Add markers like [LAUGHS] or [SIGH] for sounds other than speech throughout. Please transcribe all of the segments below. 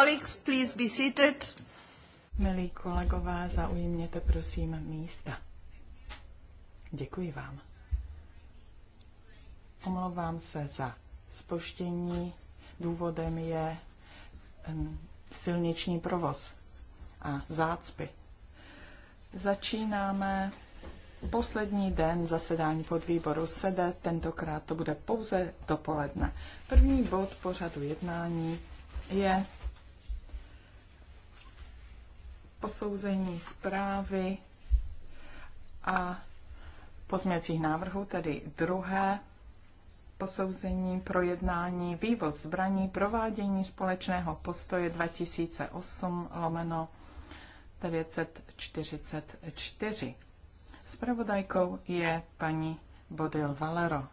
colleagues, please be seated. Milí kolegové, zaujměte prosím místa. Děkuji vám. Omlouvám se za spoštění. Důvodem je silniční provoz a zácpy. Začínáme poslední den zasedání podvýboru SEDE, tentokrát to bude pouze dopoledne. První bod pořadu jednání je posouzení zprávy a pozměcích návrhů, tedy druhé posouzení, projednání, vývoz zbraní, provádění společného postoje 2008 lomeno 944. Spravodajkou je paní Bodil Valero.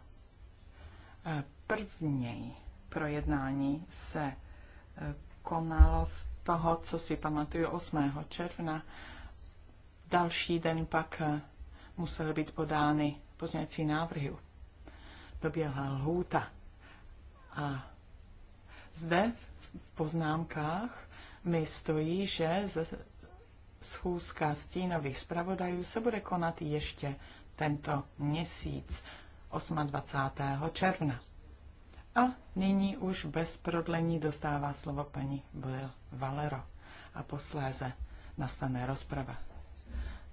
První projednání se eh, konalo toho, co si pamatuju 8. června. Další den pak eh, musely být podány pozměňovací návrhy. Doběhla lhůta. A zde v poznámkách mi stojí, že schůzka stínových zpravodajů se bude konat ještě tento měsíc 28. června. A nyní už bez prodlení dostává slovo paní Boyle. Valero a posléze nastane rozprava.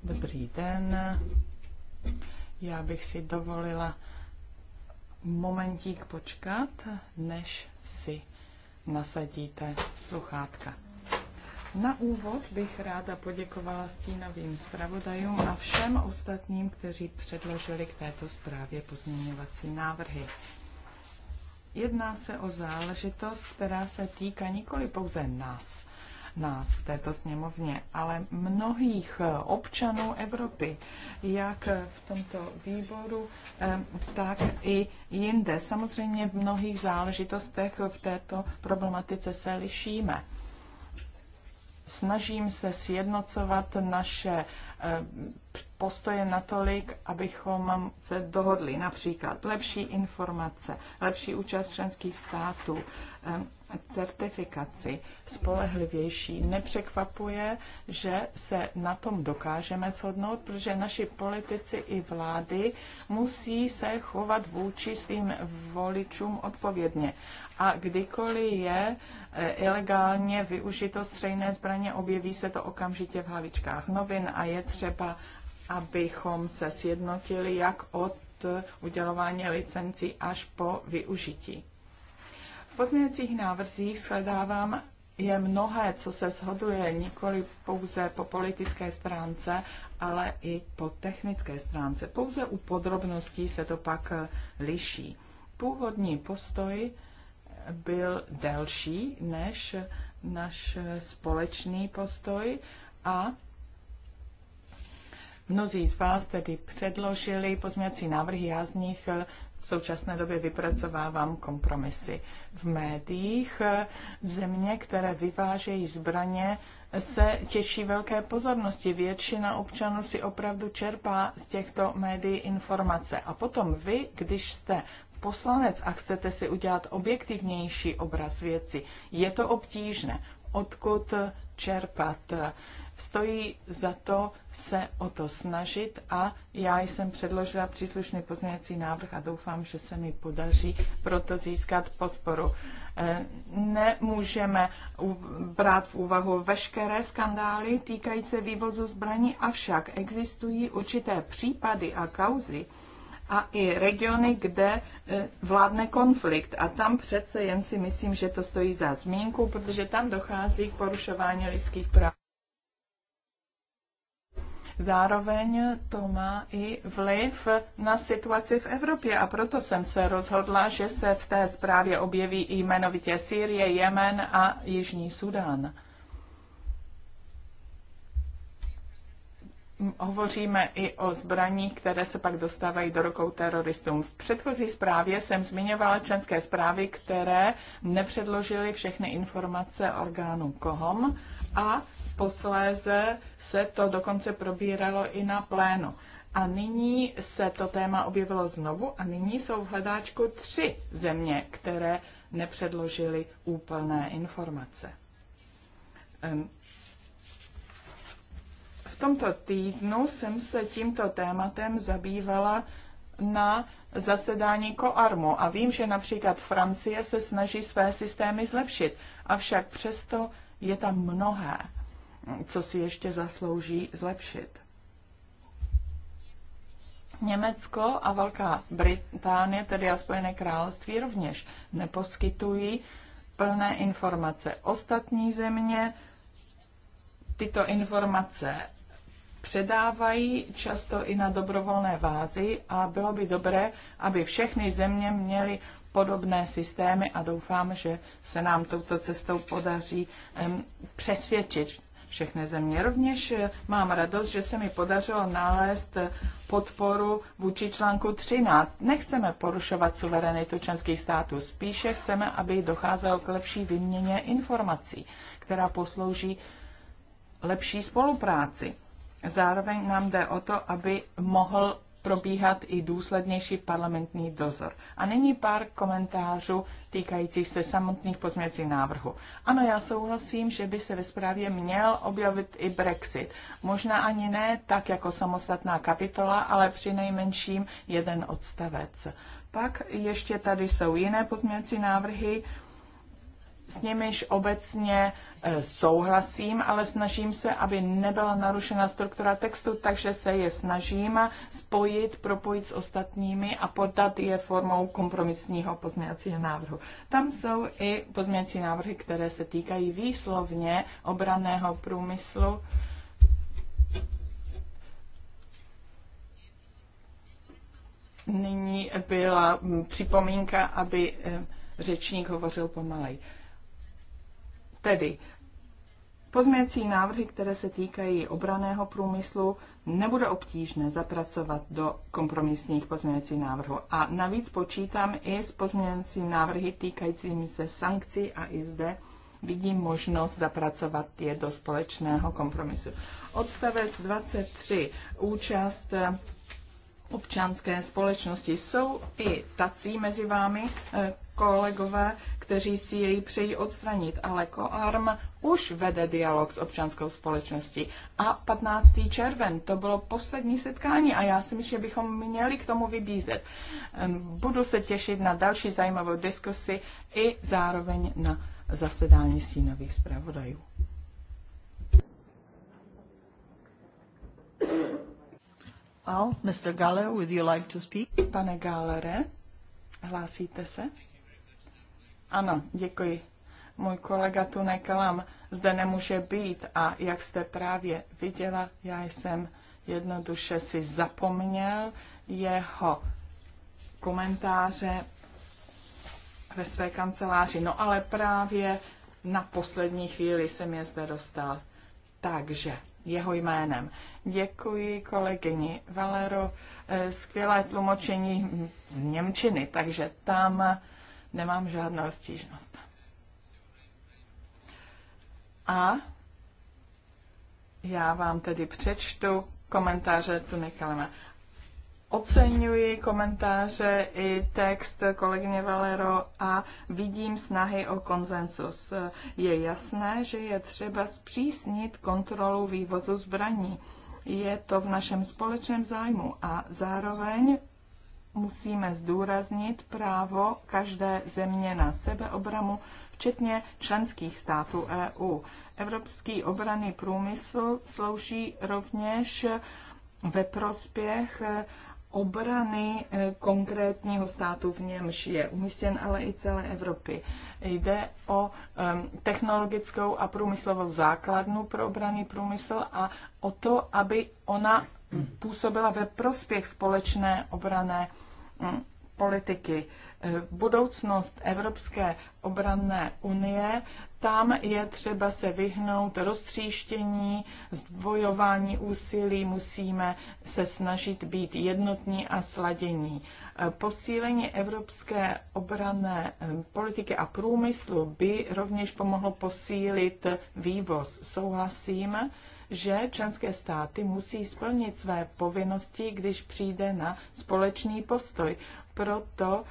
Dobrý den. Já bych si dovolila momentík počkat, než si nasadíte sluchátka. Na úvod bych ráda poděkovala stínovým zpravodajům a všem ostatním, kteří předložili k této zprávě pozměňovací návrhy. Jedná se o záležitost, která se týká nikoli pouze nás, nás v této sněmovně, ale mnohých občanů Evropy, jak v tomto výboru, tak i jinde. Samozřejmě v mnohých záležitostech v této problematice se lišíme snažím se sjednocovat naše postoje natolik, abychom se dohodli. Například lepší informace, lepší účast členských států, certifikaci, spolehlivější. Nepřekvapuje, že se na tom dokážeme shodnout, protože naši politici i vlády musí se chovat vůči svým voličům odpovědně a kdykoliv je eh, ilegálně využito střejné zbraně, objeví se to okamžitě v hlavičkách novin a je třeba, abychom se sjednotili jak od udělování licencí až po využití. V pozměňujících návrzích sledávám je mnohé, co se shoduje nikoli pouze po politické stránce, ale i po technické stránce. Pouze u podrobností se to pak eh, liší. Původní postoj byl delší než náš společný postoj a mnozí z vás tedy předložili pozměňovací návrhy, já z nich v současné době vypracovávám kompromisy. V médiích země, které vyvážejí zbraně, se těší velké pozornosti. Většina občanů si opravdu čerpá z těchto médií informace. A potom vy, když jste poslanec a chcete si udělat objektivnější obraz věci, je to obtížné. Odkud čerpat? Stojí za to se o to snažit a já jsem předložila příslušný pozměňovací návrh a doufám, že se mi podaří proto získat podporu. Eh, nemůžeme brát v úvahu veškeré skandály týkající vývozu zbraní, avšak existují určité případy a kauzy, a i regiony, kde e, vládne konflikt. A tam přece jen si myslím, že to stojí za zmínku, protože tam dochází k porušování lidských práv. Zároveň to má i vliv na situaci v Evropě a proto jsem se rozhodla, že se v té zprávě objeví i jmenovitě Sýrie, Jemen a Jižní Sudán. hovoříme i o zbraních, které se pak dostávají do rukou teroristům. V předchozí zprávě jsem zmiňovala členské zprávy, které nepředložily všechny informace orgánu KOHOM a posléze se to dokonce probíralo i na plénu. A nyní se to téma objevilo znovu a nyní jsou v hledáčku tři země, které nepředložily úplné informace tomto týdnu jsem se tímto tématem zabývala na zasedání Koarmu a vím, že například Francie se snaží své systémy zlepšit, avšak přesto je tam mnohé, co si ještě zaslouží zlepšit. Německo a Velká Británie, tedy a Spojené království, rovněž neposkytují plné informace. Ostatní země tyto informace předávají často i na dobrovolné vázi a bylo by dobré, aby všechny země měly podobné systémy a doufám, že se nám touto cestou podaří přesvědčit všechny země. Rovněž eh, mám radost, že se mi podařilo nalézt eh, podporu vůči článku 13. Nechceme porušovat suverenitu členských států, spíše chceme, aby docházelo k lepší výměně informací, která poslouží lepší spolupráci. Zároveň nám jde o to, aby mohl probíhat i důslednější parlamentní dozor. A nyní pár komentářů týkajících se samotných pozměcích návrhu. Ano, já souhlasím, že by se ve zprávě měl objevit i Brexit. Možná ani ne tak jako samostatná kapitola, ale při nejmenším jeden odstavec. Pak ještě tady jsou jiné pozměcí návrhy, s nimiž obecně e, souhlasím, ale snažím se, aby nebyla narušena struktura textu, takže se je snažím spojit, propojit s ostatními a podat je formou kompromisního pozměňovacího návrhu. Tam jsou i pozměňovací návrhy, které se týkají výslovně obraného průmyslu. Nyní byla připomínka, aby e, řečník hovořil pomalej. Tedy pozměcí návrhy, které se týkají obraného průmyslu, nebude obtížné zapracovat do kompromisních pozměňovacích návrhů. A navíc počítám i s pozměňovacími návrhy týkajícími se sankcí a i zde vidím možnost zapracovat je do společného kompromisu. Odstavec 23. Účast eh, občanské společnosti. Jsou i tací mezi vámi, eh, kolegové, kteří si jej přejí odstranit, ale Koarm už vede dialog s občanskou společností. A 15. červen, to bylo poslední setkání a já si myslím, že bychom měli k tomu vybízet. Budu se těšit na další zajímavou diskusi i zároveň na zasedání stínových zpravodajů. Well, Mr. Galler, would you like to speak? Pane Galere, hlásíte se? Ano, děkuji. Můj kolega tu neklam, zde nemůže být a jak jste právě viděla, já jsem jednoduše si zapomněl jeho komentáře ve své kanceláři. No ale právě na poslední chvíli jsem je zde dostal. Takže jeho jménem. Děkuji kolegyni Valero. Eh, skvělé tlumočení z Němčiny, takže tam nemám žádnou stížnost. A já vám tedy přečtu komentáře Tony Kalema. Oceňuji komentáře i text kolegyně Valero a vidím snahy o konsensus. Je jasné, že je třeba zpřísnit kontrolu vývozu zbraní. Je to v našem společném zájmu a zároveň musíme zdůraznit právo každé země na sebeobramu, včetně členských států EU. Evropský obranný průmysl slouží rovněž ve prospěch eh, obrany eh, konkrétního státu, v němž je umístěn, ale i celé Evropy. Jde o ehm, technologickou a průmyslovou základnu pro obranný průmysl a o to, aby ona působila ve prospěch společné obrané Mm, politiky. Eh, budoucnost Evropské obranné unie, tam je třeba se vyhnout roztříštění, zdvojování úsilí, musíme se snažit být jednotní a sladění. Eh, posílení evropské obranné eh, politiky a průmyslu by rovněž pomohlo posílit vývoz. Souhlasím že členské státy musí splnit své povinnosti, když přijde na společný postoj. Proto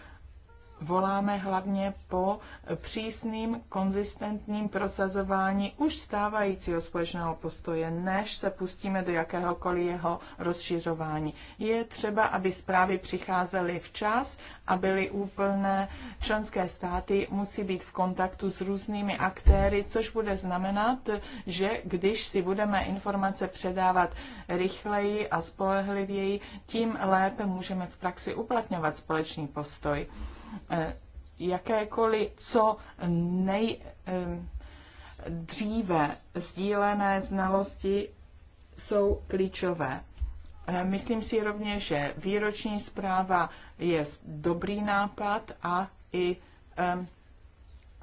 voláme hlavně po přísným, konzistentním prosazování už stávajícího společného postoje, než se pustíme do jakéhokoliv jeho rozšiřování. Je třeba, aby zprávy přicházely včas a byly úplné. Členské státy musí být v kontaktu s různými aktéry, což bude znamenat, že když si budeme informace předávat rychleji a spolehlivěji, tím lépe můžeme v praxi uplatňovat společný postoj. Eh, jakékoliv co nejdříve eh, sdílené znalosti jsou klíčové. Eh, myslím si rovněž, že výroční zpráva je dobrý nápad a i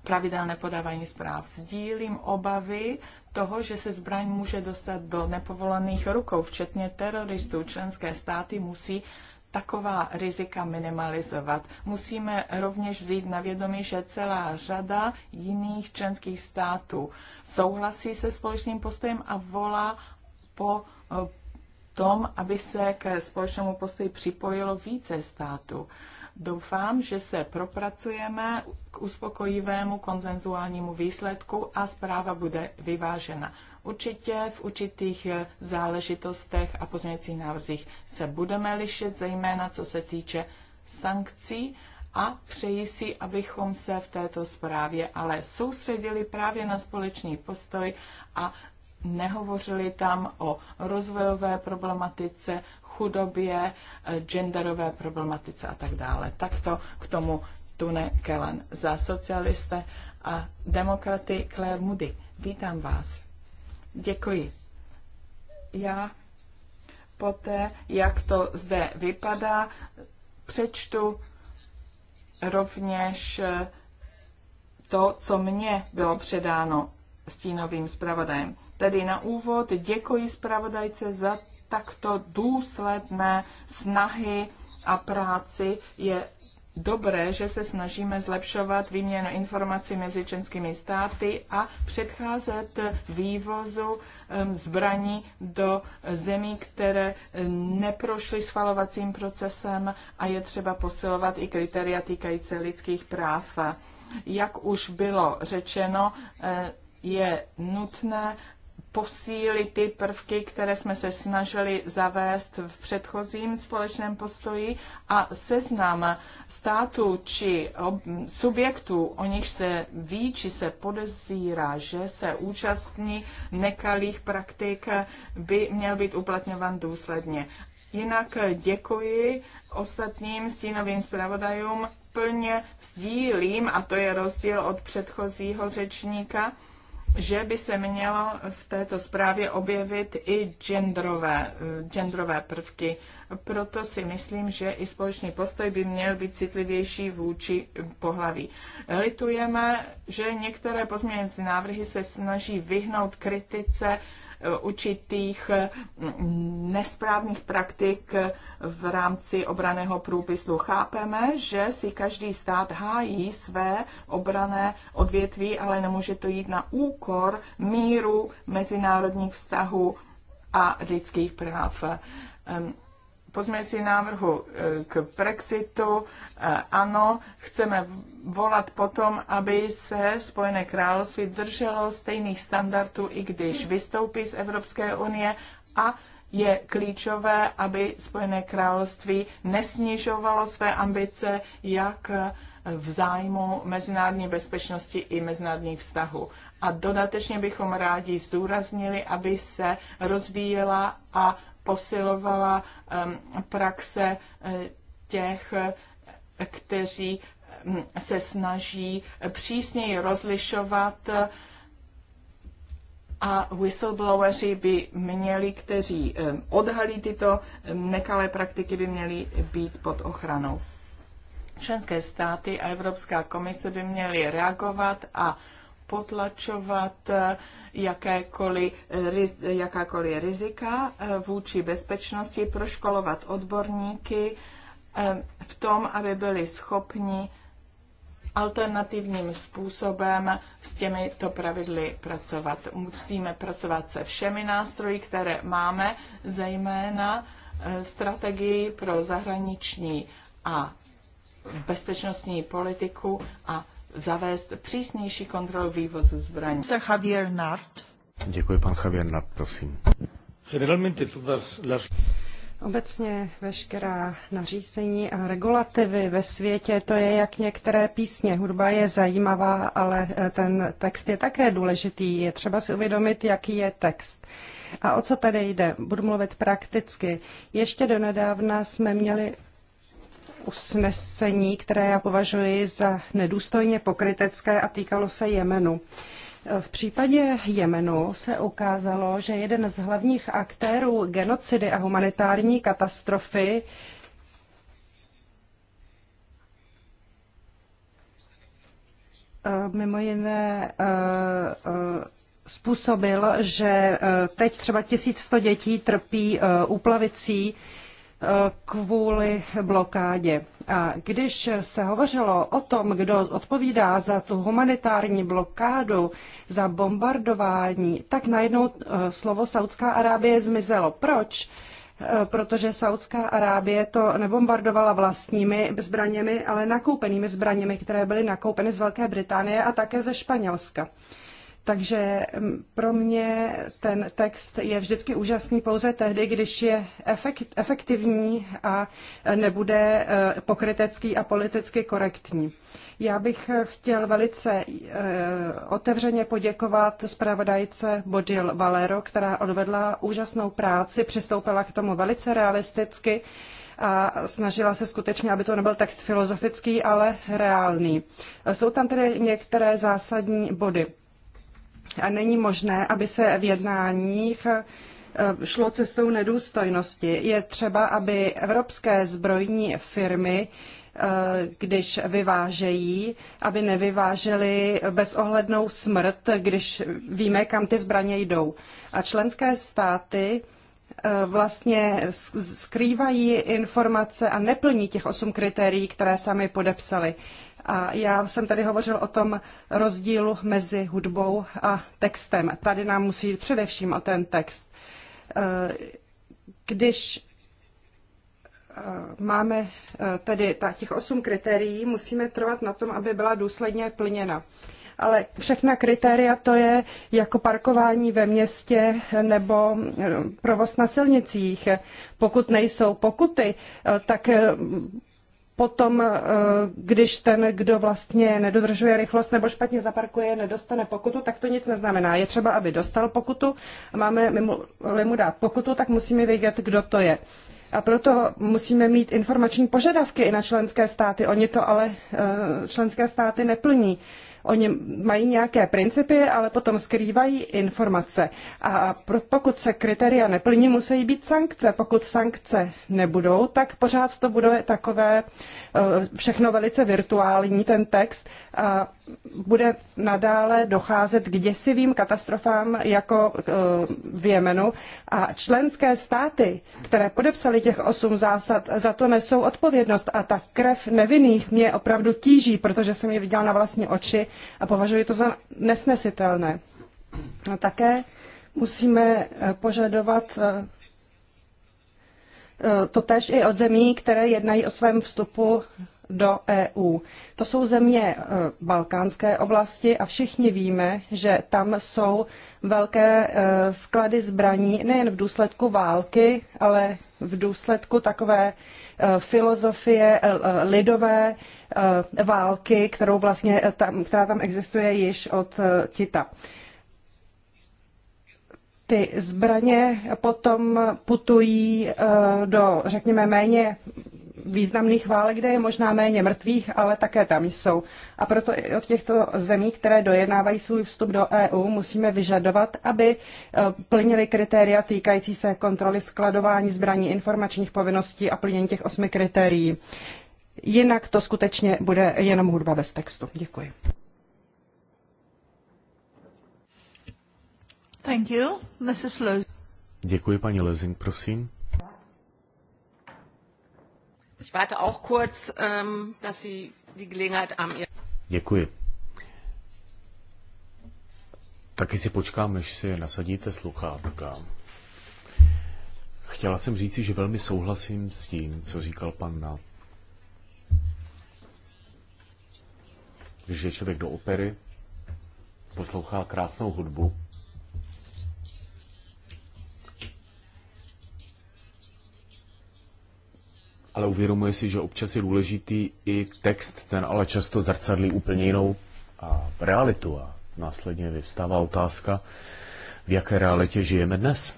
pravidelné podávání zpráv. Sdílím obavy toho, že se zbraň může dostat do nepovolených rukou, včetně teroristů. Členské státy musí taková rizika minimalizovat. Musíme rovněž vzít na vědomí, že celá řada jiných členských států souhlasí se společným postojem a volá po eh, tom, aby se k společnému postoji připojilo více států. Doufám, že se propracujeme k uspokojivému konzenzuálnímu výsledku a zpráva bude vyvážena. Určitě v určitých eh, záležitostech a pozměňovacích návrzích se budeme lišit, zejména co se týče sankcí a přeji si, abychom se v této zprávě ale soustředili právě na společný postoj a nehovořili tam o rozvojové problematice, chudobě, eh, genderové problematice a tak dále. Takto k tomu Tune Kelan za socialiste a demokraty Claire Moody. Vítám vás. Děkuji. Já poté, jak to zde vypadá, přečtu rovněž eh, to, co mně bylo předáno stínovým zpravodajem. Tedy na úvod děkuji zpravodajce za takto důsledné snahy a práci. Je dobré, že se snažíme zlepšovat výměnu informací mezi členskými státy a předcházet vývozu zbraní do zemí, které neprošly schvalovacím procesem a je třeba posilovat i kritéria týkající lidských práv. Jak už bylo řečeno, eh, je nutné, posílit ty prvky, které jsme se snažili zavést v předchozím společném postoji a seznam států či subjektů, o nich se ví, či se podezírá, že se účastní nekalých praktik, by měl být uplatňovan důsledně. Jinak děkuji ostatním stínovým zpravodajům, plně sdílím, a to je rozdíl od předchozího řečníka, že by se mělo v této zprávě objevit i genderové, genderové prvky. Proto si myslím, že i společný postoj by měl být citlivější vůči pohlaví. Litujeme, že některé pozměňující návrhy se snaží vyhnout kritice určitých mm, nesprávných praktik v rámci obraného průmyslu. Chápeme, že si každý stát hájí své obrané odvětví, ale nemůže to jít na úkor míru mezinárodních vztahů a lidských práv pozměňující návrhu e, k Brexitu. E, ano, chceme volat potom, aby se Spojené království drželo stejných standardů, i když vystoupí z Evropské unie a je klíčové, aby Spojené království nesnižovalo své ambice, jak v zájmu mezinárodní bezpečnosti i mezinárodních vztahů. A dodatečně bychom rádi zdůraznili, aby se rozvíjela a posilovala praxe eh, těch, eh, kteří se snaží přísněji rozlišovat a whistlebloweri by měli, kteří odhalí tyto nekalé praktiky, by měli být pod ochranou. Členské státy a Evropská komise by měly reagovat a potlačovat eh, jakékoliv, jakákoliv rizika eh, vůči bezpečnosti, proškolovat odborníky eh, v tom, aby byli schopni alternativním způsobem s těmito pravidly pracovat. Musíme pracovat se všemi nástroji, které máme, zejména strategii pro zahraniční a bezpečnostní politiku a zavést přísnější kontrolu vývozu zbraní. Javier Nart. Děkuji, pan Javier Nart, prosím. Obecně veškerá nařízení a regulativy ve světě, to je jak některé písně. Hudba je zajímavá, ale eh, ten text je také důležitý. Je třeba si uvědomit, jaký je text. A o co tady jde? Budu mluvit prakticky. Ještě donedávna jsme měli usnesení, které já považuji za nedůstojně pokrytecké a týkalo se Jemenu. V případě Jemenu se ukázalo, že jeden z hlavních aktérů genocidy a humanitární katastrofy eh, mimo jiné eh, eh, způsobil, že teď třeba 1100 dětí trpí úplavicí kvůli blokádě. A když se hovořilo o tom, kdo odpovídá za tu humanitární blokádu, za bombardování, tak najednou eh, slovo Saudská Arábie zmizelo. Proč? Eh, protože Saudská Arábie to nebombardovala vlastními zbraněmi, ale nakoupenými zbraněmi, které byly nakoupeny z Velké Británie a také ze Španělska. Takže mm, pro mě ten text je vždycky úžasný pouze tehdy, když je efekt, efektivní a e, nebude e, pokrytecký a politicky korektní. Já bych e, chtěl velice otevřeně poděkovat zpravodajce Bodil Valero, která odvedla úžasnou práci, přistoupila k tomu velice realisticky a snažila se skutečně, aby to nebyl text filozofický, ale reálný. Jsou tam tedy některé zásadní body. A není možné, aby se v jednáních eh, šlo cestou nedůstojnosti. Je třeba, aby evropské zbrojní firmy eh, když vyvážejí, aby nevyvážely bezohlednou smrt, když víme, kam ty zbraně jdou. A členské státy eh, vlastně skrývají informace a neplní těch osm kritérií, které sami podepsali. A já jsem tady hovořil o tom rozdílu mezi hudbou a textem. Tady nám musí jít především o ten text. Eh, když eh, máme eh, tedy těch osm kritérií, musíme trvat na tom, aby byla důsledně plněna. Ale všechna kritéria to je jako parkování ve městě nebo provoz na silnicích. Pokud nejsou pokuty, tak potom, eh, když ten, kdo vlastně nedodržuje rychlost nebo špatně zaparkuje, nedostane pokutu, tak to nic neznamená. Je třeba, aby dostal pokutu a máme mu dát pokutu, tak musíme vědět, kdo to je. A proto musíme mít informační požadavky i na členské státy. Oni to ale eh, členské státy neplní. Oni mají nějaké principy, ale potom skrývají informace. A pokud se kritéria neplní, musí být sankce. Pokud sankce nebudou, tak pořád to bude takové e, všechno velice virtuální, ten text. A bude nadále docházet k děsivým katastrofám jako e, v Jemenu. A členské státy, které podepsaly těch osm zásad, za to nesou odpovědnost. A ta krev nevinných mě opravdu tíží, protože jsem je viděla na vlastní oči a považuji to za nesnesitelné. A také musíme eh, požadovat eh, eh, to tež i od zemí, které jednají o svém vstupu do EU. To jsou země eh, balkánské oblasti a všichni víme, že tam jsou velké eh, sklady zbraní nejen v důsledku války, ale v důsledku takové eh, filozofie lidové války, kterou vlastně tam, která tam existuje již od Tita ty zbraně potom putují do, řekněme, méně významných válek, kde je možná méně mrtvých, ale také tam jsou. A proto i od těchto zemí, které dojednávají svůj vstup do EU, musíme vyžadovat, aby e, plnili kritéria týkající se kontroly skladování zbraní, informačních povinností a plnění těch osmi kritérií. Jinak to skutečně bude jenom hudba bez textu. Děkuji. Thank you. Mrs. Lewis. Děkuji, paní Lezing, prosím. Ich warte auch kurz, ähm, dass Sie die Gelegenheit haben. Děkuji. Taky si počkám, než si nasadíte sluchátka. Chtěla jsem říci, že velmi souhlasím s tím, co říkal pan Na. Když je člověk do opery, poslouchá krásnou hudbu, ale uvědomuje si, že občas je důležitý i text, ten ale často zrcadlí úplně jinou a realitu a následně vyvstává otázka, v jaké realitě žijeme dnes.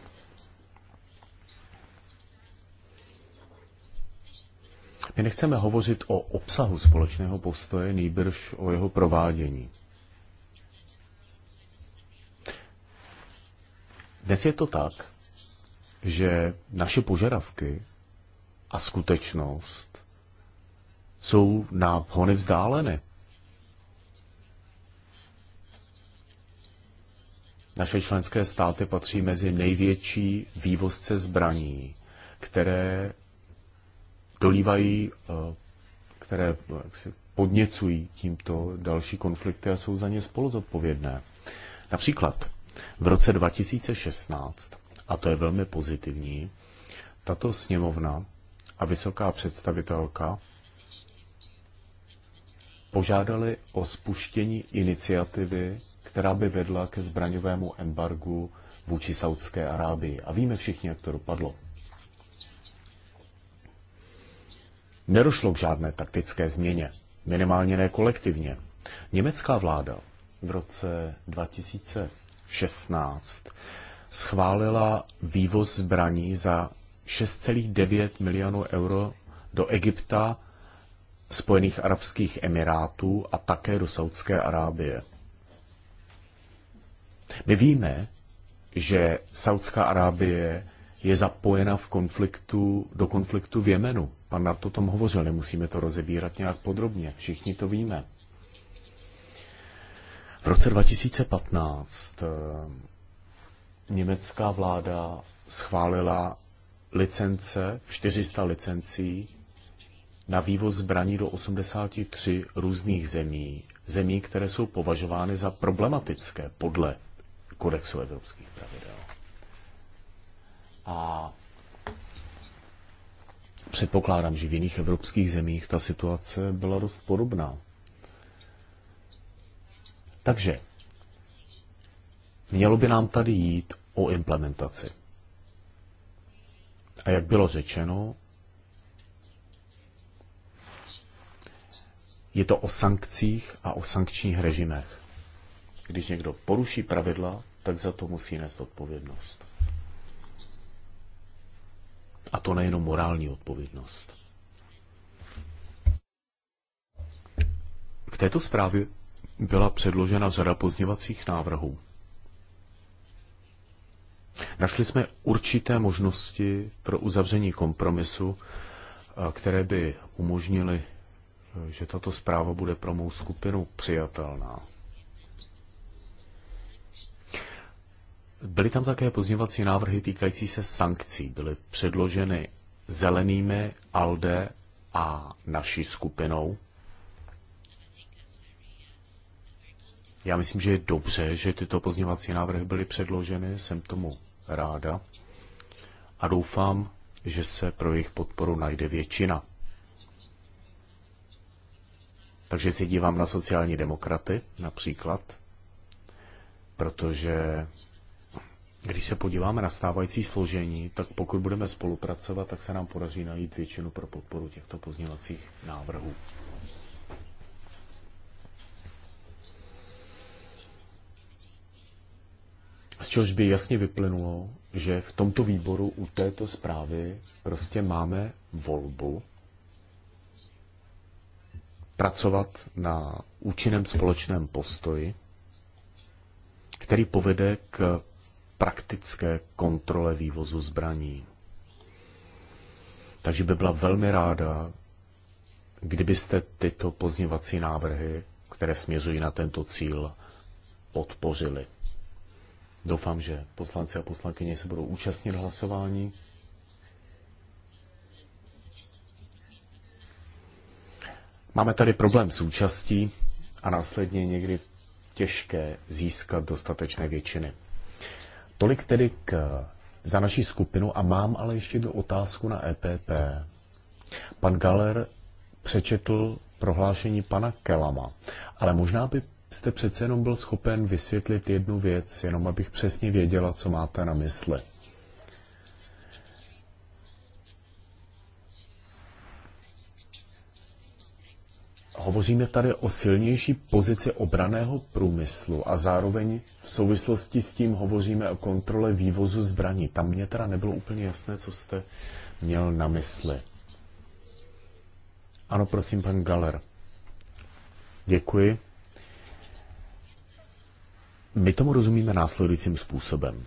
My nechceme hovořit o obsahu společného postoje, nejbrž o jeho provádění. Dnes je to tak, že naše požadavky a skutečnost jsou na hony vzdáleny. Naše členské státy patří mezi největší vývozce zbraní, které dolívají, eh, které eh, podněcují tímto další konflikty a jsou za ně spoluzodpovědné. Například v roce 2016, a to je velmi pozitivní, tato sněmovna a vysoká představitelka požádali o spuštění iniciativy, která by vedla ke zbraňovému embargu vůči Saudské Arábii. A víme všichni, jak to dopadlo. Nerošlo k žádné taktické změně, minimálně ne kolektivně. Německá vláda v roce 2016 schválila vývoz zbraní za 6,9 milionů euro do Egypta, Spojených arabských emirátů a také do Saudské Arábie. My víme, že Saudská Arábie je zapojena v konfliktu, do konfliktu v Jemenu. Pan na to tom hovořil, nemusíme to rozebírat nějak podrobně, všichni to víme. V roce 2015 eh, německá vláda schválila licence, 400 licencí na vývoz zbraní do 83 různých zemí, zemí, které jsou považovány za problematické podle kodexu evropských pravidel. A předpokládám, že v jiných evropských zemích ta situace byla dost podobná. Takže mělo by nám tady jít o implementaci. A jak bylo řečeno, je to o sankcích a o sankčních režimech. Když někdo poruší pravidla, tak za to musí nést odpovědnost. A to nejenom morální odpovědnost. K této zprávě byla předložena řada pozněvacích návrhů. Našli jsme určité možnosti pro uzavření kompromisu, eh, které by umožnily, eh, že tato zpráva bude pro mou skupinu přijatelná. Byly tam také pozměvací návrhy týkající se sankcí. Byly předloženy zelenými, ALDE a naší skupinou. Já myslím, že je dobře, že tyto pozněvací návrhy byly předloženy, jsem tomu ráda a doufám, že se pro jejich podporu najde většina. Takže se dívám na sociální demokraty například, protože když se podíváme na stávající složení, tak pokud budeme spolupracovat, tak se nám podaří najít většinu pro podporu těchto pozněvacích návrhů. Z čehož by jasně vyplynulo, že v tomto výboru u této zprávy prostě máme volbu pracovat na účinném společném postoji, který povede k praktické kontrole vývozu zbraní. Takže by byla velmi ráda, kdybyste tyto pozněvací návrhy, které směřují na tento cíl, podpořili. Doufám, že poslanci a poslankyně se budou účastnit hlasování. Máme tady problém s účastí a následně někdy těžké získat dostatečné většiny. Tolik tedy k, za naší skupinu a mám ale ještě jednu otázku na EPP. Pan Galer přečetl prohlášení pana Kelama, ale možná by jste přece jenom byl schopen vysvětlit jednu věc, jenom abych přesně věděla, co máte na mysli. Hovoříme tady o silnější pozici obraného průmyslu a zároveň v souvislosti s tím hovoříme o kontrole vývozu zbraní. Tam mě teda nebylo úplně jasné, co jste měl na mysli. Ano, prosím, pan Galer. Děkuji. My tomu rozumíme následujícím způsobem.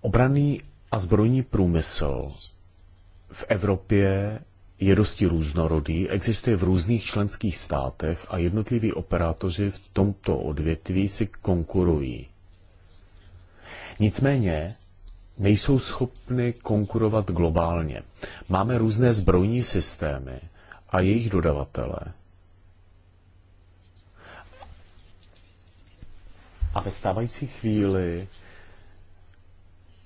Obraný a zbrojní průmysl v Evropě je dosti různorodý, existuje v různých členských státech a jednotliví operátoři v tomto odvětví si konkurují. Nicméně nejsou schopny konkurovat globálně. Máme různé zbrojní systémy, a jejich dodavatelé. A ve stávající chvíli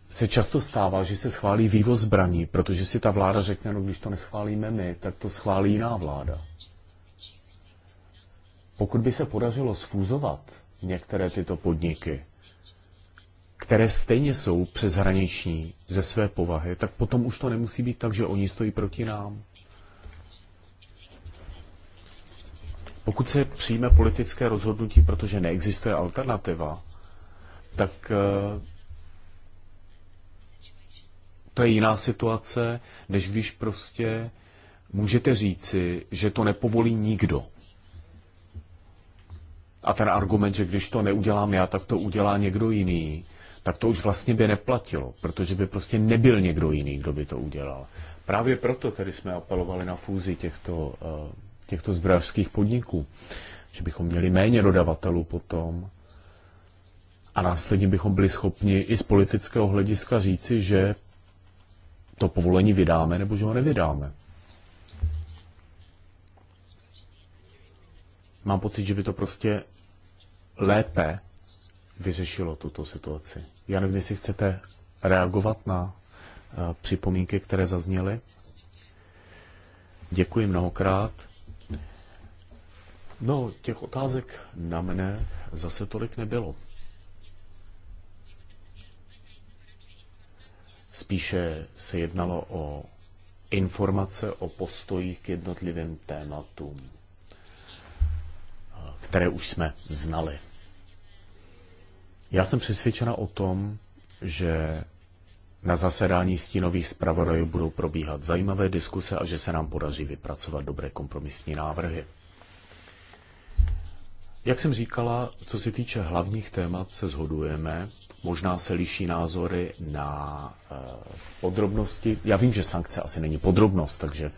se často stává, že se schválí vývoz zbraní, protože si ta vláda řekne, no když to neschválíme my, tak to schválí jiná vláda. Pokud by se podařilo sfúzovat některé tyto podniky, které stejně jsou přeshraniční ze své povahy, tak potom už to nemusí být tak, že oni stojí proti nám. Pokud se přijme politické rozhodnutí, protože neexistuje alternativa, tak eh, to je jiná situace, než když prostě můžete říci, že to nepovolí nikdo. A ten argument, že když to neudělám já, tak to udělá někdo jiný, tak to už vlastně by neplatilo, protože by prostě nebyl někdo jiný, kdo by to udělal. Právě proto tedy jsme apelovali na fúzi těchto eh, těchto zbrojařských podniků. Že bychom měli méně dodavatelů potom. A následně bychom byli schopni i z politického hlediska říci, že to povolení vydáme nebo že ho nevydáme. Mám pocit, že by to prostě lépe vyřešilo tuto situaci. Já nevím, jestli chcete reagovat na eh, připomínky, které zazněly. Děkuji mnohokrát. No, těch otázek na mne zase tolik nebylo. Spíše se jednalo o informace o postojích k jednotlivým tématům, které už jsme znali. Já jsem přesvědčena o tom, že na zasedání stínových zpravodajů budou probíhat zajímavé diskuse a že se nám podaří vypracovat dobré kompromisní návrhy. Jak jsem říkala, co se týče hlavních témat, se zhodujeme. Možná se liší názory na eh, podrobnosti. Já vím, že sankce asi není podrobnost, takže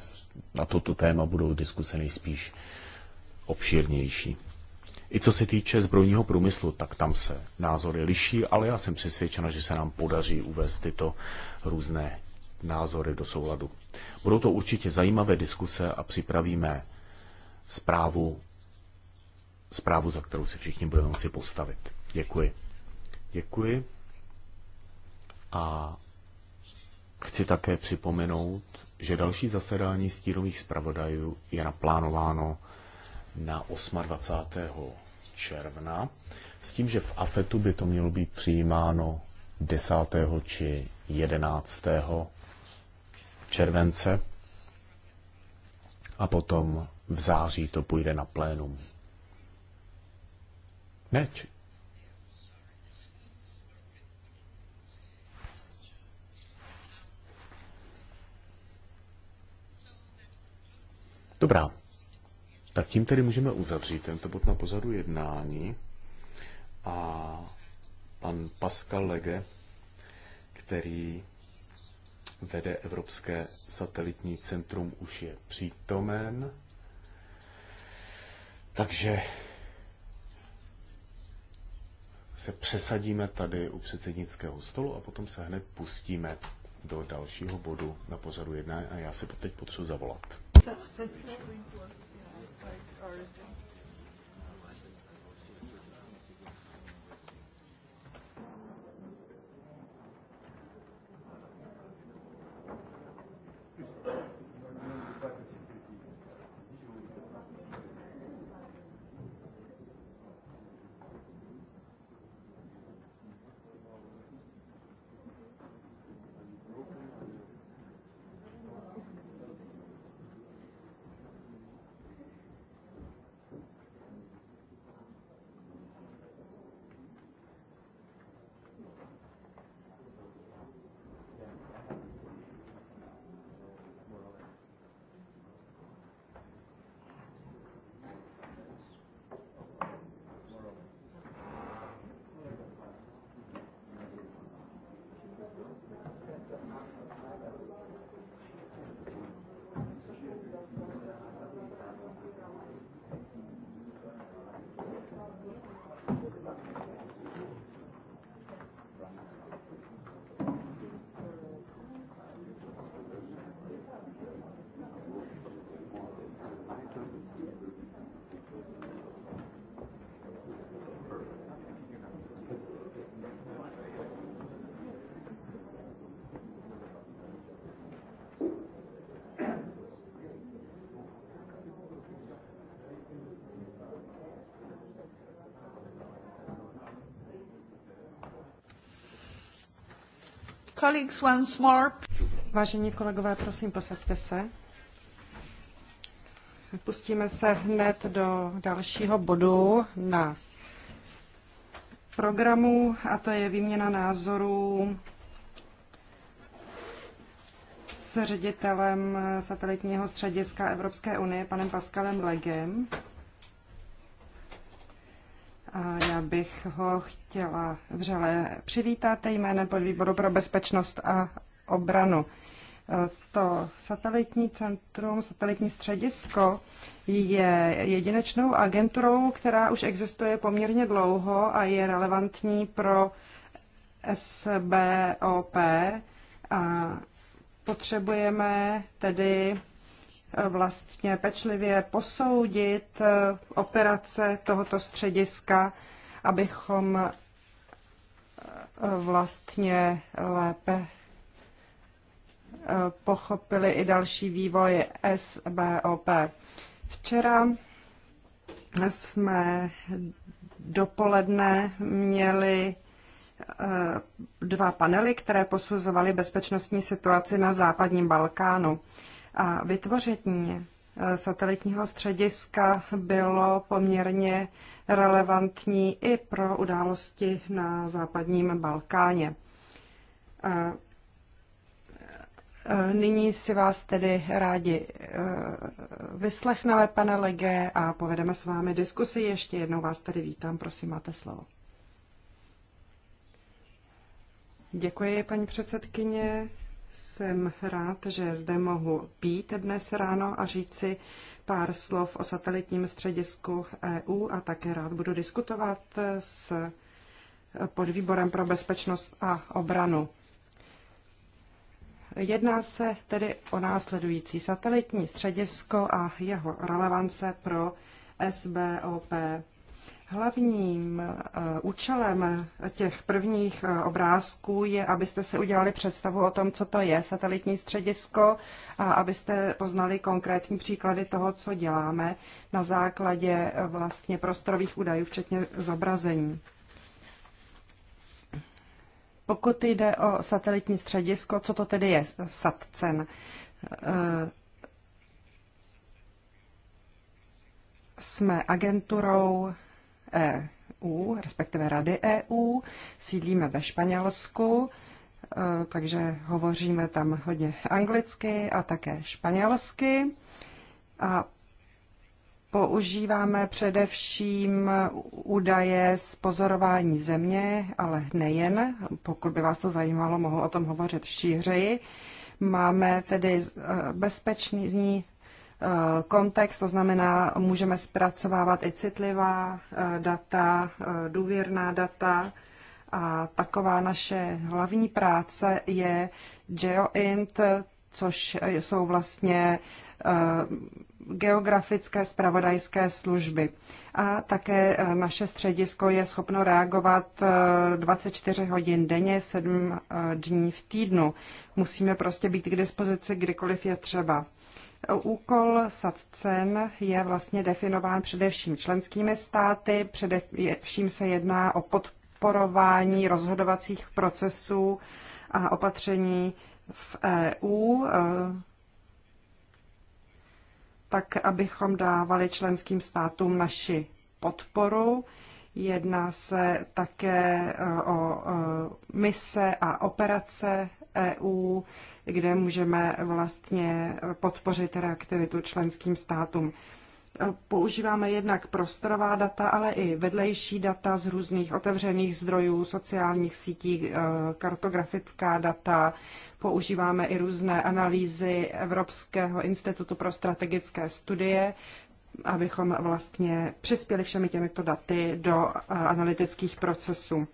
na toto téma budou diskuse nejspíš obšírnější. I co se týče zbrojního průmyslu, tak tam se názory liší, ale já jsem přesvědčena, že se nám podaří uvést tyto různé názory do souladu. Budou to určitě zajímavé diskuse a připravíme zprávu zprávu, za kterou se všichni budeme moci postavit. Děkuji. Děkuji. A chci také připomenout, že další zasedání stírových zpravodajů je naplánováno na 28. června, s tím, že v AFETu by to mělo být přijímáno 10. či 11. července a potom v září to půjde na plénum meč. Dobrá. Tak tím tedy můžeme uzavřít tento bod na pozadu jednání. A pan Pascal Lege, který vede Evropské satelitní centrum, už je přítomen. Takže se přesadíme tady u předsednického stolu a potom se hned pustíme do dalšího bodu na pořadu jedné a já si teď potřebuji zavolat. Thank [LAUGHS] you. Colleagues once more. Vážení kolegové, prosím, posaďte se. Pustíme se hned do dalšího bodu na programu, a to je výměna názorů s ředitelem satelitního střediska Evropské unie, panem Pascalem Legem. bych ho chtěla vřele přivítat jménem podvýboru pro bezpečnost a obranu. To satelitní centrum, satelitní středisko je jedinečnou agenturou, která už existuje poměrně dlouho a je relevantní pro SBOP a potřebujeme tedy eh, vlastně pečlivě posoudit eh, operace tohoto střediska abychom eh, vlastně lépe eh, pochopili i další vývoj SBOP. Včera jsme dopoledne měli eh, dva panely, které posuzovaly bezpečnostní situaci na západním Balkánu. A vytvoření satelitního střediska bylo poměrně relevantní i pro události na západním Balkáně. nyní si vás tedy rádi e, vyslechneme, pane Lege, a povedeme s vámi diskusi. Ještě jednou vás tady vítám, prosím, máte slovo. Děkuji, paní předsedkyně. Jsem rád, že zde mohu být dnes ráno a říci pár slov o satelitním středisku EU a také rád budu diskutovat s podvýborem pro bezpečnost a obranu. Jedná se tedy o následující satelitní středisko a jeho relevance pro SBOP Hlavním eh, účelem těch prvních eh, obrázků je, abyste si udělali představu o tom, co to je satelitní středisko a abyste poznali konkrétní příklady toho, co děláme na základě eh, vlastně prostorových údajů, včetně zobrazení. Pokud jde o satelitní středisko, co to tedy je SATCEN? Jsme agenturou EU, respektive Rady EU. Sídlíme ve Španělsku, e, takže hovoříme tam hodně anglicky a také španělsky. A používáme především údaje z pozorování země, ale nejen. Pokud by vás to zajímalo, mohu o tom hovořit šířeji. Máme tedy e, bezpečný Eh, kontext, to znamená, můžeme zpracovávat i citlivá eh, data, eh, důvěrná data. A taková naše hlavní práce je GeoInt, což jsou vlastně geografické spravodajské služby. A také naše středisko je schopno reagovat 24 hodin denně, 7 dní v týdnu. Musíme prostě být k dispozici, kdykoliv je třeba. Úkol sadcen je vlastně definován především členskými státy, především se jedná o podporování rozhodovacích procesů a opatření v EU, eh, tak abychom dávali členským státům naši podporu. Jedná se také eh, o eh, mise a operace EU, kde můžeme vlastně podpořit reaktivitu členským státům. Používáme jednak prostorová data, ale i vedlejší data z různých otevřených zdrojů, sociálních sítí, eh, kartografická data. Používáme i různé analýzy Evropského institutu pro strategické studie, abychom vlastně přispěli všemi těmito daty do eh, analytických procesů.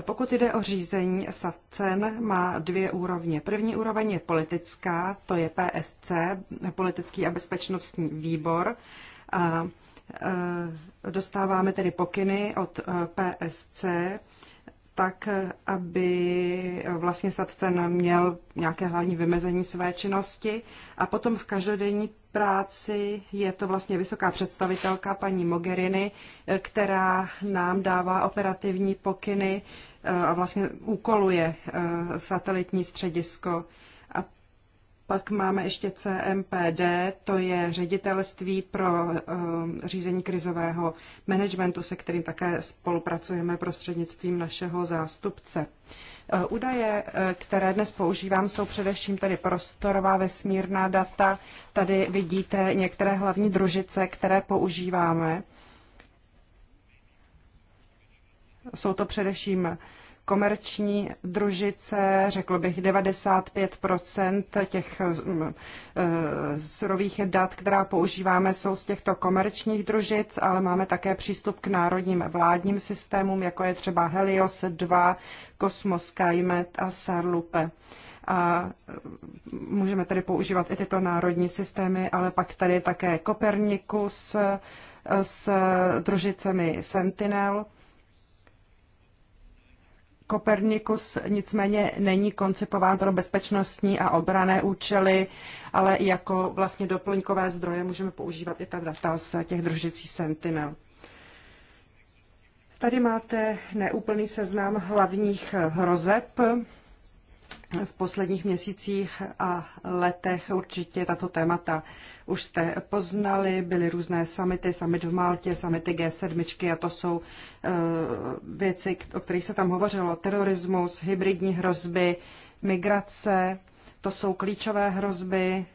Pokud jde o řízení SAVCEN, má dvě úrovně. První úroveň je politická, to je PSC, Politický a bezpečnostní výbor. A e, dostáváme tedy pokyny od e, PSC, tak, aby vlastně ten měl nějaké hlavní vymezení své činnosti. A potom v každodenní práci je to vlastně vysoká představitelka paní Mogherini, která nám dává operativní pokyny eh, a vlastně úkoluje eh, satelitní středisko pak máme ještě CMPD, to je ředitelství pro uh, řízení krizového managementu, se kterým také spolupracujeme prostřednictvím našeho zástupce. Uh, údaje, uh, které dnes používám, jsou především tady prostorová vesmírná data. Tady vidíte některé hlavní družice, které používáme. Jsou to především komerční družice, řekl bych 95 těch mm, eh, surových dat, která používáme, jsou z těchto komerčních družic, ale máme také přístup k národním vládním systémům, jako je třeba Helios 2, Cosmos Skymet a Sarlupe a mm, můžeme tedy používat i tyto národní systémy, ale pak tady také Kopernikus eh, s družicemi Sentinel Kopernikus nicméně není koncipován pro bezpečnostní a obrané účely, ale i jako vlastně doplňkové zdroje můžeme používat i ta data z těch družicích Sentinel. Tady máte neúplný seznam hlavních hrozeb v posledních měsících a letech určitě tato témata už jste poznali. Byly různé samity, summit v Maltě, samity G7 a to jsou uh, věci, o kterých se tam hovořilo. Terorismus, hybridní hrozby, migrace, to jsou klíčové hrozby,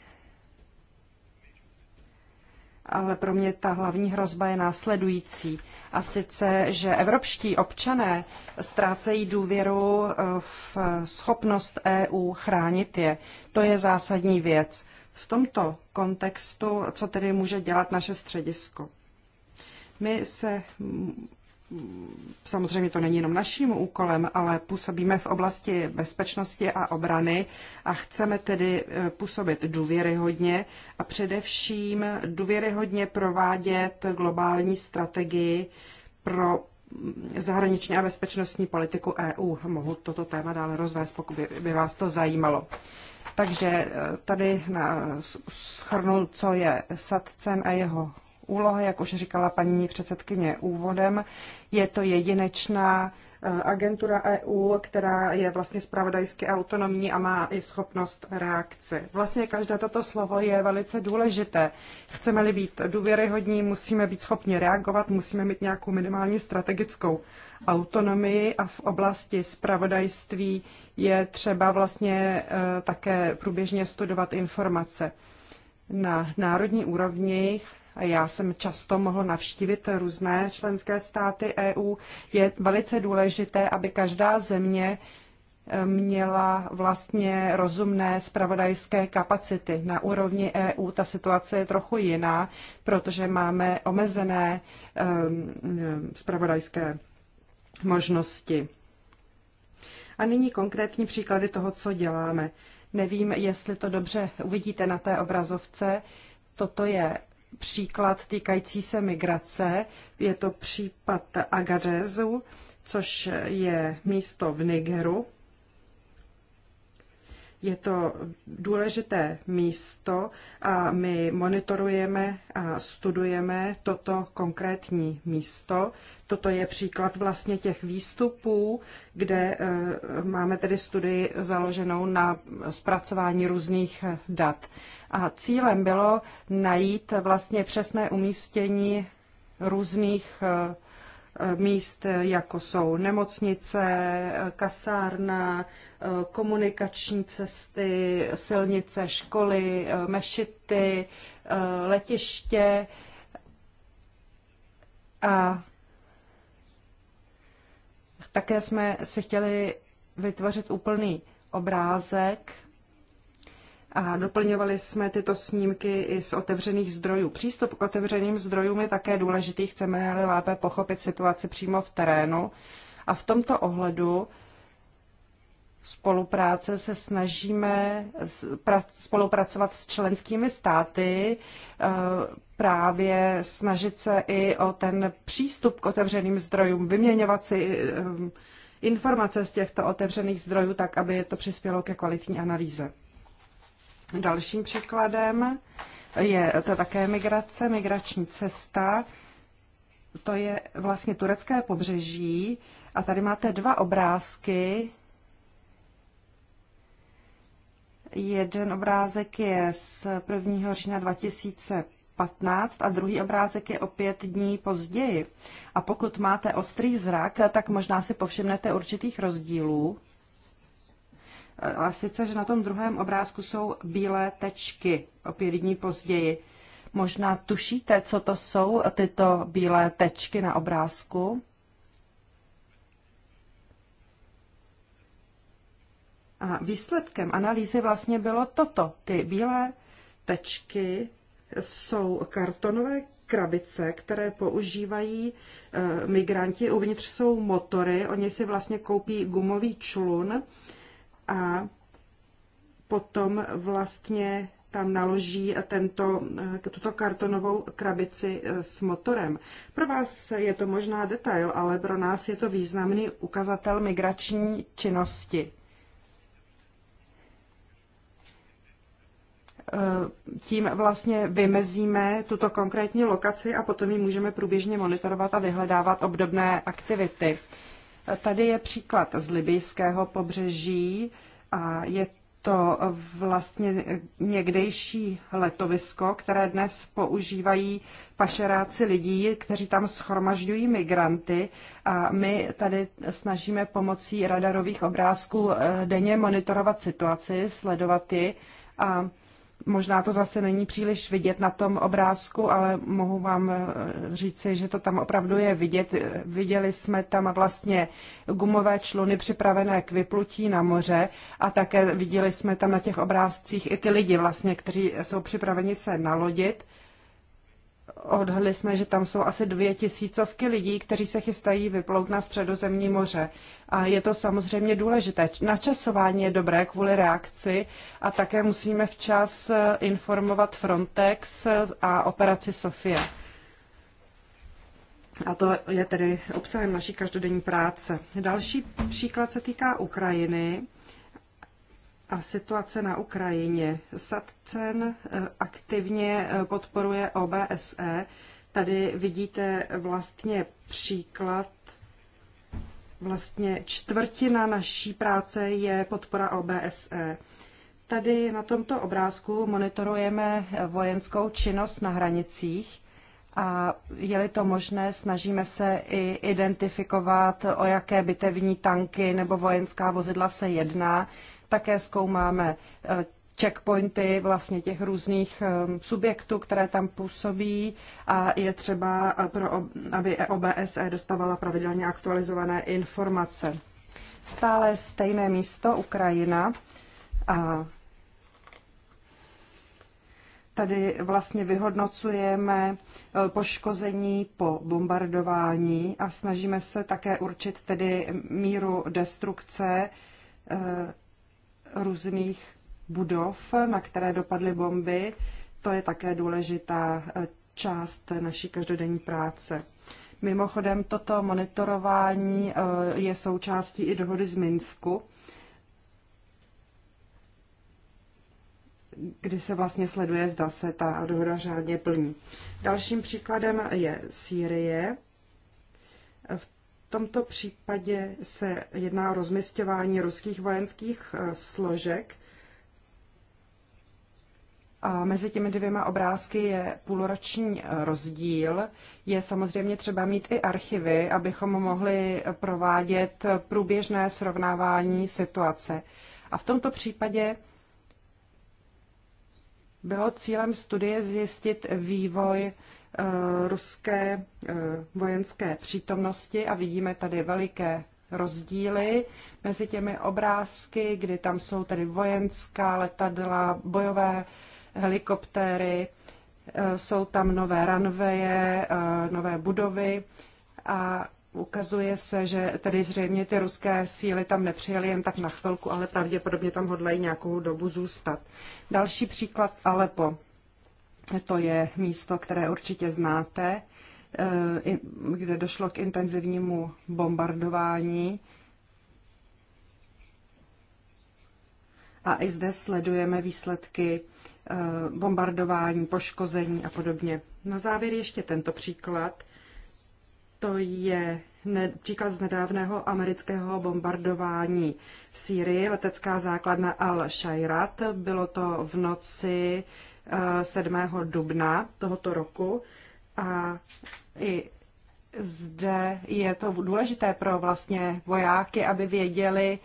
ale pro mě ta hlavní hrozba je následující. A sice, že evropští občané ztrácejí důvěru eh, v schopnost EU chránit je. To je zásadní věc. V tomto kontextu, co tedy může dělat naše středisko? My se samozřejmě to není jenom naším úkolem, ale působíme v oblasti bezpečnosti a obrany a chceme tedy eh, působit důvěryhodně a především důvěryhodně provádět globální strategii pro mm, zahraniční a bezpečnostní politiku EU. Mohu toto téma dále rozvést, pokud by vás to zajímalo. Takže eh, tady na, co je SATCEN a jeho úloha, jak už říkala paní předsedkyně úvodem. Je to jedinečná eh, agentura EU, která je vlastně spravodajsky autonomní a má i schopnost reakce. Vlastně každé toto slovo je velice důležité. Chceme-li být důvěryhodní, musíme být schopni reagovat, musíme mít nějakou minimální strategickou autonomii a v oblasti spravodajství je třeba vlastně eh, také průběžně studovat informace. Na národní úrovni já jsem často mohl navštívit různé členské státy EU. Je velice důležité, aby každá země eh, měla vlastně rozumné spravodajské kapacity. Na úrovni EU ta situace je trochu jiná, protože máme omezené ehm, ehm, spravodajské možnosti. A nyní konkrétní příklady toho, co děláme. Nevím, jestli to dobře uvidíte na té obrazovce. Toto je příklad týkající se migrace. Je to případ Agadezu, což je místo v Nigeru. Je to důležité místo a my monitorujeme a studujeme toto konkrétní místo. Toto je příklad vlastně těch výstupů, kde eh, máme tedy studii založenou na zpracování různých dat. A cílem bylo najít vlastně přesné umístění různých eh, eh, míst, jako jsou nemocnice, kasárna, komunikační cesty, silnice, školy, mešity, letiště. A také jsme si chtěli vytvořit úplný obrázek a doplňovali jsme tyto snímky i z otevřených zdrojů. Přístup k otevřeným zdrojům je také důležitý, chceme ale lépe pochopit situaci přímo v terénu. A v tomto ohledu spolupráce se snažíme spolupracovat s členskými státy, eh, právě snažit se i o ten přístup k otevřeným zdrojům, vyměňovat si ehm, informace z těchto otevřených zdrojů, tak aby to přispělo ke kvalitní analýze. Dalším příkladem je to také migrace, migrační cesta. To je vlastně turecké pobřeží a tady máte dva obrázky. Jeden obrázek je z 1. října 2000 15 a druhý obrázek je o pět dní později. A pokud máte ostrý zrak, tak možná si povšimnete určitých rozdílů. A sice, že na tom druhém obrázku jsou bílé tečky o pět dní později. Možná tušíte, co to jsou tyto bílé tečky na obrázku? A výsledkem analýzy vlastně bylo toto. Ty bílé tečky jsou kartonové krabice, které používají eh, migranti. Uvnitř jsou motory, oni si vlastně koupí gumový člun a potom vlastně tam naloží tento, eh, tuto kartonovou krabici eh, s motorem. Pro vás je to možná detail, ale pro nás je to významný ukazatel migrační činnosti. Eh, tím vlastně vymezíme tuto konkrétní lokaci a potom ji můžeme průběžně monitorovat a vyhledávat obdobné aktivity. Eh, tady je příklad z libijského pobřeží a je to vlastně někdejší letovisko, které dnes používají pašeráci lidí, kteří tam schromažďují migranty a my tady snažíme pomocí radarových obrázků eh, denně monitorovat situaci, sledovat ji a Možná to zase není příliš vidět na tom obrázku, ale mohu vám eh, říci, že to tam opravdu je vidět. Viděli jsme tam vlastně gumové čluny připravené k vyplutí na moře a také viděli jsme tam na těch obrázcích i ty lidi vlastně, kteří jsou připraveni se nalodit odhadli jsme, že tam jsou asi dvě tisícovky lidí, kteří se chystají vyplout na středozemní moře. A je to samozřejmě důležité. Načasování je dobré kvůli reakci a také musíme včas eh, informovat Frontex eh, a operaci Sofie. A to je tedy obsahem naší každodenní práce. Další příklad se týká Ukrajiny a situace na Ukrajině. Sadcen eh, aktivně eh, podporuje OBSE. Tady vidíte vlastně příklad Vlastně čtvrtina naší práce je podpora OBSE. Tady na tomto obrázku monitorujeme eh, vojenskou činnost na hranicích a je-li to možné, snažíme se i identifikovat, o jaké bitevní tanky nebo vojenská vozidla se jedná, také zkoumáme eh, checkpointy vlastně těch různých eh, subjektů, které tam působí a je třeba, eh, pro, aby OBSE e dostávala pravidelně aktualizované informace. Stále stejné místo, Ukrajina. A tady vlastně vyhodnocujeme poškození po bombardování a snažíme se také určit tedy míru destrukce různých budov, na které dopadly bomby. To je také důležitá eh, část naší každodenní práce. Mimochodem, toto monitorování eh, je součástí i dohody z Minsku, kdy se vlastně sleduje, zda se ta dohoda řádně plní. Dalším příkladem je Sýrie. V v tomto případě se jedná o rozměstňování ruských vojenských eh, složek. A mezi těmi dvěma obrázky je půlroční eh, rozdíl. Je samozřejmě třeba mít i archivy, abychom mohli provádět eh, průběžné srovnávání situace. A v tomto případě bylo cílem studie zjistit vývoj Eh, ruské eh, vojenské přítomnosti a vidíme tady veliké rozdíly mezi těmi obrázky, kdy tam jsou tedy vojenská letadla, bojové helikoptéry, eh, jsou tam nové ranveje, nové budovy a ukazuje se, že tedy zřejmě ty ruské síly tam nepřijeli jen tak na chvilku, ale pravděpodobně tam hodlají nějakou dobu zůstat. Další příklad Alepo. To je místo, které určitě znáte, eh, kde došlo k intenzivnímu bombardování. A i zde sledujeme výsledky eh, bombardování, poškození a podobně. Na závěr ještě tento příklad. To je ne, příklad z nedávného amerického bombardování v Sýrii, letecká základna Al-Shairat. Bylo to v noci 7. dubna tohoto roku a i zde je to důležité pro vlastně vojáky, aby věděli,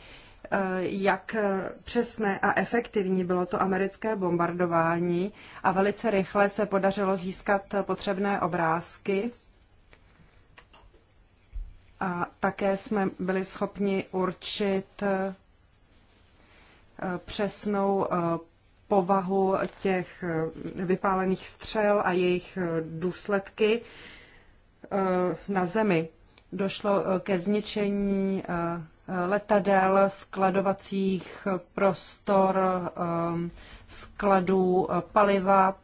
eh, jak přesné a efektivní bylo to americké bombardování a velice rychle se podařilo získat potřebné obrázky. A také jsme byli schopni určit eh, přesnou eh, povahu těch eh, vypálených střel a jejich eh, důsledky eh, na zemi. Došlo ke zničení letadel, skladovacích prostor, skladů paliva.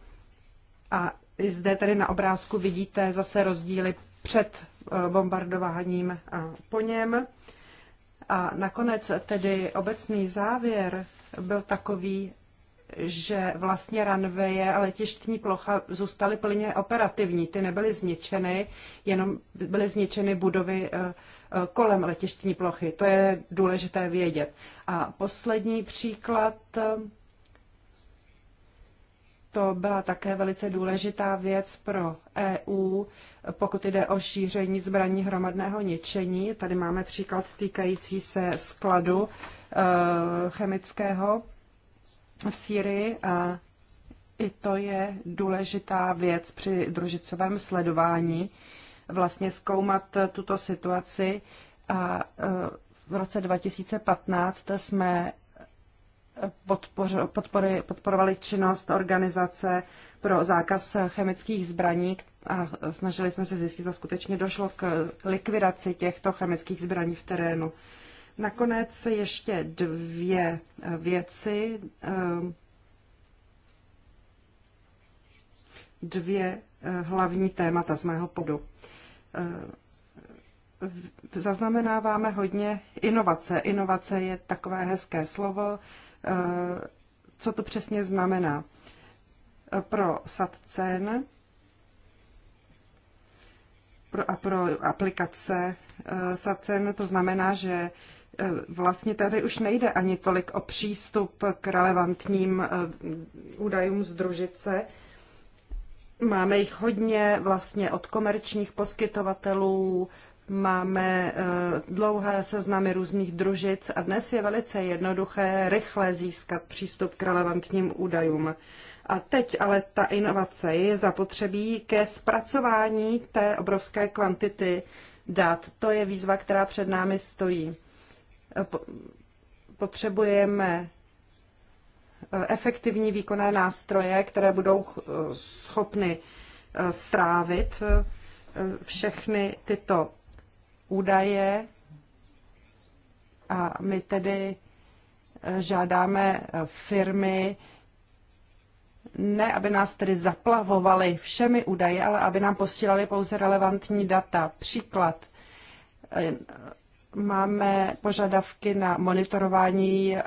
A zde tedy na obrázku vidíte zase rozdíly před bombardováním a po něm. A nakonec tedy obecný závěr byl takový, že vlastně ranveje a letištní plocha zůstaly plně operativní. Ty nebyly zničeny, jenom byly zničeny budovy eh, eh, kolem letištní plochy. To je důležité vědět. A poslední příklad, eh, to byla také velice důležitá věc pro EU, pokud jde o šíření zbraní hromadného ničení. Tady máme příklad týkající se skladu chemického v Sýrii a i to je důležitá věc při družicovém sledování, vlastně zkoumat tuto situaci. A e, v roce 2015 jsme podporovali činnost organizace pro zákaz chemických zbraní a snažili jsme se zjistit, že skutečně došlo k likvidaci těchto chemických zbraní v terénu. Nakonec ještě dvě eh, věci. Eh, dvě eh, hlavní témata z mého podu. Zaznamenáváme hodně inovace. Inovace je takové hezké slovo. Co to přesně znamená? Pro SATCEN a pro aplikace SATCEN to znamená, že Eh, vlastně tady už nejde ani tolik o přístup k relevantním eh, údajům z družice. Máme jich hodně vlastně od komerčních poskytovatelů, máme eh, dlouhé seznamy různých družic a dnes je velice jednoduché rychle získat přístup k relevantním údajům. A teď ale ta inovace je zapotřebí ke zpracování té obrovské kvantity dat. To je výzva, která před námi stojí. Eh, potřebujeme eh, efektivní výkonné nástroje, které budou eh, schopny strávit všechny tyto údaje. A my tedy žádáme firmy, ne aby nás tedy zaplavovaly všemi údaje, ale aby nám posílali pouze relevantní data. Příklad máme požadavky na monitorování eh,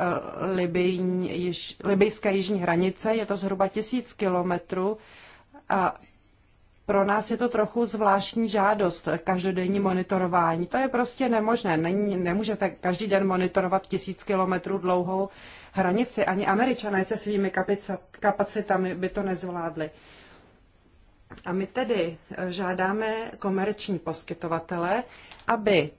libijské jižní hranice. Je to zhruba tisíc kilometrů a pro nás je to trochu zvláštní žádost, každodenní monitorování. To je prostě nemožné. Není, nemůžete každý den monitorovat tisíc kilometrů dlouhou hranici. Ani američané se svými kapacitami by to nezvládli. A my tedy eh, žádáme komerční poskytovatele, aby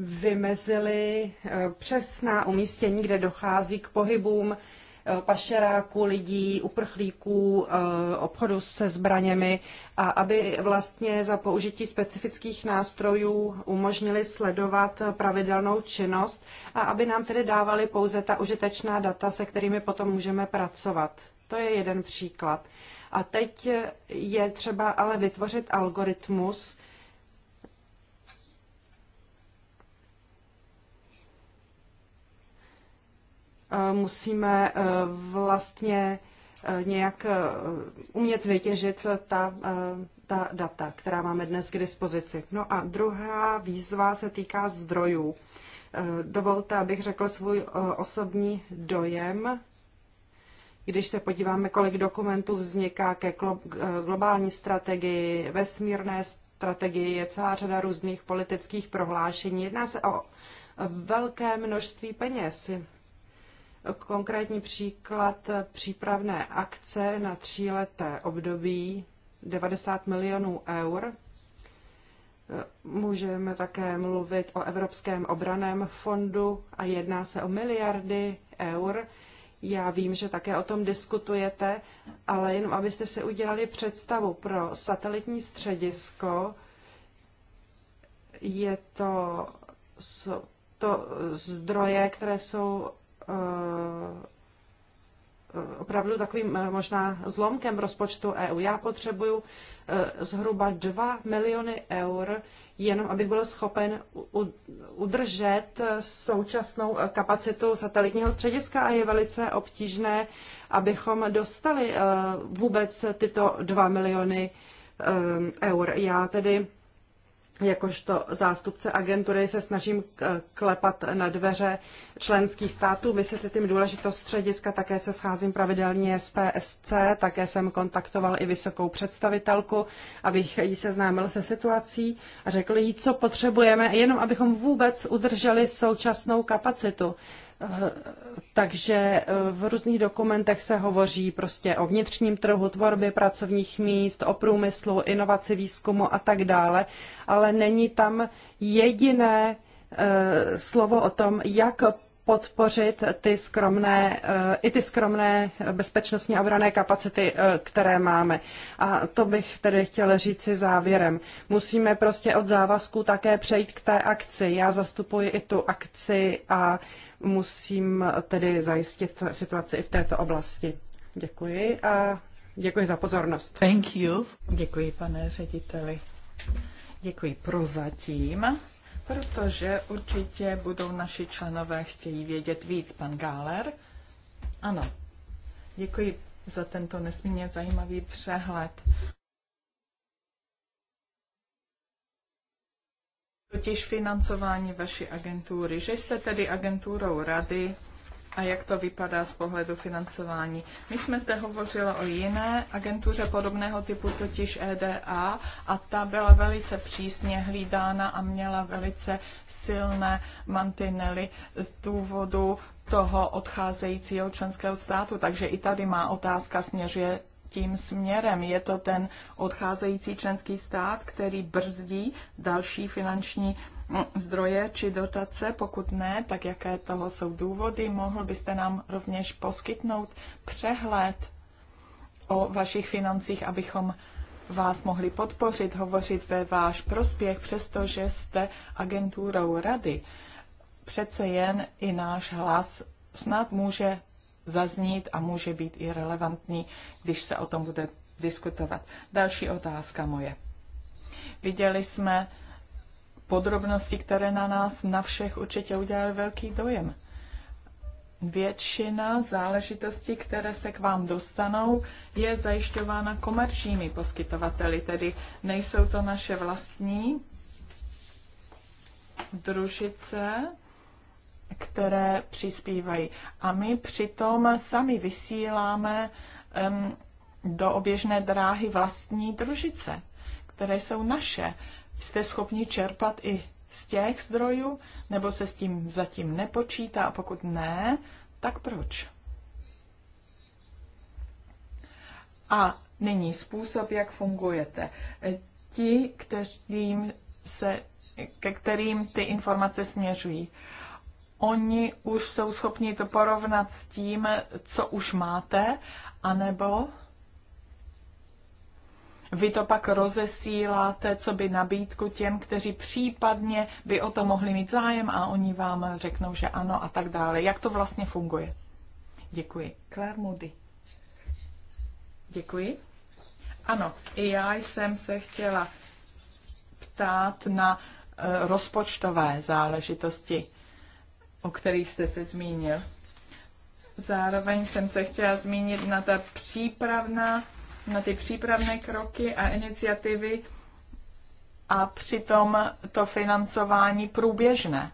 vymezili eh, přesná umístění, kde dochází k pohybům eh, pašeráků, lidí, uprchlíků, eh, obchodu se zbraněmi a aby vlastně za použití specifických nástrojů umožnili sledovat pravidelnou činnost a aby nám tedy dávali pouze ta užitečná data, se kterými potom můžeme pracovat. To je jeden příklad. A teď je třeba ale vytvořit algoritmus, Eh, musíme eh, vlastně eh, nějak umět vytěžit ta, ta data, která máme dnes k dispozici. No a druhá výzva se týká zdrojů. Dovolte, abych řekl svůj osobní dojem. Když se podíváme, kolik dokumentů vzniká ke globální strategii, vesmírné strategii, je celá řada různých politických prohlášení. Jedná se o velké množství peněz. Konkrétní příklad přípravné akce na tříleté období 90 milionů eur. Můžeme také mluvit o Evropském obraném fondu a jedná se o miliardy eur. Já vím, že také o tom diskutujete, ale jenom abyste si udělali představu pro satelitní středisko, je to, to zdroje, které jsou Eh, opravdu takovým eh, možná zlomkem rozpočtu EU. Já potřebuju eh, zhruba 2 miliony eur, jenom abych byl schopen udržet současnou kapacitu satelitního střediska a je velice obtížné, abychom dostali vůbec tyto 2 miliony eur. Já tedy jakožto zástupce agentury se snažím klepat na dveře členských států, vysvětlit jim důležitost střediska, také se scházím pravidelně s PSC, také jsem kontaktoval i vysokou představitelku, abych jí seznámil se situací a řekl jí, co potřebujeme, jenom abychom vůbec udrželi současnou kapacitu. Takže eh, v různých dokumentech se hovoří prostě o vnitřním trhu, tvorbě pracovních míst, o průmyslu, inovaci, výzkumu a tak dále, ale není tam jediné eh, slovo o tom, jak podpořit ty skromné, eh, i ty skromné bezpečnostní a obrané kapacity, které máme. A to bych tedy chtěla říci závěrem. Musíme prostě od závazku také přejít k té akci. Já zastupuji i tu akci a musím tedy zajistit situaci i v této oblasti. Děkuji a děkuji za pozornost. Thank you. Děkuji, pane řediteli. Děkuji prozatím, protože určitě budou naši členové chtějí vědět víc. Pan Gáler? Ano. Děkuji za tento nesmírně zajímavý přehled. totiž financování vaší agentury, že jste tedy agenturou rady a jak to vypadá z pohledu financování. My jsme zde hovořili o jiné agentuře podobného typu, totiž EDA, a ta byla velice přísně hlídána a měla velice silné mantinely z důvodu toho odcházejícího členského státu. Takže i tady má otázka směřuje tím směrem. Je to ten odcházející členský stát, který brzdí další finanční mm, zdroje či dotace? Pokud ne, tak jaké toho jsou důvody? Mohl byste nám rovněž poskytnout přehled o vašich financích, abychom vás mohli podpořit, hovořit ve váš prospěch, přestože jste agenturou rady. Přece jen i náš hlas snad může zaznít a může být i relevantní, když se o tom bude diskutovat. Další otázka moje. Viděli jsme podrobnosti, které na nás na všech určitě udělaly velký dojem. Většina záležitostí, které se k vám dostanou, je zajišťována komerčními poskytovateli, tedy nejsou to naše vlastní družice, které přispívají. A my přitom sami vysíláme um, do oběžné dráhy vlastní družice, které jsou naše. Jste schopni čerpat i z těch zdrojů, nebo se s tím zatím nepočítá a pokud ne, tak proč? A nyní způsob, jak fungujete. Ti, kterým se, ke kterým ty informace směřují oni už jsou schopni to porovnat s tím, co už máte, anebo vy to pak rozesíláte, co by nabídku těm, kteří případně by o to mohli mít zájem a oni vám řeknou, že ano a tak dále. Jak to vlastně funguje? Děkuji. Claire Moody. Děkuji. Ano, i já jsem se chtěla ptát na eh, rozpočtové záležitosti o kterých jste se zmínil. Zároveň jsem se chtěla zmínit na, ta přípravná, na ty přípravné kroky a iniciativy a přitom to financování průběžné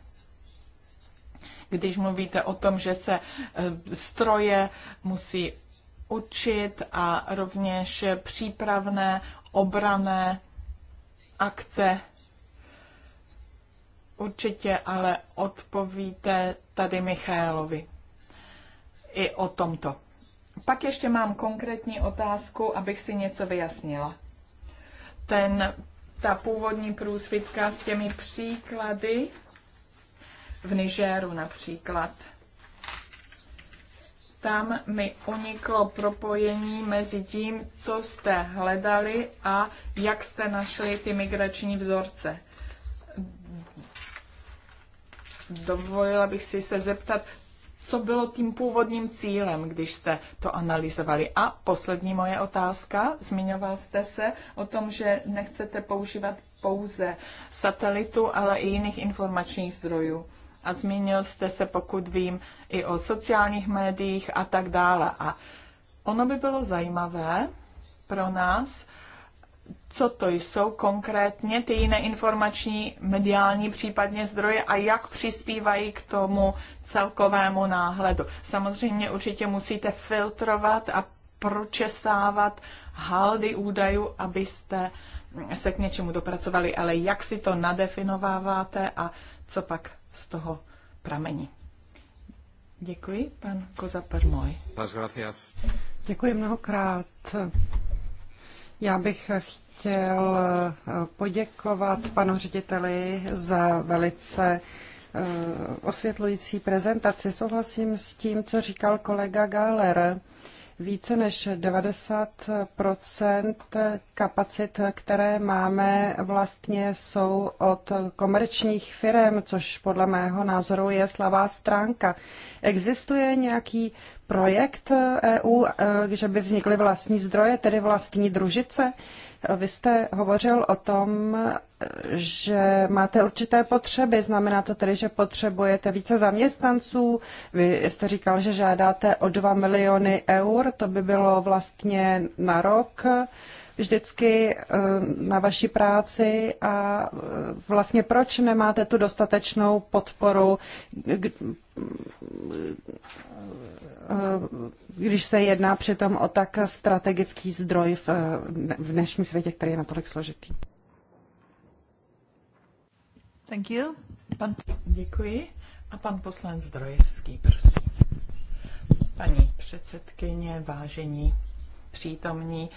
když mluvíte o tom, že se eh, stroje musí učit a rovněž přípravné, obrané akce Určitě ale odpovíte tady Michálovi i o tomto. Pak ještě mám konkrétní otázku, abych si něco vyjasnila. Ten, ta původní průsvitka s těmi příklady v Nigeru například. Tam mi uniklo propojení mezi tím, co jste hledali a jak jste našli ty migrační vzorce dovolila bych si se zeptat, co bylo tím původním cílem, když jste to analyzovali. A poslední moje otázka, zmiňoval jste se o tom, že nechcete používat pouze satelitu, ale i jiných informačních zdrojů. A zmínil jste se, pokud vím, i o sociálních médiích a tak dále. A ono by bylo zajímavé pro nás co to jsou konkrétně ty jiné informační, mediální případně zdroje a jak přispívají k tomu celkovému náhledu. Samozřejmě určitě musíte filtrovat a pročesávat haldy údajů, abyste se k něčemu dopracovali, ale jak si to nadefinováváte a co pak z toho pramení. Děkuji, pan Koza Permoj. Děkuji mnohokrát. Já bych chtěl eh, poděkovat panu řediteli za velice eh, osvětlující prezentaci. Souhlasím s tím, co říkal kolega Gáler. Více než 90 kapacit, které máme, vlastně jsou od komerčních firm, což podle mého názoru je slavá stránka. Existuje nějaký projekt EU, e, že by vznikly vlastní zdroje, tedy vlastní družice? Vy jste hovořil o tom, že máte určité potřeby. Znamená to tedy, že potřebujete více zaměstnanců. Vy jste říkal, že žádáte o 2 miliony eur. To by bylo vlastně na rok vždycky eh, na vaší práci a eh, vlastně proč nemáte tu dostatečnou podporu, když se jedná přitom o tak strategický zdroj v, v dnešním světě, který je natolik složitý. Thank you. Pan... Děkuji. A pan poslanec Zdrojevský, prosím. Paní předsedkyně, vážení přítomní,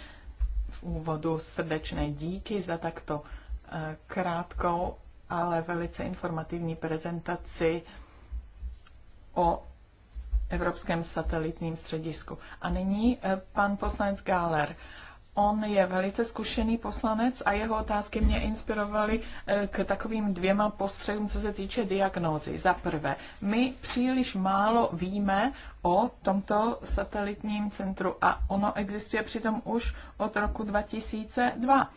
v úvodu srdečné díky za takto eh, krátkou, ale velice informativní prezentaci o Evropském satelitním středisku. A nyní eh, pan poslanec Gáler. On je velice zkušený poslanec a jeho otázky mě inspirovaly eh, k takovým dvěma postřehům, co se týče diagnózy. Za prvé, my příliš málo víme o tomto satelitním centru a ono existuje přitom už od roku 2002.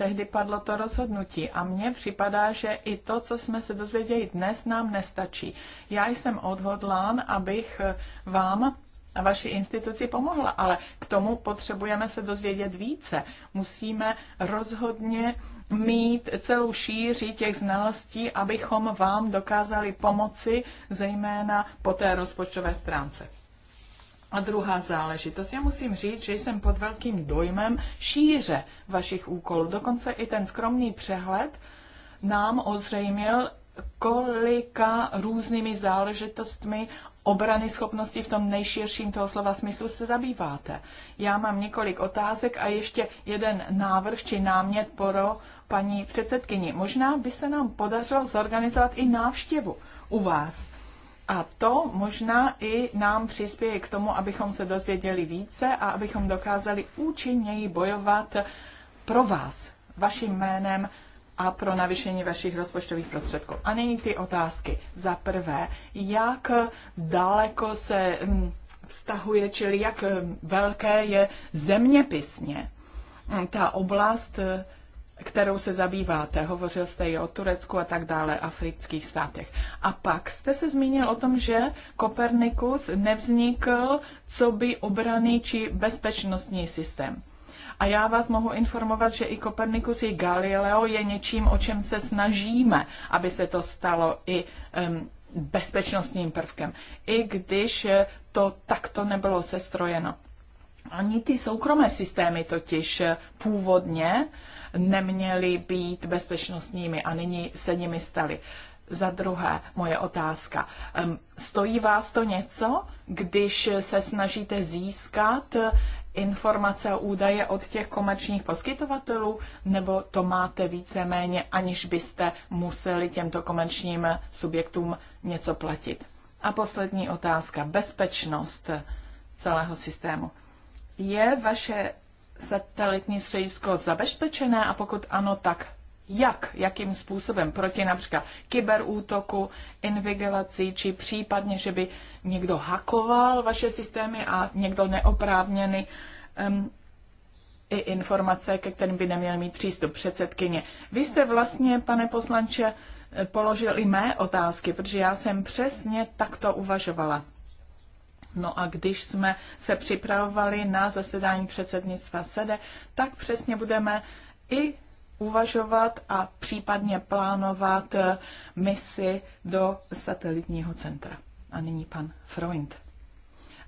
Tehdy padlo to rozhodnutí a mně připadá, že i to, co jsme se dozvěděli dnes, nám nestačí. Já jsem odhodlán, abych vám a vaší instituci pomohla, ale k tomu potřebujeme se dozvědět více. Musíme rozhodně mít celou šíři těch znalostí, abychom vám dokázali pomoci, zejména po té rozpočtové stránce. A druhá záležitost. Já musím říct, že jsem pod velkým dojmem šíře vašich úkolů. Dokonce i ten skromný přehled nám ozřejmil, kolika různými záležitostmi obrany schopnosti v tom nejširším toho slova smyslu se zabýváte. Já mám několik otázek a ještě jeden návrh či námět pro paní předsedkyni. Možná by se nám podařilo zorganizovat i návštěvu u vás a to možná i nám přispěje k tomu, abychom se dozvěděli více a abychom dokázali účinněji bojovat pro vás, vaším jménem a pro navýšení vašich rozpočtových prostředků. A nyní ty otázky. Za prvé, jak daleko se hm, vztahuje, čili jak hm, velké je zeměpisně ta oblast kterou se zabýváte. Hovořil jste i o Turecku a tak dále, afrických státech. A pak jste se zmínil o tom, že Kopernikus nevznikl co by obraný či bezpečnostní systém. A já vás mohu informovat, že i Kopernikus, i Galileo je něčím, o čem se snažíme, aby se to stalo i um, bezpečnostním prvkem. I když to takto nebylo sestrojeno. Ani ty soukromé systémy totiž původně neměly být bezpečnostními a nyní se nimi staly. Za druhé, moje otázka. Stojí vás to něco, když se snažíte získat eh, informace a údaje od těch komerčních poskytovatelů, nebo to máte víceméně, aniž byste museli těmto komerčním subjektům něco platit? A poslední otázka. Bezpečnost celého systému. Je vaše satelitní středisko zabezpečené a pokud ano, tak jak, jakým způsobem proti například kyberútoku, invigilací, či případně, že by někdo hakoval vaše systémy a někdo neoprávněný um, i informace, ke kterým by neměl mít přístup předsedkyně. Vy jste vlastně, pane poslanče, položil i mé otázky, protože já jsem přesně takto uvažovala. No a když jsme se připravovali na zasedání předsednictva SEDE, tak přesně budeme i uvažovat a případně plánovat eh, misi do satelitního centra. A nyní pan Freund.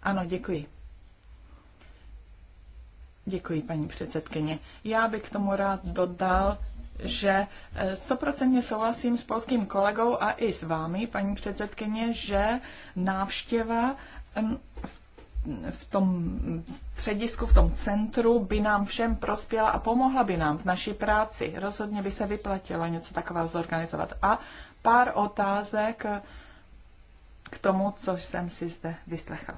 Ano, děkuji. Děkuji, paní předsedkyně. Já bych k tomu rád dodal, že eh, stoprocentně souhlasím s polským kolegou a i s vámi, paní předsedkyně, že návštěva v tom středisku, v tom centru by nám všem prospěla a pomohla by nám v naší práci. Rozhodně by se vyplatilo něco takového zorganizovat. A pár otázek k tomu, co jsem si zde vyslechla.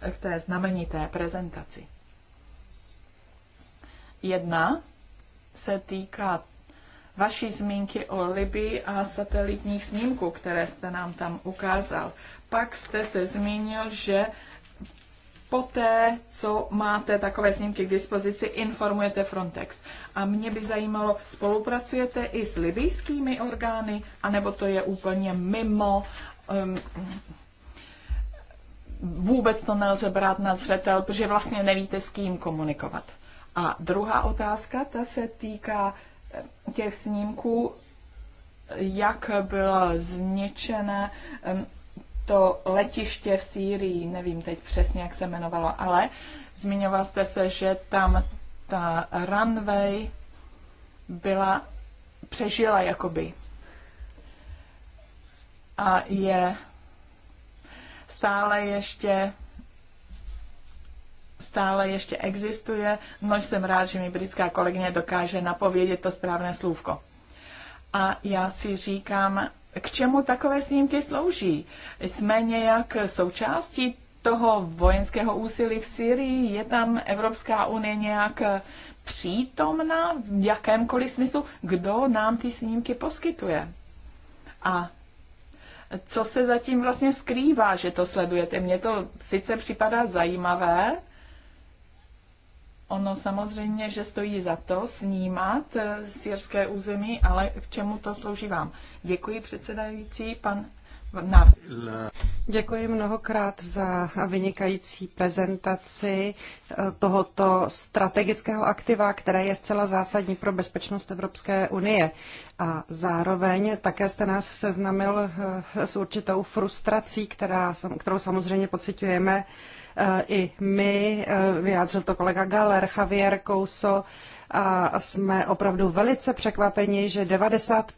Eh, k té znamenité prezentaci. Jedna se týká vaší zmínky o Libii a satelitních snímků, které jste nám tam ukázal. Pak jste se zmínil, že poté, co máte takové snímky k dispozici, informujete Frontex. A mě by zajímalo, spolupracujete i s libijskými orgány, anebo to je úplně mimo um, vůbec to nelze brát na zřetel, protože vlastně nevíte, s kým komunikovat. A druhá otázka, ta se týká těch snímků, jak bylo zničené to letiště v Sýrii, nevím teď přesně, jak se jmenovalo, ale zmiňoval jste se, že tam ta runway byla, přežila jakoby. A je stále ještě stále ještě existuje, no jsem rád, že mi britská kolegyně dokáže napovědět to správné slůvko. A já si říkám, k čemu takové snímky slouží? Jsme nějak součástí toho vojenského úsilí v Syrii? Je tam Evropská unie nějak přítomna v jakémkoliv smyslu? Kdo nám ty snímky poskytuje? A co se zatím vlastně skrývá, že to sledujete? Mně to sice připadá zajímavé, Ono samozřejmě, že stojí za to snímat eh, syrské území, ale k čemu to slouží vám? Děkuji předsedající, pan Nav. Děkuji mnohokrát za vynikající prezentaci eh, tohoto strategického aktiva, které je zcela zásadní pro bezpečnost Evropské unie. A zároveň také jste nás seznamil eh, s určitou frustrací, která, kterou samozřejmě pocitujeme i my, eh, vyjádřil to kolega Galer, Javier Kouso, a jsme opravdu velice překvapeni, že 90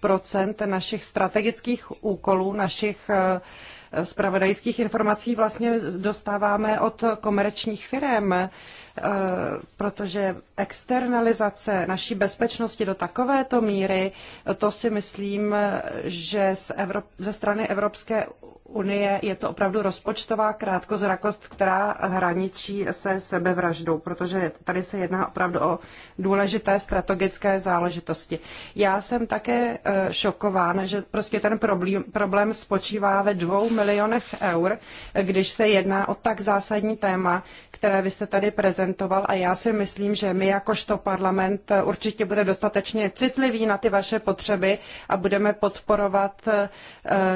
našich strategických úkolů, našich eh, zpravodajských informací vlastně dostáváme od komerčních firm. Eh, protože externalizace naší bezpečnosti do takovéto míry, to si myslím, že ze strany Evropské unie je to opravdu rozpočtová krátkozrakost, která hraničí se sebevraždou, protože tady se jedná opravdu o důležité strategické záležitosti. Já jsem také eh, šokován, že prostě ten problém, problém spočívá ve dvou milionech eur, když se jedná o tak zásadní téma, které vy jste tady prezentovali prezentoval a já si myslím, že my jakožto parlament určitě bude dostatečně citlivý na ty vaše potřeby a budeme podporovat eh,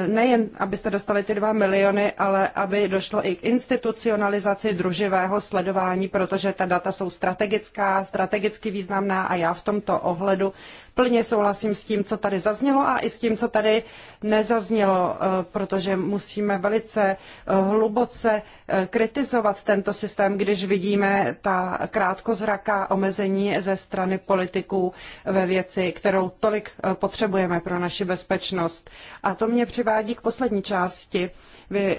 nejen, abyste dostali ty dva miliony, ale aby došlo i k institucionalizaci druživého sledování, protože ta data jsou strategická, strategicky významná a já v tomto ohledu plně souhlasím s tím, co tady zaznělo a i s tím, co tady nezaznělo, eh, protože musíme velice eh, hluboce eh, kritizovat tento systém, když vidíme ta krátkozraká omezení ze strany politiků ve věci, kterou tolik potřebujeme pro naši bezpečnost. A to mě přivádí k poslední části. Vy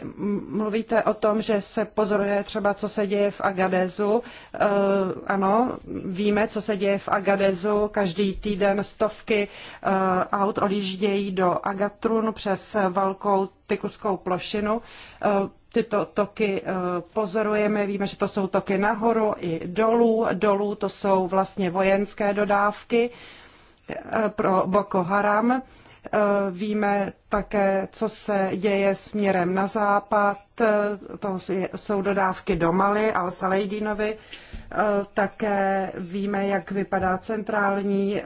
mluvíte o tom, že se pozoruje třeba, co se děje v Agadezu. Ano, víme, co se děje v Agadezu. Každý týden stovky eh, aut odjíždějí do Agatrun přes velkou tykuskou plošinu. Eh, tyto toky eh, pozorujeme, víme, že to jsou toky nahoru i dolů. Dolů to jsou vlastně vojenské dodávky pro Boko Haram. Víme také, co se děje směrem na západ, to jsou dodávky do Mali, al Salejdinovi Eh, také víme, jak vypadá centrální eh,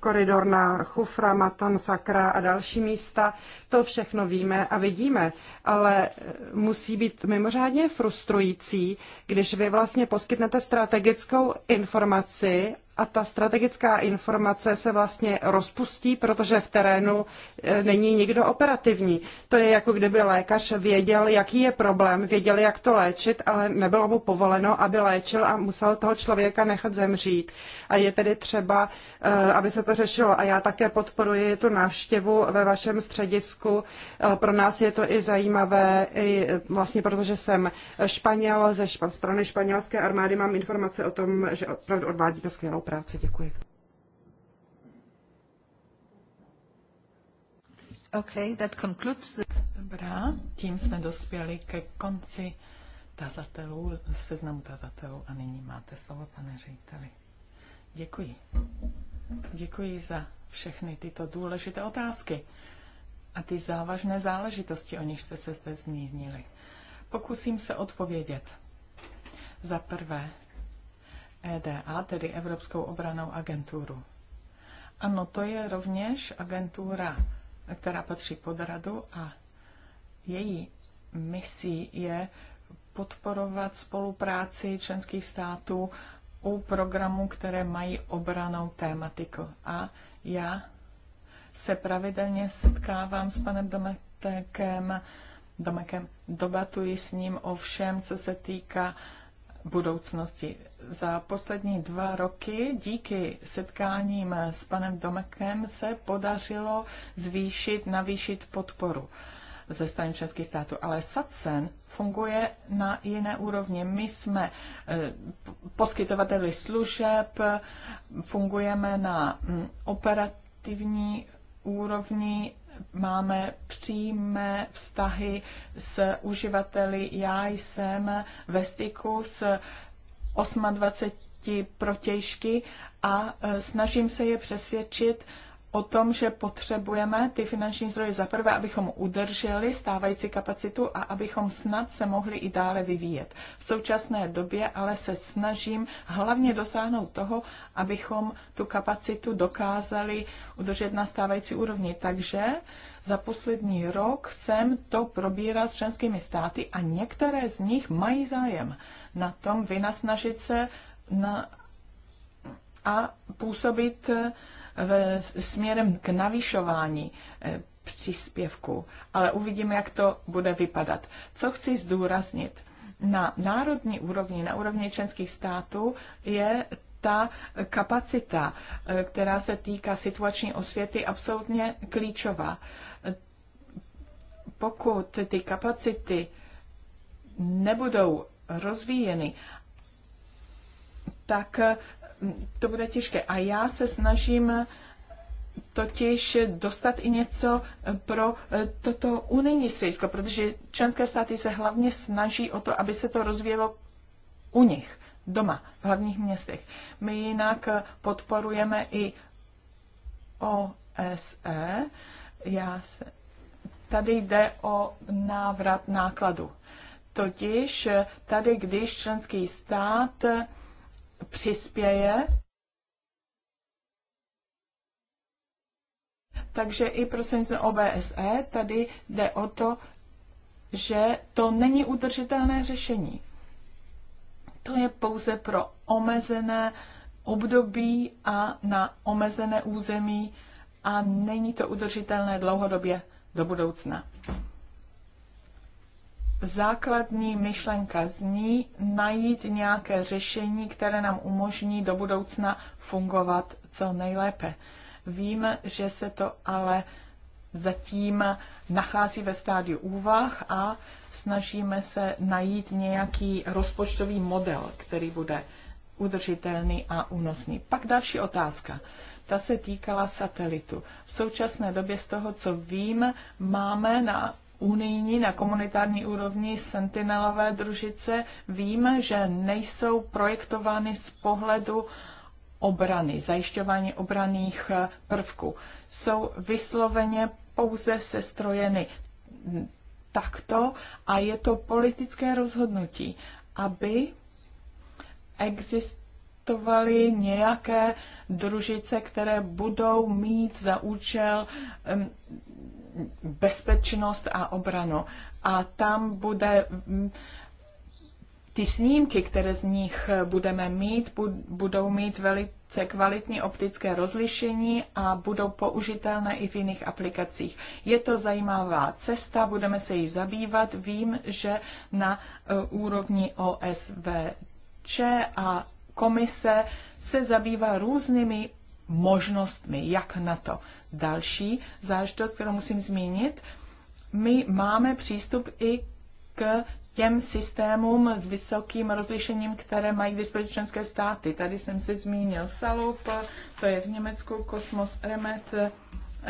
koridor na Chufra, Matan, Sakra a další místa. To všechno víme a vidíme, ale musí být mimořádně frustrující, když vy vlastně poskytnete strategickou informaci a ta strategická informace se vlastně rozpustí, protože v terénu e, není nikdo operativní. To je jako kdyby lékař věděl, jaký je problém, věděl, jak to léčit, ale nebylo mu povoleno, aby léčil a musel toho člověka nechat zemřít. A je tedy třeba, e, aby se to řešilo. A já také podporuji tu návštěvu ve vašem středisku. E, pro nás je to i zajímavé, i vlastně protože jsem Španěl, ze strany španělské armády mám informace o tom, že opravdu odvádíte skvělou spolupráci. Děkuji. Okay, that concludes the... Dobrá, tím jsme dospěli ke konci tazatelů, seznamu tazatelů a nyní máte slovo, pane řediteli. Děkuji. Děkuji za všechny tyto důležité otázky a ty závažné záležitosti, o nich jste se zde zmínili. Pokusím se odpovědět. Za prvé, EDA, tedy Evropskou obranou agenturu. Ano, to je rovněž agentura, která patří pod radu a její misí je podporovat spolupráci členských států u programů, které mají obranou tématiku. A já se pravidelně setkávám s panem Domekem, Domekem, debatuji s ním o všem, co se týká budoucnosti. Za poslední dva roky díky setkáním s panem Domekem se podařilo zvýšit, navýšit podporu ze strany Českých států. Ale SACEN funguje na jiné úrovni. My jsme eh, poskytovateli služeb, fungujeme na mm, operativní úrovni máme přímé vztahy s uživateli. Já jsem ve styku s 28 protějšky a e, snažím se je přesvědčit, o tom, že potřebujeme ty finanční zdroje za prvé, abychom udrželi stávající kapacitu a abychom snad se mohli i dále vyvíjet. V současné době ale se snažím hlavně dosáhnout toho, abychom tu kapacitu dokázali udržet na stávající úrovni. Takže za poslední rok jsem to probíral s členskými státy a některé z nich mají zájem na tom vynasnažit se na a působit v, směrem k navyšování eh, příspěvku, ale uvidíme, jak to bude vypadat. Co chci zdůraznit? Na národní úrovni, na úrovni členských států je ta kapacita, eh, která se týká situační osvěty, absolutně klíčová. Pokud ty kapacity nebudou rozvíjeny, tak to bude těžké. A já se snažím totiž dostat i něco pro eh, toto unijní středisko, protože členské státy se hlavně snaží o to, aby se to rozvíjelo u nich, doma, v hlavních městech. My jinak podporujeme i OSE. Já se... Tady jde o návrat nákladu. Totiž eh, tady, když členský stát přispěje. Takže i prostřednictvím OBSE tady jde o to, že to není udržitelné řešení. To je pouze pro omezené období a na omezené území a není to udržitelné dlouhodobě do budoucna základní myšlenka zní najít nějaké řešení, které nám umožní do budoucna fungovat co nejlépe. Vím, že se to ale zatím nachází ve stádiu úvah a snažíme se najít nějaký rozpočtový model, který bude udržitelný a únosný. Pak další otázka. Ta se týkala satelitu. V současné době, z toho, co vím, máme na unijní, na komunitární úrovni sentinelové družice víme, že nejsou projektovány z pohledu obrany, zajišťování obraných eh, prvků. Jsou vysloveně pouze sestrojeny takto a je to politické rozhodnutí, aby existovaly nějaké družice, které budou mít za účel bezpečnost a obranu. A tam bude mm, ty snímky, které z nich budeme mít, budou mít velice kvalitní optické rozlišení a budou použitelné i v jiných aplikacích. Je to zajímavá cesta, budeme se jí zabývat. Vím, že na eh, úrovni OSVČ a komise se zabývá různými možnostmi, jak na to další záležitost, kterou musím zmínit. My máme přístup i k těm systémům s vysokým rozlišením, které mají k dispozici členské státy. Tady jsem se zmínil Salup, to je v Německu, Kosmos Remet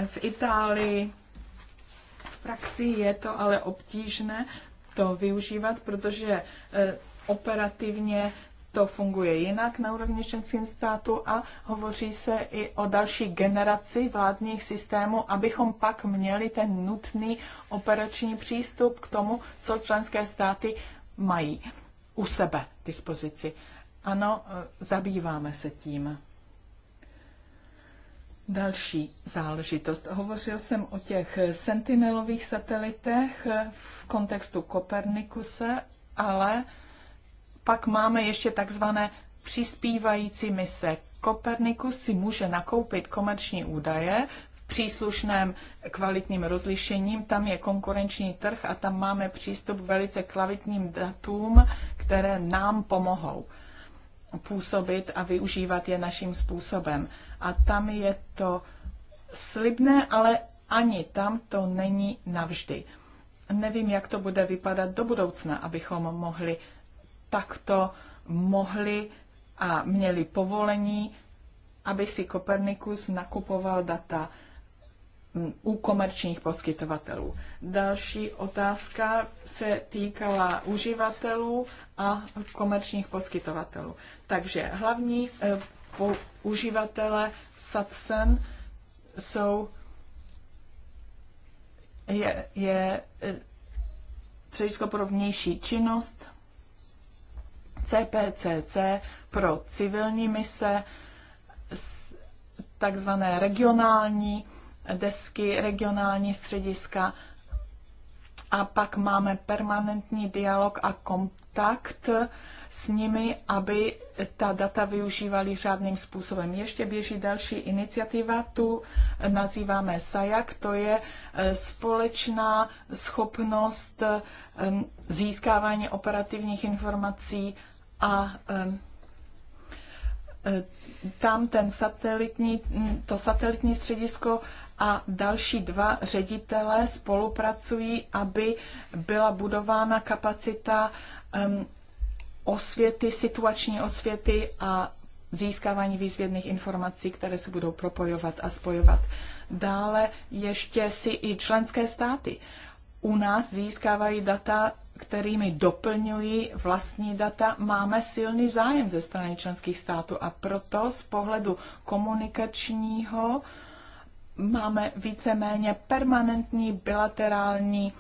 v Itálii. V praxi je to ale obtížné to využívat, protože eh, operativně to funguje jinak na úrovni členských států a hovoří se i o další generaci vládních systémů, abychom pak měli ten nutný operační přístup k tomu, co členské státy mají u sebe dispozici. Ano, e, zabýváme se tím. Další záležitost. Hovořil jsem o těch sentinelových satelitech v kontextu Kopernikuse, ale pak máme ještě takzvané přispívající mise. Kopernikus si může nakoupit komerční údaje v příslušném kvalitním rozlišením. Tam je konkurenční trh a tam máme přístup k velice kvalitním datům, které nám pomohou působit a využívat je naším způsobem. A tam je to slibné, ale ani tam to není navždy. Nevím, jak to bude vypadat do budoucna, abychom mohli takto mohli a měli povolení, aby si Kopernikus nakupoval data mm, u komerčních poskytovatelů. Další otázka se týkala uživatelů a komerčních poskytovatelů. Takže hlavní e, eh, uživatele SATSEN jsou je, je eh, středisko pro vnější činnost, CPCC pro civilní mise, takzvané regionální desky, regionální střediska a pak máme permanentní dialog a kontakt s nimi, aby ta data využívali řádným způsobem. Ještě běží další iniciativa, tu nazýváme SAJAK, to je e, společná schopnost e, získávání operativních informací a e, tam ten satelitní, to satelitní středisko a další dva ředitelé spolupracují, aby byla budována kapacita osvěty, situační osvěty a získávání výzvědných informací, které se budou propojovat a spojovat. Dále ještě si i členské státy u nás získávají data, kterými doplňují vlastní data. Máme silný zájem ze strany členských států a proto z pohledu komunikačního máme víceméně permanentní bilaterální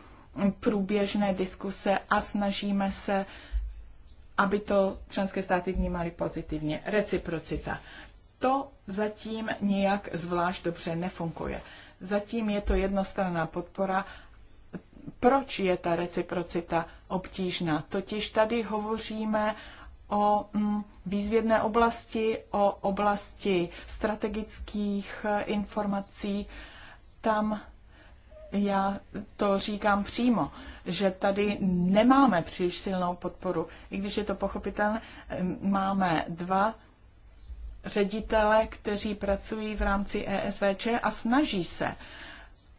průběžné diskuse a snažíme se, aby to členské státy vnímaly pozitivně. Reciprocita. To zatím nijak zvlášť dobře nefunguje. Zatím je to jednostranná podpora proč je ta reciprocita obtížná. Totiž tady hovoříme o mm, výzvědné oblasti, o oblasti strategických eh, informací. Tam já to říkám přímo, že tady nemáme příliš silnou podporu. I když je to pochopitelné, máme dva ředitele, kteří pracují v rámci ESVČ a snaží se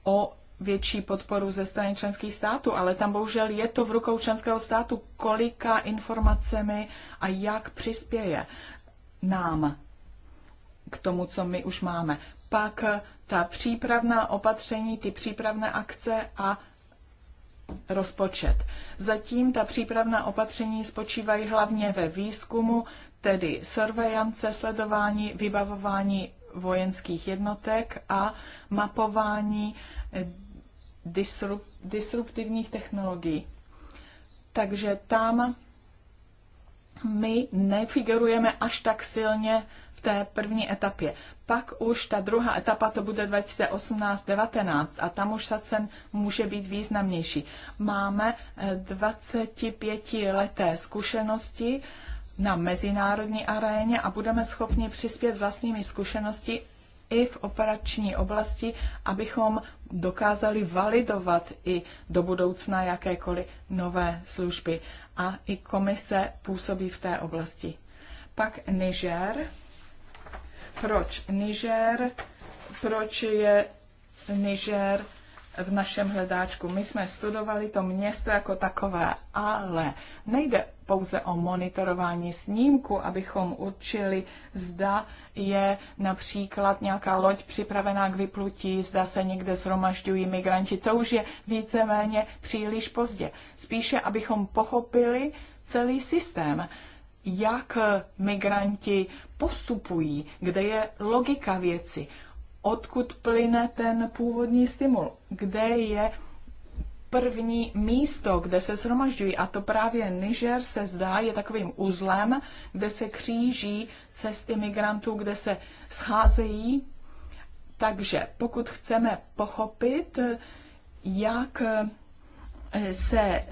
o větší podporu ze strany členských států, ale tam bohužel je to v rukou členského státu, kolika informacemi a jak přispěje nám k tomu, co my už máme. Pak ta přípravná opatření, ty přípravné akce a rozpočet. Zatím ta přípravná opatření spočívají hlavně ve výzkumu, tedy surveillance, sledování, vybavování vojenských jednotek a mapování disruptivních technologií. Takže tam my nefigurujeme až tak silně v té první etapě. Pak už ta druhá etapa, to bude 2018-19 a tam už SACEN může být významnější. Máme 25 eh, leté zkušenosti na mezinárodní aréně a budeme schopni přispět vlastními zkušenosti i v operační oblasti, abychom dokázali validovat i do budoucna jakékoliv nové služby. A i komise působí v té oblasti. Pak Niger. Proč Niger? Proč je Niger v našem hledáčku. My jsme studovali to město jako takové, ale nejde pouze o monitorování snímku, abychom určili, zda je například nějaká loď připravená k vyplutí, zda se někde zhromažďují migranti. To už je víceméně příliš pozdě. Spíše, abychom pochopili celý systém, jak migranti postupují, kde je logika věci, odkud plyne ten původní stimul, kde je první místo, kde se shromažďují. A to právě Niger se zdá je takovým uzlem, kde se kříží cesty migrantů, kde se scházejí. Takže pokud chceme pochopit, jak eh, se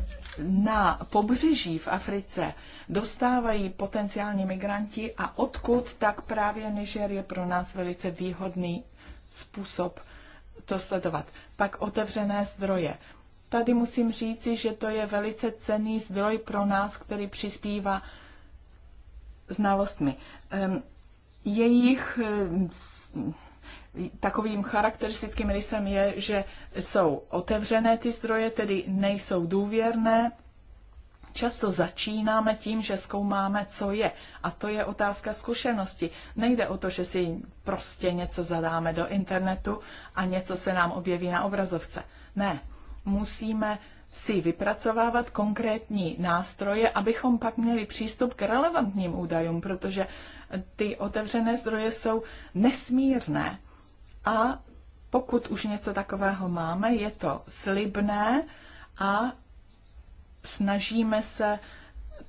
na pobřeží v Africe dostávají potenciální migranti a odkud, tak právě Niger je pro nás velice výhodný způsob to sledovat. Pak otevřené zdroje. Tady musím říci, že to je velice cený zdroj pro nás, který přispívá znalostmi. Jejich eh, takovým charakteristickým rysem je, že jsou otevřené ty zdroje, tedy nejsou důvěrné. Často začínáme tím, že zkoumáme, co je. A to je otázka zkušenosti. Nejde o to, že si prostě něco zadáme do internetu a něco se nám objeví na obrazovce. Ne, musíme si vypracovávat konkrétní nástroje, abychom pak měli přístup k relevantním údajům, protože ty otevřené zdroje jsou nesmírné. A pokud už něco takového máme, je to slibné a snažíme se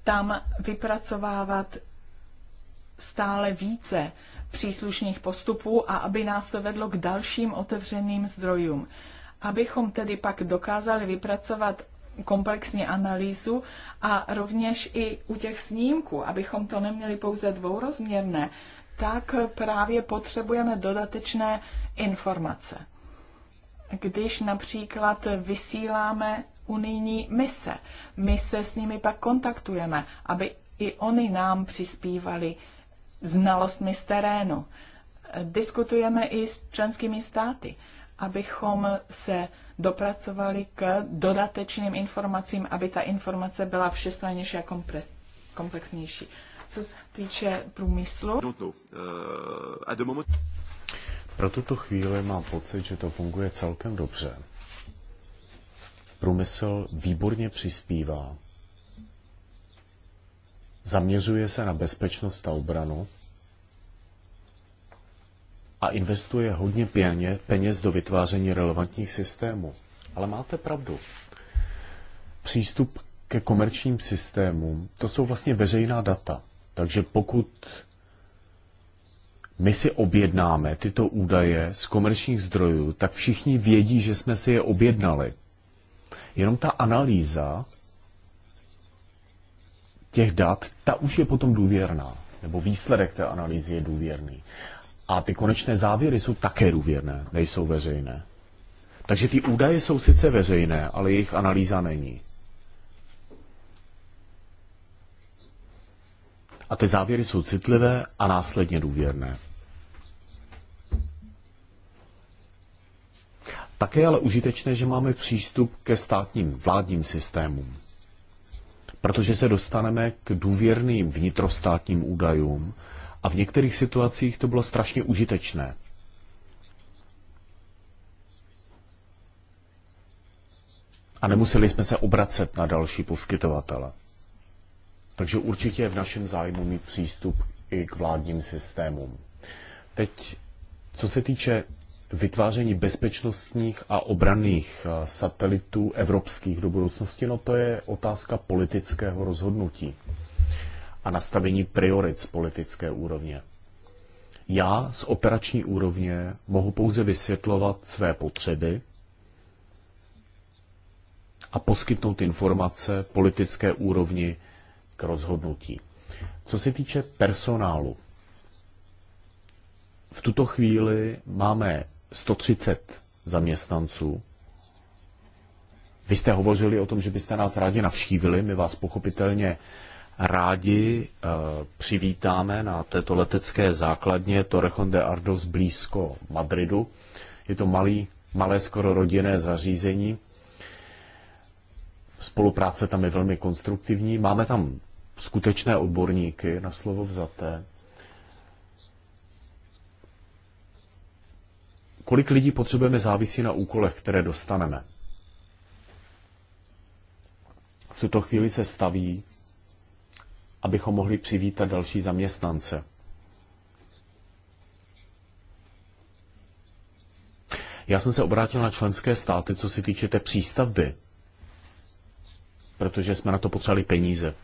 tam vypracovávat stále více příslušných postupů a aby nás to vedlo k dalším otevřeným zdrojům abychom tedy pak dokázali vypracovat komplexní analýzu a rovněž i u těch snímků, abychom to neměli pouze dvourozměrné, tak právě potřebujeme dodatečné informace. Když například vysíláme unijní mise, my se s nimi pak kontaktujeme, aby i oni nám přispívali znalostmi z terénu. Diskutujeme i s členskými státy abychom se dopracovali k dodatečným informacím, aby ta informace byla všestrannější a komplexnější. Co se týče průmyslu... Eh, Pro tuto chvíli mám pocit, že to funguje celkem dobře. Průmysl výborně přispívá. Zaměřuje se na bezpečnost a obranu, a investuje hodně pěně, peněz do vytváření relevantních systémů. Ale máte pravdu. Přístup ke komerčním systémům, to jsou vlastně veřejná data. Takže pokud my si objednáme tyto údaje z komerčních zdrojů, tak všichni vědí, že jsme si je objednali. Jenom ta analýza těch dat, ta už je potom důvěrná, nebo výsledek té analýzy je důvěrný. A ty konečné závěry jsou také důvěrné, nejsou veřejné. Takže ty údaje jsou sice veřejné, ale jejich analýza není. A ty závěry jsou citlivé a následně důvěrné. Také je ale užitečné, že máme přístup ke státním vládním systémům, protože se dostaneme k důvěrným vnitrostátním údajům, a v některých situacích to bylo strašně užitečné. A nemuseli jsme se obracet na další poskytovatele. Takže určitě je v našem zájmu mít přístup i k vládním systémům. Teď, co se týče vytváření bezpečnostních a obranných eh, satelitů evropských do budoucnosti, no to je otázka politického rozhodnutí a nastavení priorit z politické úrovně. Já z operační úrovně mohu pouze vysvětlovat své potřeby a poskytnout informace politické úrovni k rozhodnutí. Co se týče personálu, v tuto chvíli máme 130 zaměstnanců. Vy jste hovořili o tom, že byste nás rádi navštívili, my vás pochopitelně rádi eh, přivítáme na této letecké základně Torrejon de Ardos blízko Madridu. Je to malý, malé skoro rodinné zařízení. Spolupráce tam je velmi konstruktivní. Máme tam skutečné odborníky na slovo vzaté. Kolik lidí potřebujeme závisí na úkolech, které dostaneme. V tuto chvíli se staví abychom mohli přivítat další zaměstnance. Já jsem se obrátil na členské státy, co se týče té přístavby, protože jsme na to potřebovali peníze.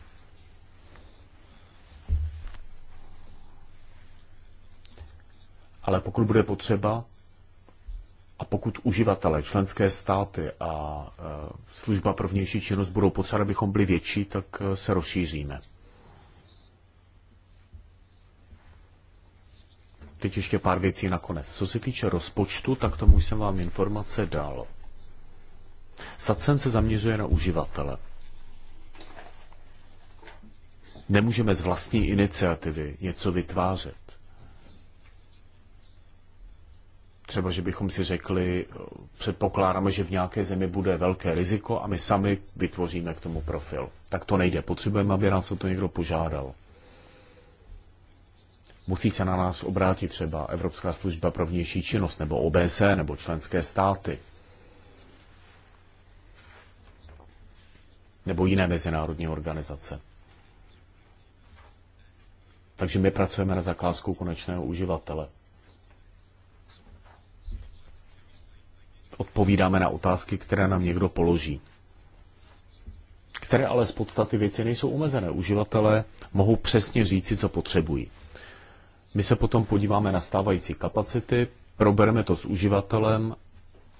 Ale pokud bude potřeba a pokud uživatelé, členské státy a e, služba pro vnější činnost budou potřeba, abychom byli větší, tak e, se rozšíříme. teď ještě pár věcí nakonec. Co se týče rozpočtu, tak tomu jsem vám informace dal. Sacen se zaměřuje na uživatele. Nemůžeme z vlastní iniciativy něco vytvářet. Třeba, že bychom si řekli, předpokládáme, že v nějaké zemi bude velké riziko a my sami vytvoříme k tomu profil. Tak to nejde. Potřebujeme, aby nás o to někdo požádal. Musí se na nás obrátit třeba Evropská služba pro vnější činnost nebo OBSE nebo členské státy. nebo jiné mezinárodní organizace. Takže my pracujeme na zakázku konečného uživatele. Odpovídáme na otázky, které nám někdo položí. Které ale z podstaty věci nejsou omezené. Uživatelé mohou přesně říci, co potřebují. My se potom podíváme na stávající kapacity, probereme to s uživatelem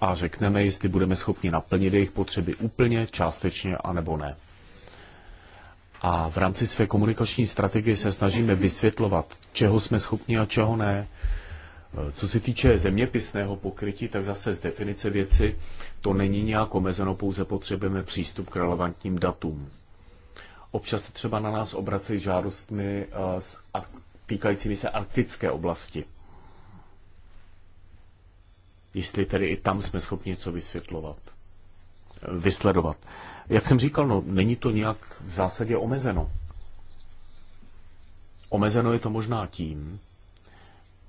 a řekneme, jestli budeme schopni naplnit jejich potřeby úplně, částečně, a nebo ne. A v rámci své komunikační strategie se snažíme vysvětlovat, čeho jsme schopni a čeho ne. Co se týče zeměpisného pokrytí, tak zase z definice věci to není nějak omezeno, pouze potřebujeme přístup k relevantním datům. Občas se třeba na nás obracejí žádostmi eh, z týkajícími se arktické oblasti. Jestli tedy i tam jsme schopni něco vysvětlovat, vysledovat. Jak jsem říkal, no, není to nějak v zásadě omezeno. Omezeno je to možná tím,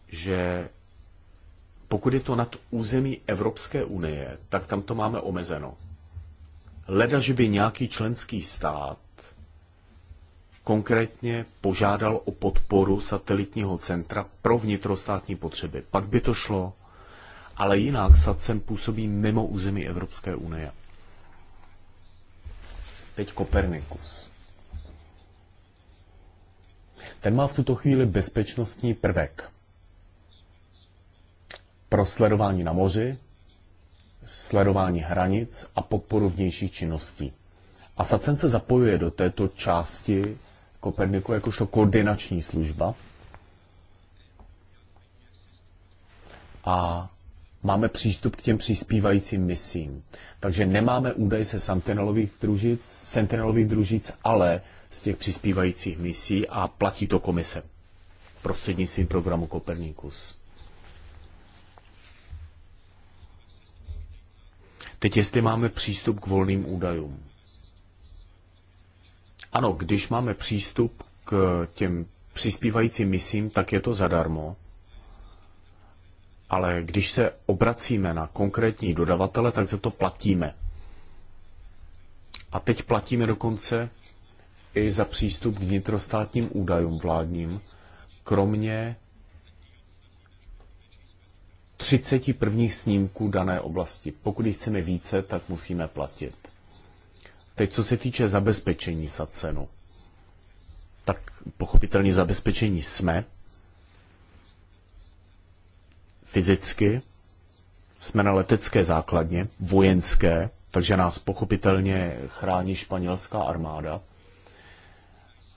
že pokud je to nad území Evropské unie, tak tam to máme omezeno. Leda, že by nějaký členský stát konkrétně požádal o podporu satelitního centra pro vnitrostátní potřeby. Pak by to šlo, ale jinak SATSEM působí mimo území Evropské unie. Teď Kopernikus. Ten má v tuto chvíli bezpečnostní prvek. Pro sledování na moři, sledování hranic a podporu vnějších činností. A SACEN se zapojuje do této části Koperniku jakožto koordinační služba. A máme přístup k těm přispívajícím misím. Takže nemáme údaj se Sentinelových družic, Sentinelových družic, ale z těch přispívajících misí a platí to komise prostřednictvím programu Kopernikus. Teď jestli máme přístup k volným údajům. Ano, když máme přístup k těm přispívajícím misím, tak je to zadarmo. Ale když se obracíme na konkrétní dodavatele, tak za to platíme. A teď platíme dokonce i za přístup k vnitrostátním údajům vládním, kromě 30 prvních snímků dané oblasti. Pokud jich chceme více, tak musíme platit. Teď, co se týče zabezpečení za cenu, tak pochopitelně zabezpečení jsme. Fyzicky jsme na letecké základně, vojenské, takže nás pochopitelně chrání španělská armáda.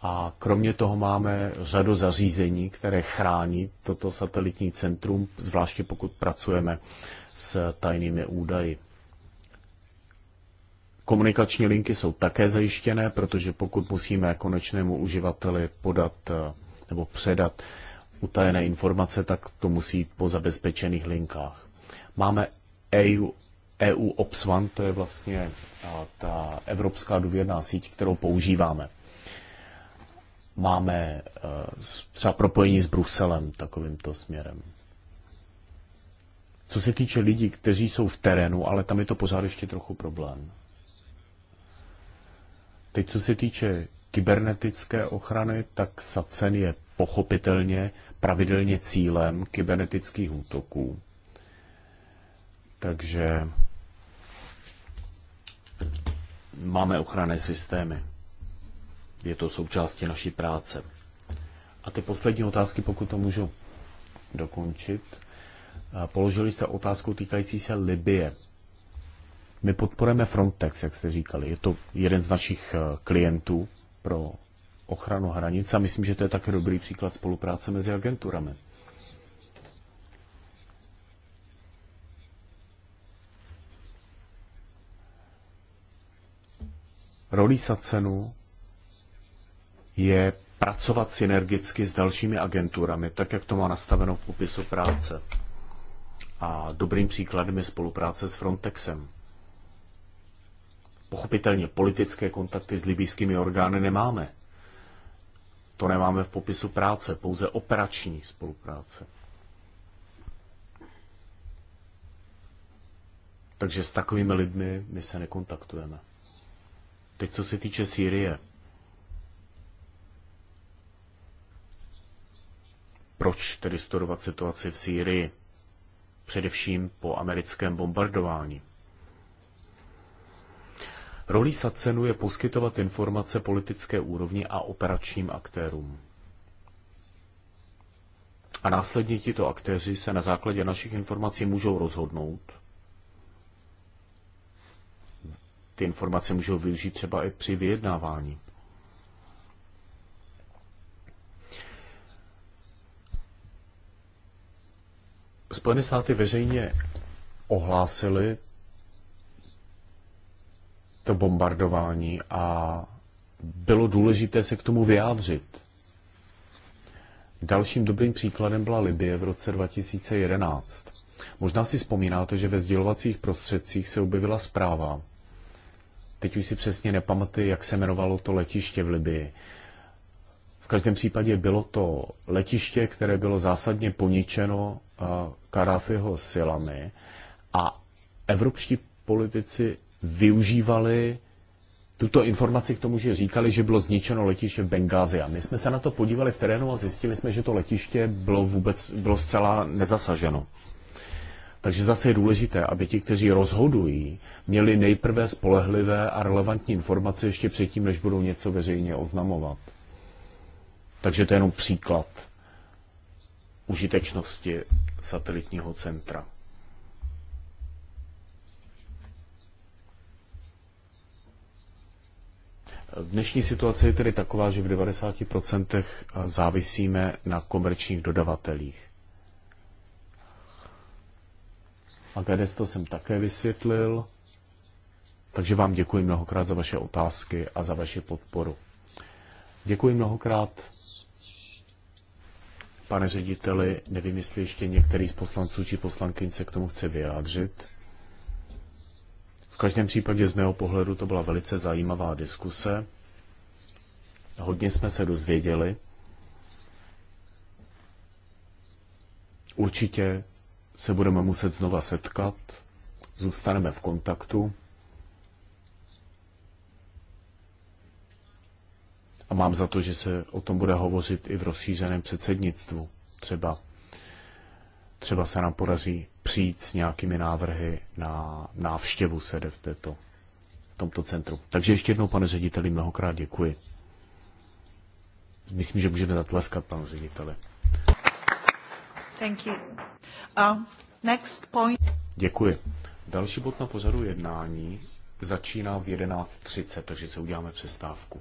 A kromě toho máme řadu zařízení, které chrání toto satelitní centrum, zvláště pokud pracujeme s tajnými údaji. Komunikační linky jsou také zajištěné, protože pokud musíme konečnému uživateli podat eh, nebo předat utajené informace, tak to musí jít po zabezpečených linkách. Máme EU, EU Opswan, to je vlastně eh, ta evropská důvěrná síť, kterou používáme. Máme eh, třeba propojení s Bruselem takovýmto směrem. Co se týče lidí, kteří jsou v terénu, ale tam je to pořád ještě trochu problém. Teď, co se týče kybernetické ochrany, tak SACEN je pochopitelně pravidelně cílem kybernetických útoků. Takže máme ochranné systémy. Je to součástí naší práce. A ty poslední otázky, pokud to můžu dokončit. Položili jste otázku týkající se Libie. My podporujeme Frontex, jak jste říkali. Je to jeden z našich eh, klientů pro ochranu hranic a myslím, že to je také dobrý příklad spolupráce mezi agenturami. Rolí Sacenu je pracovat synergicky s dalšími agenturami, tak jak to má nastaveno v popisu práce. A dobrým příkladem je spolupráce s Frontexem. Pochopitelně politické kontakty s libýskými orgány nemáme. To nemáme v popisu práce, pouze operační spolupráce. Takže s takovými lidmi my se nekontaktujeme. Teď co se týče Sýrie. Proč tedy studovat situaci v Sýrii? Především po americkém bombardování. Rolí SACENu je poskytovat informace politické úrovni a operačním aktérům. A následně tito aktéři se na základě našich informací můžou rozhodnout. Ty informace můžou využít třeba i při vyjednávání. Spojené státy veřejně ohlásili to bombardování a bylo důležité se k tomu vyjádřit. Dalším dobrým příkladem byla Libie v roce 2011. Možná si vzpomínáte, že ve sdělovacích prostředcích se objevila zpráva. Teď už si přesně nepamatuji, jak se jmenovalo to letiště v Libii. V každém případě bylo to letiště, které bylo zásadně poničeno eh, Karáfiho silami a evropští politici využívali tuto informaci k tomu, že říkali, že bylo zničeno letiště Bengázia. My jsme se na to podívali v terénu a zjistili jsme, že to letiště bylo vůbec bylo zcela nezasaženo. Takže zase je důležité, aby ti, kteří rozhodují, měli nejprve spolehlivé a relevantní informace ještě předtím, než budou něco veřejně oznamovat. Takže to je jenom příklad užitečnosti satelitního centra. Dnešní situace je tedy taková, že v 90% závisíme na komerčních dodavatelích. A GDS to jsem také vysvětlil. Takže vám děkuji mnohokrát za vaše otázky a za vaši podporu. Děkuji mnohokrát, pane řediteli. Nevím, jestli ještě některý z poslanců či poslankyň se k tomu chce vyjádřit každém případě z mého pohledu to byla velice zajímavá diskuse. Hodně jsme se dozvěděli. Určitě se budeme muset znova setkat, zůstaneme v kontaktu. A mám za to, že se o tom bude hovořit i v rozšířeném předsednictvu. Třeba, třeba se nám podaří přijít s nějakými návrhy na návštěvu sede v této, v tomto centru. Takže ještě jednou, pane řediteli, mnohokrát děkuji. Myslím, že můžeme zatleskat panu řediteli. Thank you. Uh, next point. Děkuji. Další bod na pořadu jednání začíná v 11.30, takže se uděláme přestávku.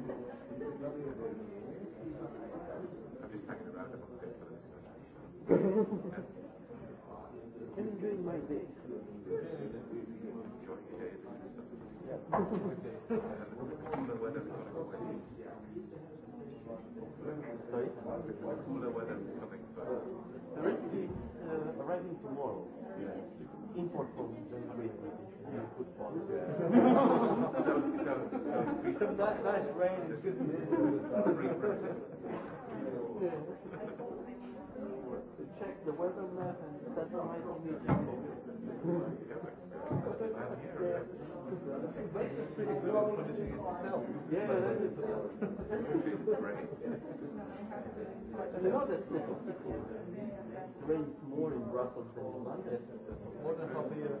Enjoying my day. Sorry? The cooler weather is coming. Theoretically, uh, arriving tomorrow, yeah. import from rain is good news. to check the weather map and satellite images. Yeah, that is. To you know that statistically, it rains more in Brussels than in London. More than half a year.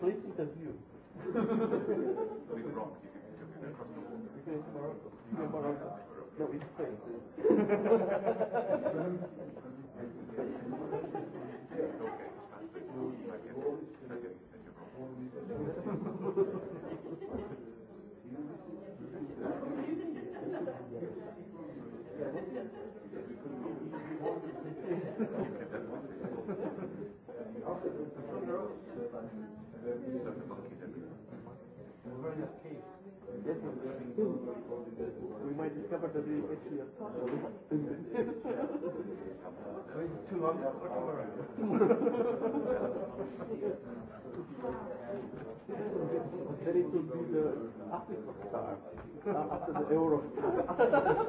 Please interview. Big rock, you can jump in across the wall. You can Morocco. You can Morocco. No, it's Spain. We might discover that it is here. Too long? then it will be the Africa star after the Euro. Star.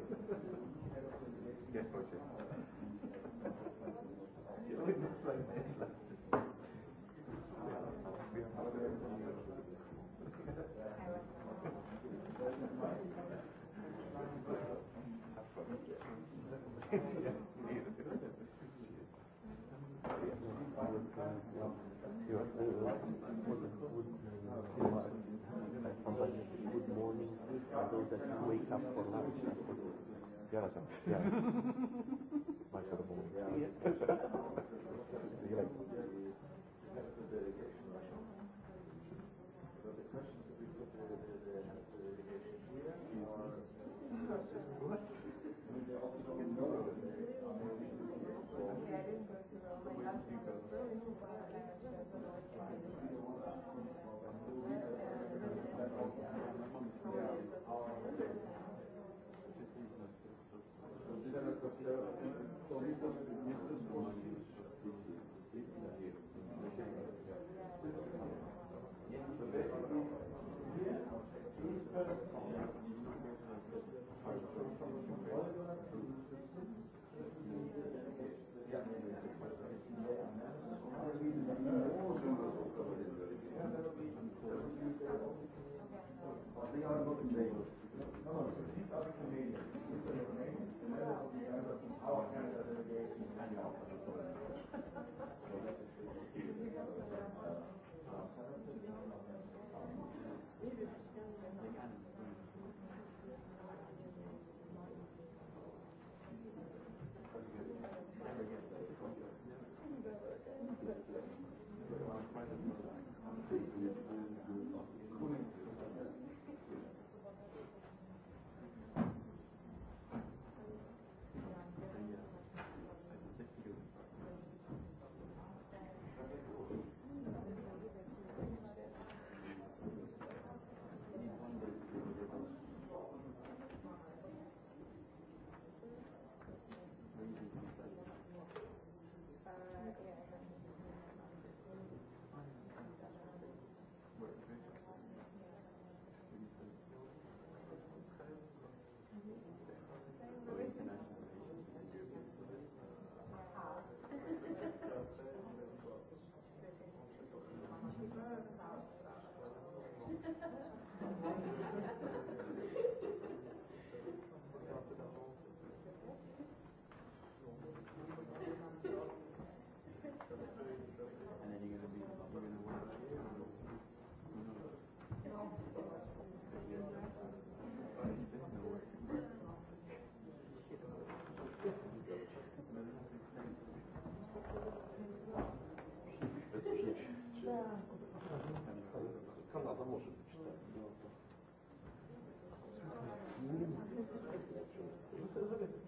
tam forma vyšla. Já tam. [LAUGHS]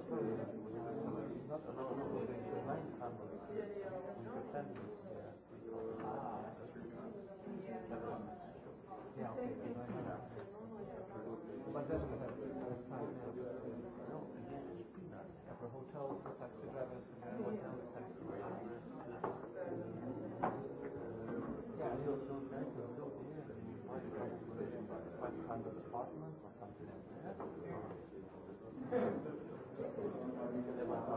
Yeah, you'll, you'll, you'll, you'll, you'll, you'll, you'll,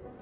Thank you.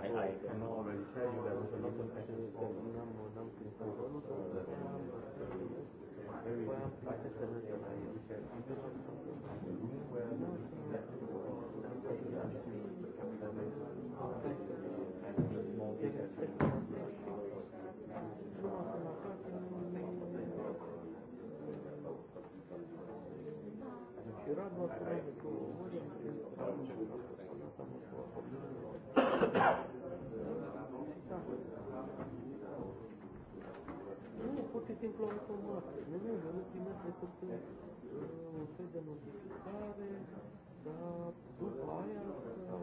I, I can already tell you pur și simplu am formulat. Nu, nu, eu nu primesc decât uh, un fel de notificare, dar după aia am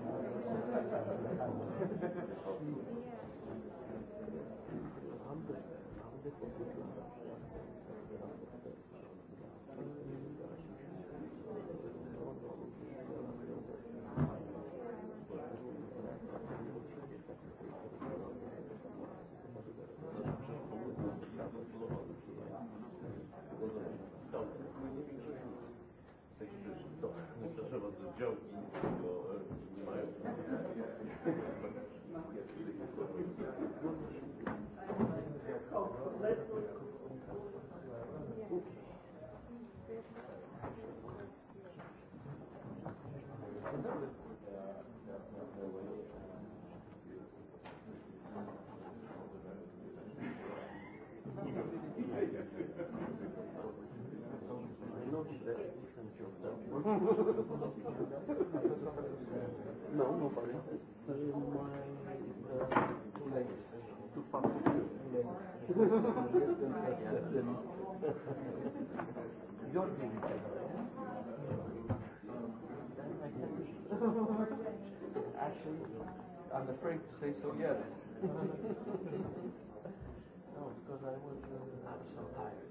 no, nobody. Uh, my, uh, too late. Too far. Your thing. Actually, I'm afraid to say so, yes. no, because I was uh, I'm so tired.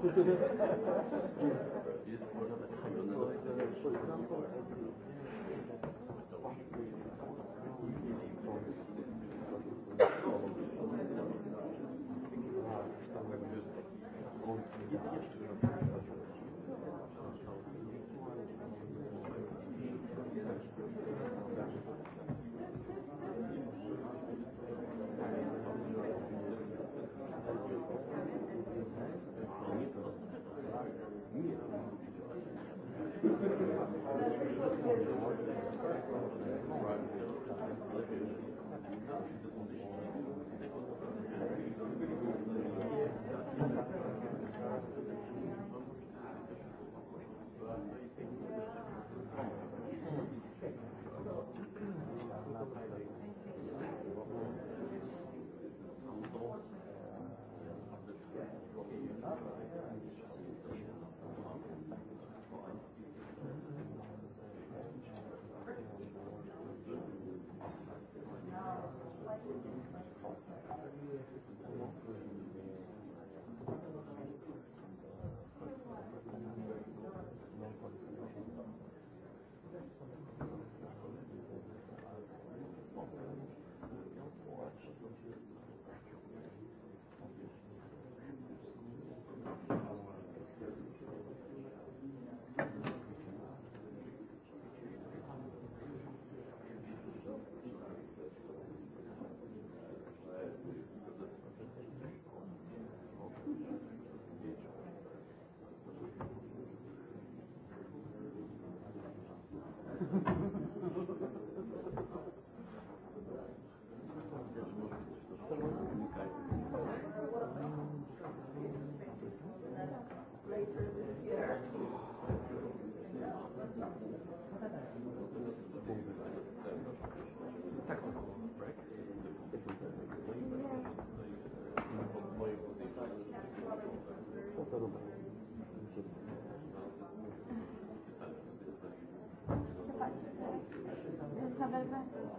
Je to pořád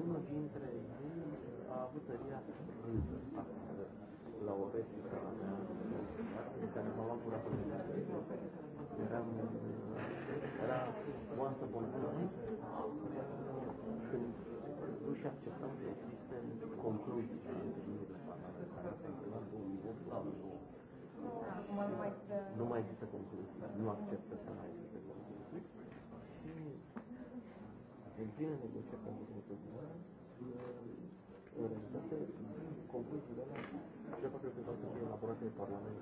unul dintre ei a avut tăria la o replică a mea, care m-a luat gura pe Eram, era once upon a când nu și acceptam să existe concluzii no no de întâlnire de parlament care s-a întâmplat 2008 la 2008. Acum nu mai există... Nu mai există concluzii. Nu acceptă să mai existe concluzii. Și, în fine, Evropský parlament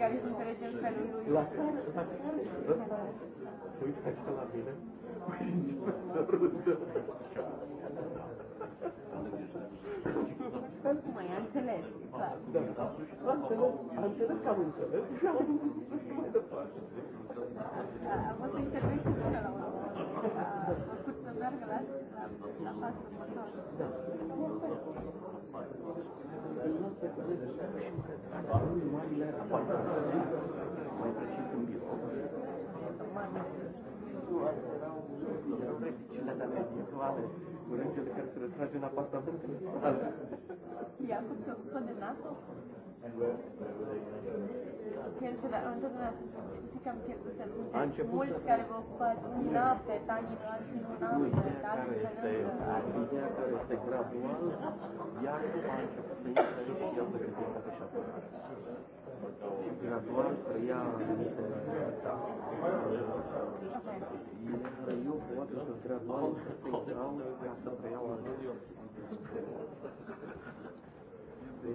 radikalism, které těm felují. Pojďkačka na víne. Tocmai, am înțeles. Am înțeles, am înțeles că am înțeles și am mai departe. A fost intervenție bună la urmă cu regele care se retrage în apartament. Iacob, să vă spune NATO? A început mulți care vă ocupați luna pe tanii noastre, luna pe tanii care este gradual, iar după a început să intre și el pe câteva pe șapte Gradual preia anumite iar eu pot să gradual să te iau ca să preiau anumite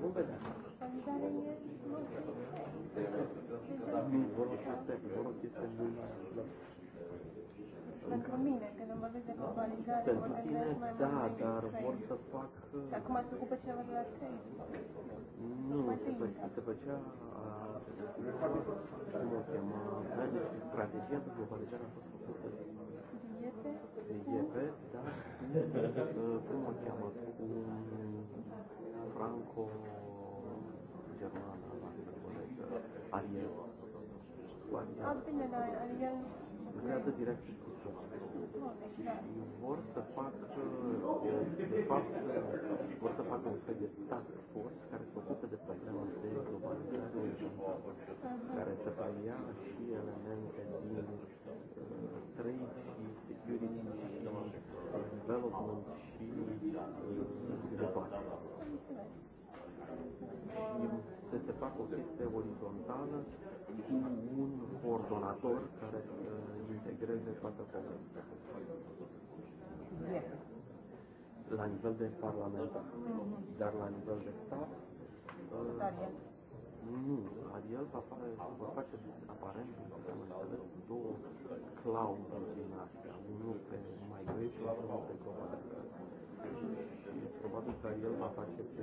vůbec. Pentru tine, da, dar vor să fac... Acum ați făcut pe cineva de la trei? Nu, se făcea... Cum o cheamă? Strategia de globalizare a fost făcută. De IEP? De IEP, da. Cum o cheamă? jako Germana eh, Ariel. Altele la Ariel. Lucrează direct cu Ei vor să facă, de fapt, vor să facă un fel de task force care se ocupe de problemele de globalizare, care să preia și elemente respectiv să se facă o chestie orizontală cu un coordonator care să uh, integreze toată problemele. La nivel de parlament, dar la nivel de stat, uh, nu, Ariel va face, va face aparent, am înțeles, două clauze din astea, unul pe mai greu și unul pe global. Și probabil că Ariel va face pe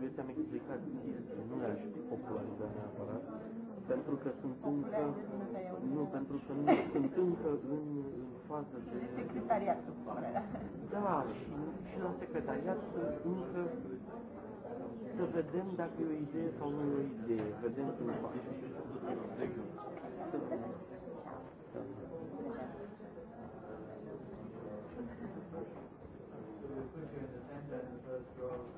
Puteți să-mi explicați ce este mânaș popularizarea aparat? Pentru că sunt încă, nu, pentru că nu sunt încă în, în fază de... Secretariatul, Da, și, și la secretariat încă să vedem dacă e o idee sau nu e o idee. Vedem cum Thank you.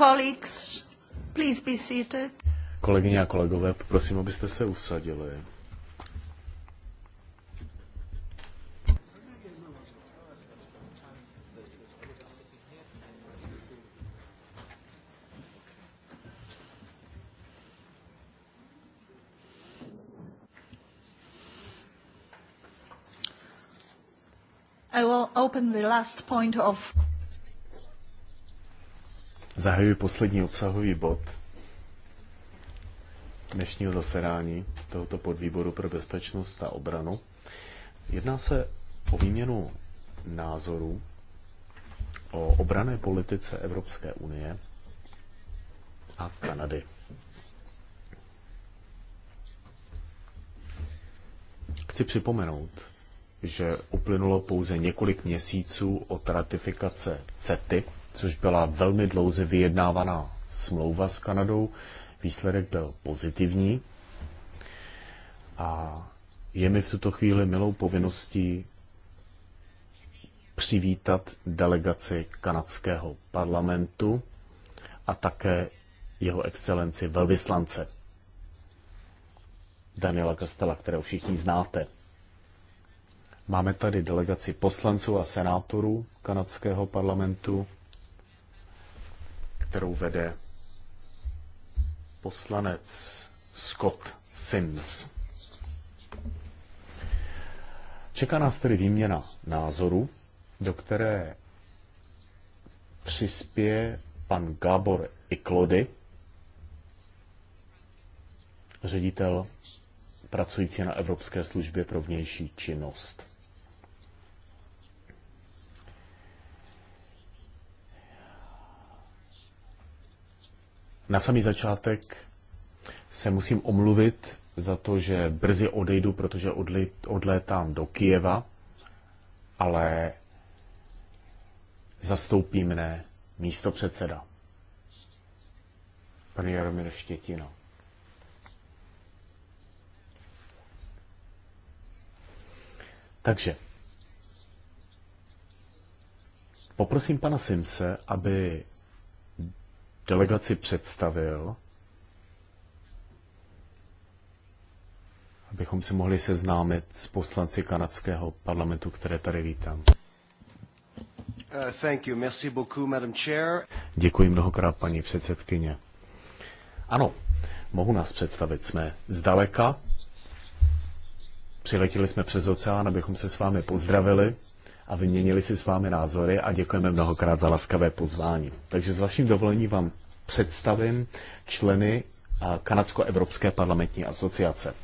Colleagues, please be seated. Kolegyně a kolegové, prosím, abyste se usadili. I will open the last point of Zahajuji poslední obsahový bod dnešního zasedání tohoto podvýboru pro bezpečnost a obranu. Jedná se o výměnu názorů o obrané politice Evropské unie a Kanady. Chci připomenout, že uplynulo pouze několik měsíců od ratifikace CETY, což byla velmi dlouze vyjednávaná smlouva s Kanadou. Výsledek byl pozitivní a je mi v tuto chvíli milou povinností přivítat delegaci kanadského parlamentu a také jeho excelenci velvyslance Daniela Castela, kterého všichni znáte. Máme tady delegaci poslanců a senátorů kanadského parlamentu, kterou vede poslanec Scott Sims. Čeká nás tedy výměna názoru, do které přispěje pan Gábor Iklody, ředitel pracující na Evropské službě pro vnější činnost. Na samý začátek se musím omluvit za to, že brzy odejdu, protože odlétám do Kijeva, ale zastoupí mne místo předseda, pan Jaromír Štětina. Takže poprosím pana Simse, aby delegaci představil, abychom se mohli seznámit s poslanci kanadského parlamentu, které tady vítám. Uh, thank you. Merci beaucoup, Madam Chair. Děkuji mnohokrát, paní předsedkyně. Ano, mohu nás představit. Jsme zdaleka. Přiletěli jsme přes oceán, abychom se s vámi pozdravili a vyměnili si s vámi názory a děkujeme mnohokrát za laskavé pozvání. Takže s vaším dovolením vám představím členy Kanadsko-Evropské parlamentní asociace.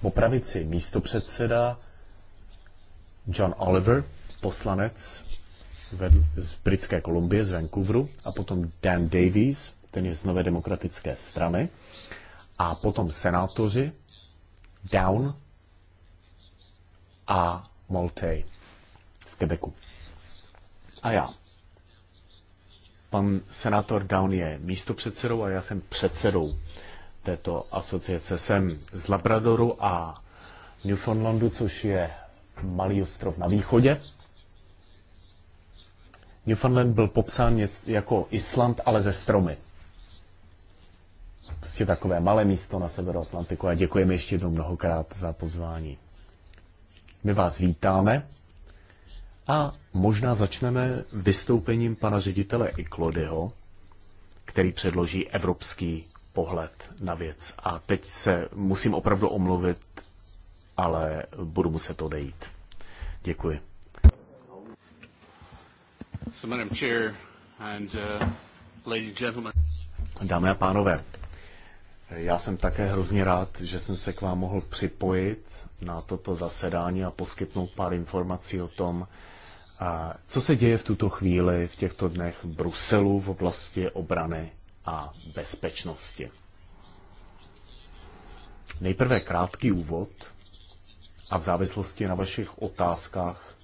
Po pravici předseda John Oliver, poslanec z Britské Kolumbie, z Vancouveru, a potom Dan Davies, ten je z Nové demokratické strany, a potom senátoři Down a Maltej. Quebecu. A já. Pan senátor Down je místopředsedou a já jsem předsedou této asociace. Jsem z Labradoru a Newfoundlandu, což je malý ostrov na východě. Newfoundland byl popsán jako Island, ale ze stromy. Prostě takové malé místo na Severoatlantiku a děkujeme ještě jednou mnohokrát za pozvání. My vás vítáme a možná začneme vystoupením pana ředitele Iklodyho, který předloží evropský pohled na věc. A teď se musím opravdu omluvit, ale budu muset odejít. Děkuji. Uh, Dámy a pánové, já jsem také hrozně rád, že jsem se k vám mohl připojit na toto zasedání a poskytnout pár informací o tom, a co se děje v tuto chvíli, v těchto dnech v Bruselu v oblasti obrany a bezpečnosti? Nejprve krátký úvod a v závislosti na vašich otázkách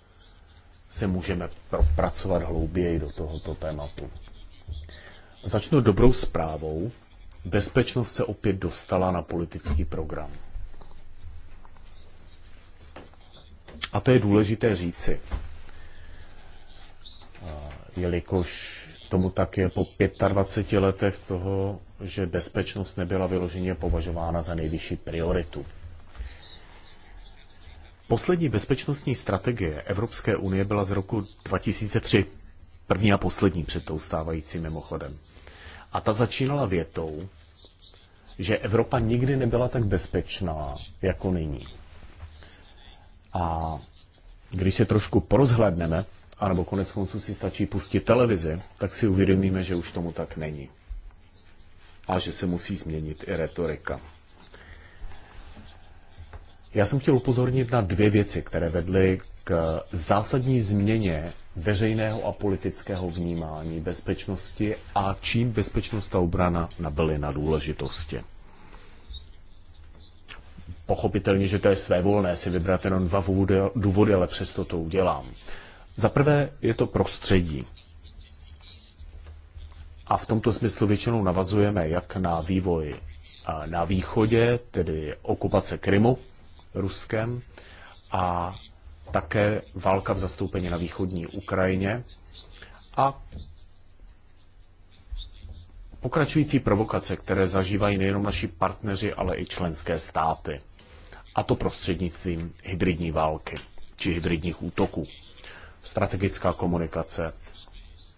se můžeme propracovat hlouběji do tohoto tématu. Začnu dobrou zprávou. Bezpečnost se opět dostala na politický program. A to je důležité říci jelikož tomu tak je po 25 letech toho, že bezpečnost nebyla vyloženě považována za nejvyšší prioritu. Poslední bezpečnostní strategie Evropské unie byla z roku 2003, první a poslední před tou stávající mimochodem. A ta začínala větou, že Evropa nikdy nebyla tak bezpečná jako nyní. A když se trošku porozhledneme, anebo konec konců si stačí pustit televizi, tak si uvědomíme, že už tomu tak není. A že se musí změnit i retorika. Já jsem chtěl upozornit na dvě věci, které vedly k zásadní změně veřejného a politického vnímání bezpečnosti a čím bezpečnost a obrana nabyly na důležitosti. Pochopitelně, že to je své volné si vybrat jenom dva důvody, ale přesto to udělám. Za prvé je to prostředí. A v tomto smyslu většinou navazujeme jak na vývoj na východě, tedy okupace Krymu Ruskem, a také válka v zastoupení na východní Ukrajině a pokračující provokace, které zažívají nejenom naši partneři, ale i členské státy. A to prostřednictvím hybridní války či hybridních útoků strategická komunikace,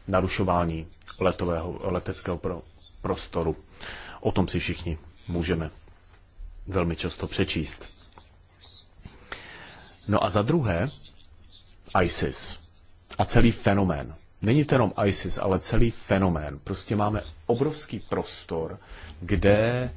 narušování letového, leteckého pro, prostoru. O tom si všichni můžeme velmi často přečíst. No a za druhé, ISIS a celý fenomén. Není to jenom ISIS, ale celý fenomén. Prostě máme obrovský prostor, kde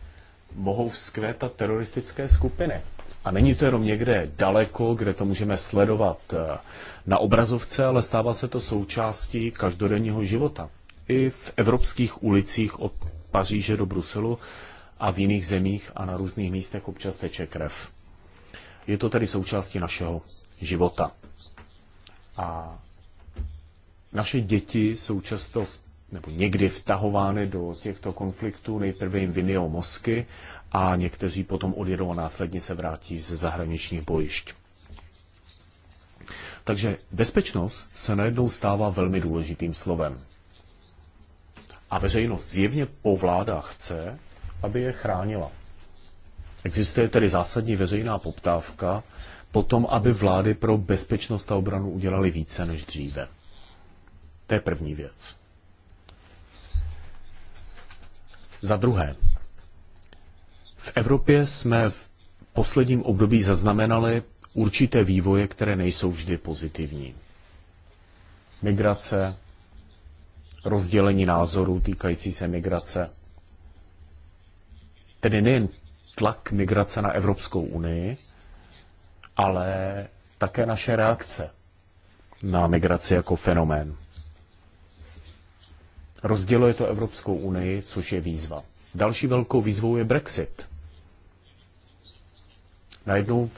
mohou vzkvétat teroristické skupiny. A není to jenom někde daleko, kde to můžeme sledovat eh, na obrazovce, ale stává se to součástí každodenního života. I v evropských ulicích od Paříže do Bruselu a v jiných zemích a na různých místech občas teče krev. Je to tedy součástí našeho života. A naše děti jsou často nebo někdy vtahovány do těchto konfliktů. Nejprve jim vynijou mozky a někteří potom odjedou a následně se vrátí ze zahraničních bojišť. Takže bezpečnost se najednou stává velmi důležitým slovem. A veřejnost zjevně po vládách chce, aby je chránila. Existuje tedy zásadní veřejná poptávka po tom, aby vlády pro bezpečnost a obranu udělali více než dříve. To je první věc. Za druhé, v Evropě jsme v posledním období zaznamenali určité vývoje, které nejsou vždy pozitivní. Migrace, rozdělení názorů týkající se migrace, tedy nejen tlak migrace na Evropskou unii, ale také naše reakce na migraci jako fenomén. Rozděluje to Evropskou unii, což je výzva. Další velkou výzvou je Brexit najednou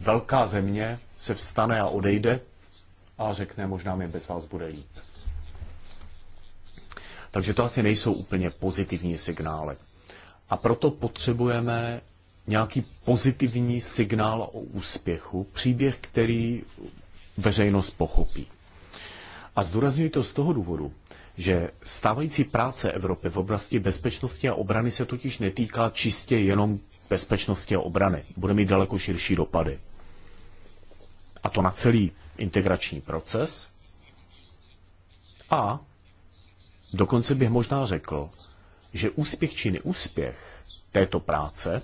velká země se vstane a odejde a řekne, možná mi bez vás bude líp. Takže to asi nejsou úplně pozitivní signály. A proto potřebujeme nějaký pozitivní signál o úspěchu, příběh, který veřejnost pochopí. A zdůraznuju to z toho důvodu, že stávající práce Evropy v oblasti bezpečnosti a obrany se totiž netýká čistě jenom bezpečnosti a obrany. Bude mít daleko širší dopady. A to na celý integrační proces. A dokonce bych možná řekl, že úspěch či neúspěch této práce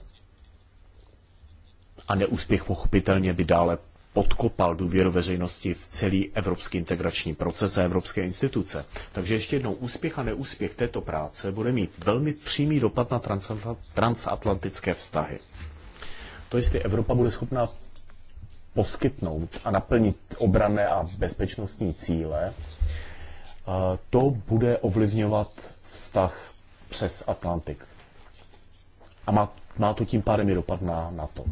a neúspěch pochopitelně by dále podkopal důvěru veřejnosti v celý evropský integrační proces a evropské instituce. Takže ještě jednou, úspěch a neúspěch této práce bude mít velmi přímý dopad na transatlantické vztahy. To jestli Evropa bude schopná poskytnout a naplnit obrané a bezpečnostní cíle, to bude ovlivňovat vztah přes Atlantik. A má, má to tím pádem i dopad na to.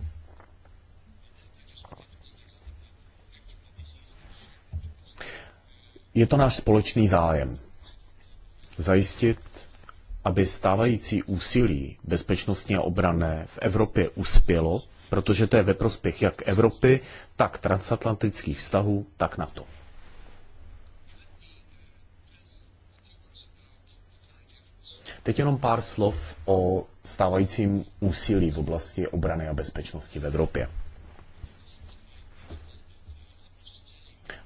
Je to náš společný zájem zajistit, aby stávající úsilí bezpečnostně a obrané v Evropě uspělo, protože to je ve prospěch jak Evropy, tak transatlantických vztahů, tak NATO. Teď jenom pár slov o stávajícím úsilí v oblasti obrany a bezpečnosti v Evropě.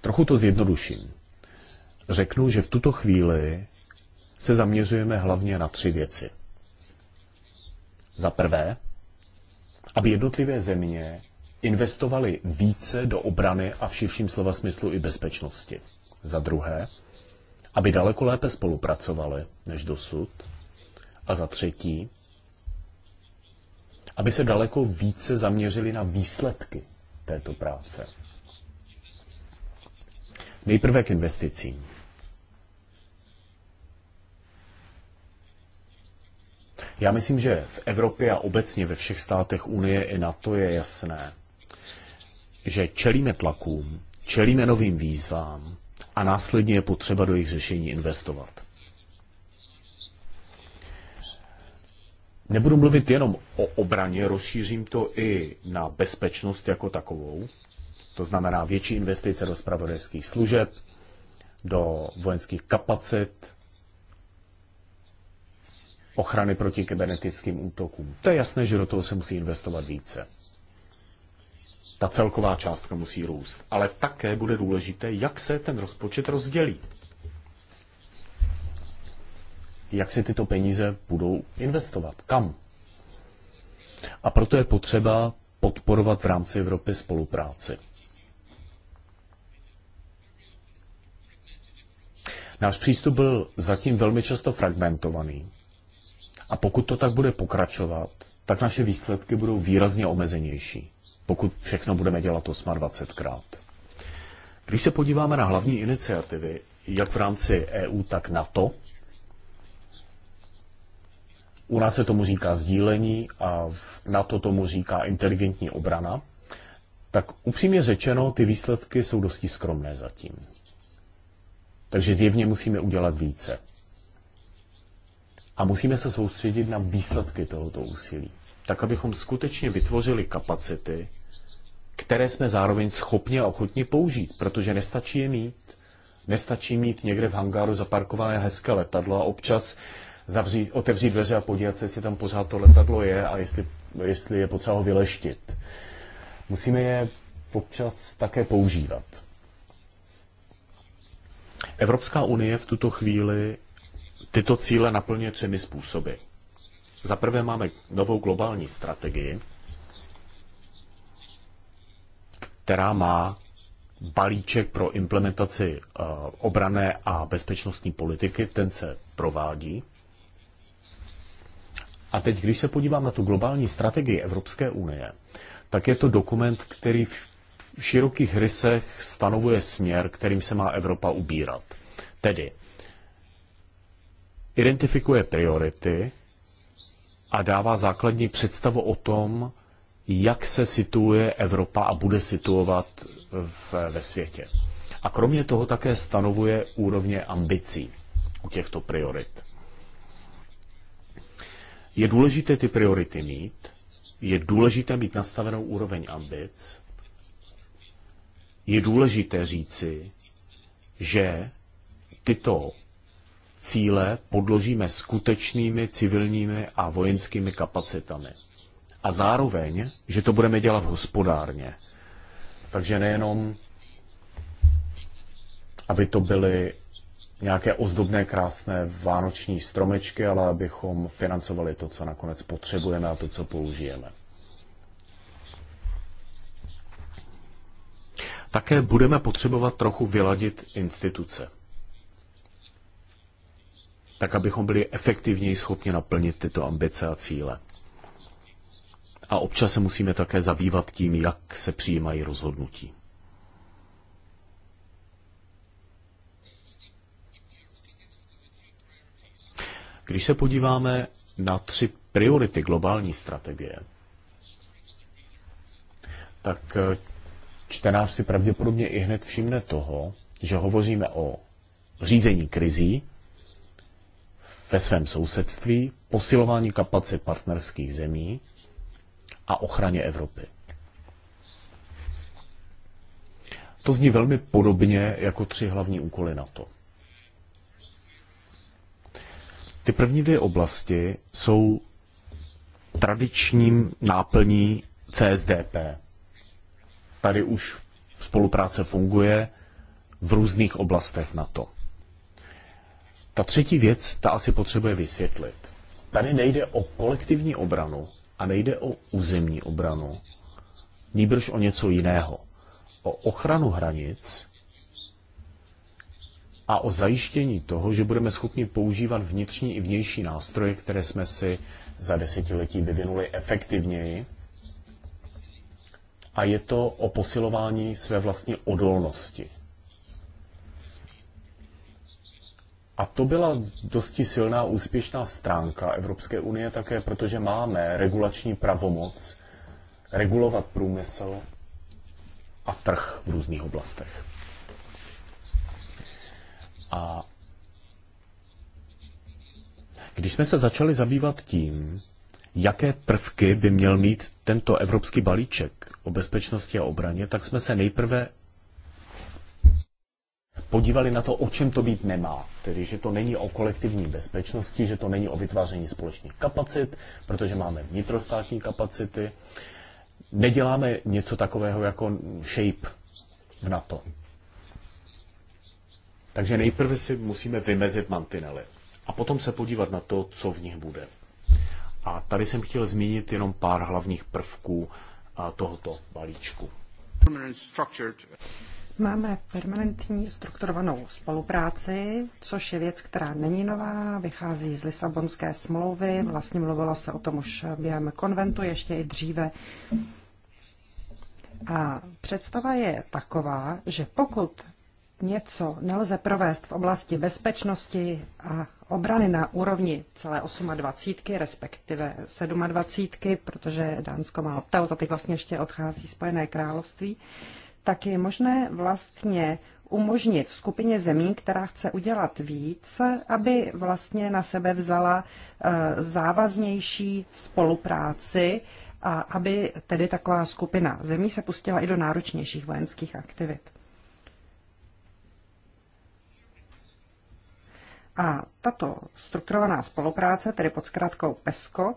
Trochu to zjednoduším řeknu, že v tuto chvíli se zaměřujeme hlavně na tři věci. Za prvé, aby jednotlivé země investovaly více do obrany a v širším slova smyslu i bezpečnosti. Za druhé, aby daleko lépe spolupracovali než dosud. A za třetí, aby se daleko více zaměřili na výsledky této práce. Nejprve k investicím. Já myslím, že v Evropě a obecně ve všech státech Unie i to je jasné, že čelíme tlakům, čelíme novým výzvám a následně je potřeba do jejich řešení investovat. Nebudu mluvit jenom o obraně, rozšířím to i na bezpečnost jako takovou. To znamená větší investice do spravodajských služeb, do vojenských kapacit, ochrany proti kybernetickým útokům. To je jasné, že do toho se musí investovat více. Ta celková částka musí růst. Ale také bude důležité, jak se ten rozpočet rozdělí. Jak se tyto peníze budou investovat? Kam? A proto je potřeba podporovat v rámci Evropy spolupráci. Náš přístup byl zatím velmi často fragmentovaný. A pokud to tak bude pokračovat, tak naše výsledky budou výrazně omezenější, pokud všechno budeme dělat 28 krát. Když se podíváme na hlavní iniciativy, jak v rámci EU, tak NATO, u nás se tomu říká sdílení a na to tomu říká inteligentní obrana, tak upřímně řečeno, ty výsledky jsou dosti skromné zatím. Takže zjevně musíme udělat více. A musíme se soustředit na výsledky tohoto úsilí, tak abychom skutečně vytvořili kapacity, které jsme zároveň schopni a ochotni použít, protože nestačí je mít. Nestačí mít někde v hangáru zaparkované hezké letadlo a občas zavřít, otevřít dveře a podívat se, jestli tam pořád to letadlo je a jestli, jestli je potřeba ho vyleštit. Musíme je občas také používat. Evropská unie v tuto chvíli tyto cíle naplňuje třemi způsoby. Za prvé máme novou globální strategii, která má balíček pro implementaci eh, obrané a bezpečnostní politiky, ten se provádí. A teď, když se podívám na tu globální strategii Evropské unie, tak je to dokument, který v širokých rysech stanovuje směr, kterým se má Evropa ubírat. Tedy identifikuje priority a dává základní představu o tom, jak se situuje Evropa a bude situovat v, ve světě. A kromě toho také stanovuje úrovně ambicí u těchto priorit. Je důležité ty priority mít, je důležité mít nastavenou úroveň ambic, je důležité říci, že tyto cíle podložíme skutečnými civilními a vojenskými kapacitami. A zároveň, že to budeme dělat hospodárně. Takže nejenom, aby to byly nějaké ozdobné, krásné vánoční stromečky, ale abychom financovali to, co nakonec potřebujeme a to, co použijeme. Také budeme potřebovat trochu vyladit instituce tak abychom byli efektivněji schopni naplnit tyto ambice a cíle. A občas se musíme také zabývat tím, jak se přijímají rozhodnutí. Když se podíváme na tři priority globální strategie, tak eh, čtenář si pravděpodobně i hned všimne toho, že hovoříme o řízení krizí, ve svém sousedství, posilování kapacit partnerských zemí a ochraně Evropy. To zní velmi podobně jako tři hlavní úkoly NATO. Ty první dvě oblasti jsou tradičním náplní CSDP. Tady už spolupráce funguje v různých oblastech NATO. Ta třetí věc, ta asi potřebuje vysvětlit. Tady nejde o kolektivní obranu a nejde o územní obranu, nýbrž o něco jiného. O ochranu hranic a o zajištění toho, že budeme schopni používat vnitřní i vnější nástroje, které jsme si za desetiletí vyvinuli efektivněji. A je to o posilování své vlastní odolnosti. A to byla dosti silná úspěšná stránka Evropské unie také, protože máme regulační pravomoc regulovat průmysl a trh v různých oblastech. A když jsme se začali zabývat tím, jaké prvky by měl mít tento evropský balíček o bezpečnosti a obraně, tak jsme se nejprve podívali na to, o čem to být nemá. Tedy, že to není o kolektivní bezpečnosti, že to není o vytváření společných kapacit, protože máme vnitrostátní kapacity. Neděláme něco takového jako shape v NATO. Takže nejprve si musíme vymezit mantinely a potom se podívat na to, co v nich bude. A tady jsem chtěl zmínit jenom pár hlavních prvků tohoto balíčku. Máme permanentní strukturovanou spolupráci, což je věc, která není nová, vychází z Lisabonské smlouvy, vlastně mluvilo se o tom už během konventu, ještě i dříve. A představa je taková, že pokud něco nelze provést v oblasti bezpečnosti a obrany na úrovni celé 28, respektive 27, protože Dánsko má opt-out a teď vlastně ještě odchází Spojené království, tak je možné vlastně umožnit skupině zemí, která chce udělat víc, aby vlastně na sebe vzala eh, závaznější spolupráci a aby tedy taková skupina zemí se pustila i do náročnějších vojenských aktivit. A tato strukturovaná spolupráce, tedy pod zkrátkou PESCO,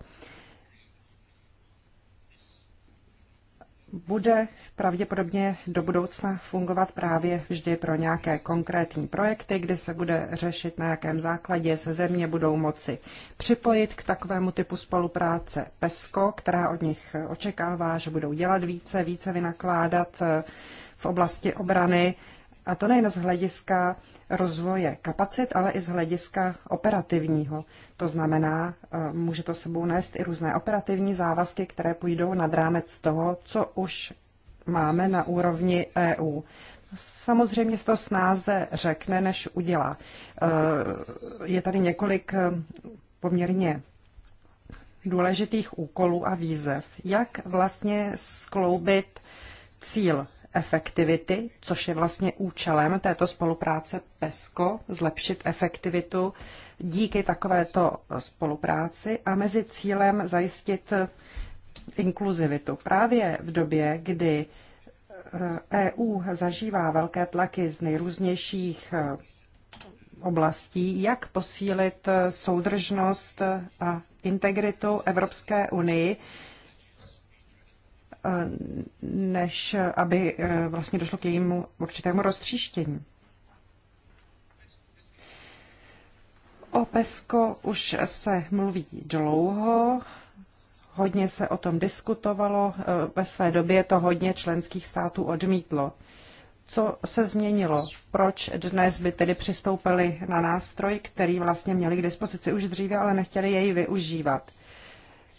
bude pravděpodobně do budoucna fungovat právě vždy pro nějaké konkrétní projekty, kdy se bude řešit, na jakém základě se země budou moci připojit k takovému typu spolupráce PESCO, která od nich očekává, že budou dělat více, více vynakládat eh, v oblasti obrany. A to nejen z hlediska rozvoje kapacit, ale i z hlediska operativního. To znamená, eh, může to sebou nést i různé operativní závazky, které půjdou nad rámec toho, co už máme na úrovni EU. Samozřejmě se to snáze řekne, než udělá. Eh, je tady několik eh, poměrně důležitých úkolů a výzev. Jak vlastně skloubit cíl efektivity, což je vlastně účelem této spolupráce PESCO, zlepšit efektivitu díky takovéto spolupráci a mezi cílem zajistit inkluzivitu. Právě v době, kdy EU eh, e zažívá velké tlaky z nejrůznějších eh, oblastí, jak posílit eh, soudržnost a integritu Evropské unii, než aby vlastně došlo k jejímu určitému roztříštění. O PESCO už se mluví dlouho, Hodně se o tom diskutovalo, eh, ve své době to hodně členských států odmítlo. Co se změnilo? Proč dnes by tedy přistoupili na nástroj, který vlastně měli k dispozici už dříve, ale nechtěli jej využívat?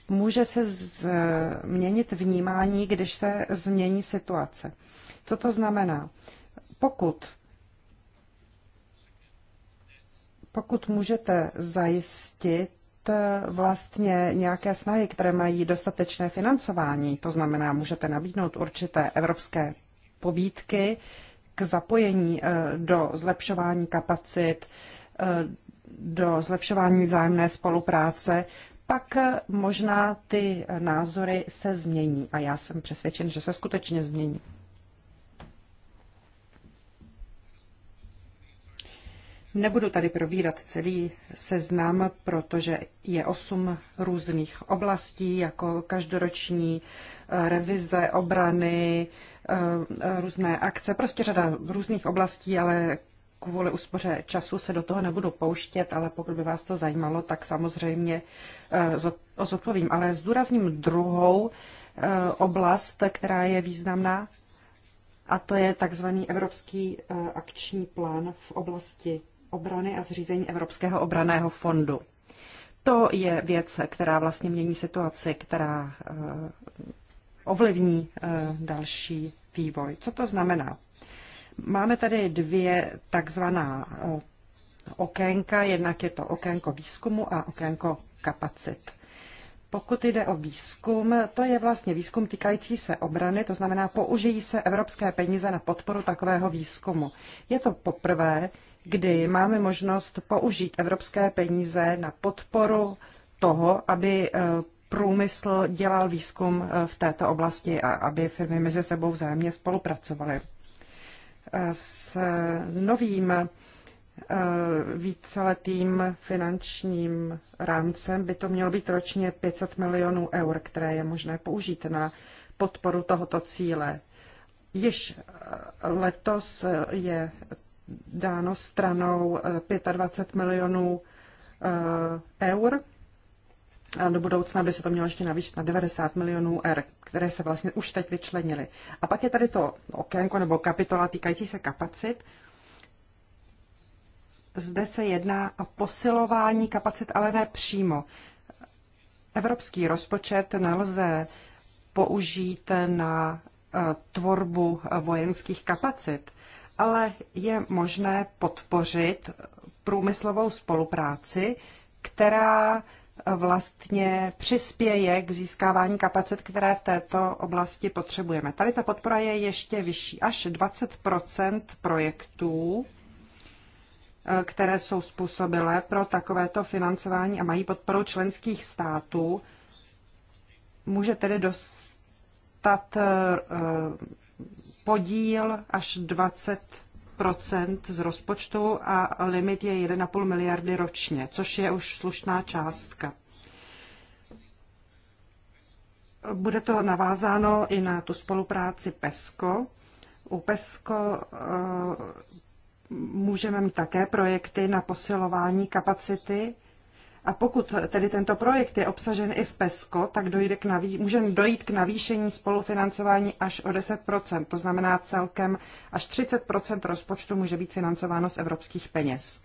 Může se změnit vnímání, když se změní situace. Co to znamená? Pokud pokud můžete zajistit Eh, vlastně nějaké snahy, které mají dostatečné financování. To znamená, můžete nabídnout určité evropské pobídky k zapojení eh, do zlepšování kapacit, eh, do zlepšování vzájemné spolupráce, pak možná ty názory se změní a já jsem přesvědčen, že se skutečně změní. Nebudu tady probírat celý seznam, protože je osm různých oblastí, jako každoroční eh, revize, obrany, eh, různé akce, prostě řada různých oblastí, ale kvůli úspoře času se do toho nebudu pouštět, ale pokud by vás to zajímalo, tak samozřejmě eh, zodpovím. Ale zdůrazním druhou oblast, která je významná, a to je takzvaný Evropský akční plán v oblasti obrany a zřízení Evropského obraného fondu. To je věc, která vlastně mění situaci, která eh, ovlivní eh, další vývoj. Co to znamená? Máme tady dvě takzvaná okénka. Jednak je to okénko výzkumu a okénko kapacit. Pokud jde o výzkum, to je vlastně výzkum týkající se obrany, to znamená, použijí se evropské peníze na podporu takového výzkumu. Je to poprvé, kdy máme možnost použít evropské peníze na podporu toho, aby eh, průmysl dělal výzkum eh, v této oblasti a aby firmy mezi sebou vzájemně spolupracovaly. Eh, s novým víceletým finančním rámcem by to mělo být ročně 500 milionů eur, které je možné použít na podporu tohoto cíle. Již letos je dáno stranou eh, 25 milionů eh, eur. A do budoucna by se to mělo ještě navýšit na 90 milionů eur, které se vlastně už teď vyčlenily. A pak je tady to okénko nebo kapitola týkající se kapacit. Zde se jedná o posilování kapacit, ale ne přímo. Evropský rozpočet nelze použít na eh, tvorbu vojenských kapacit ale je možné podpořit průmyslovou spolupráci, která vlastně přispěje k získávání kapacit, které v této oblasti potřebujeme. Tady ta podpora je ještě vyšší, až 20 projektů, které jsou způsobilé pro takovéto financování a mají podporu členských států, může tedy dostat eh, podíl až 20 z rozpočtu a limit je 1,5 miliardy ročně, což je už slušná částka. Bude to navázáno i na tu spolupráci PESCO. U PESCO eh, můžeme mít také projekty na posilování kapacity a pokud tedy tento projekt je obsažen i v PESCO, tak dojde k naví- můžeme dojít k navýšení spolufinancování až o 10%, to znamená celkem až 30% rozpočtu může být financováno z evropských peněz.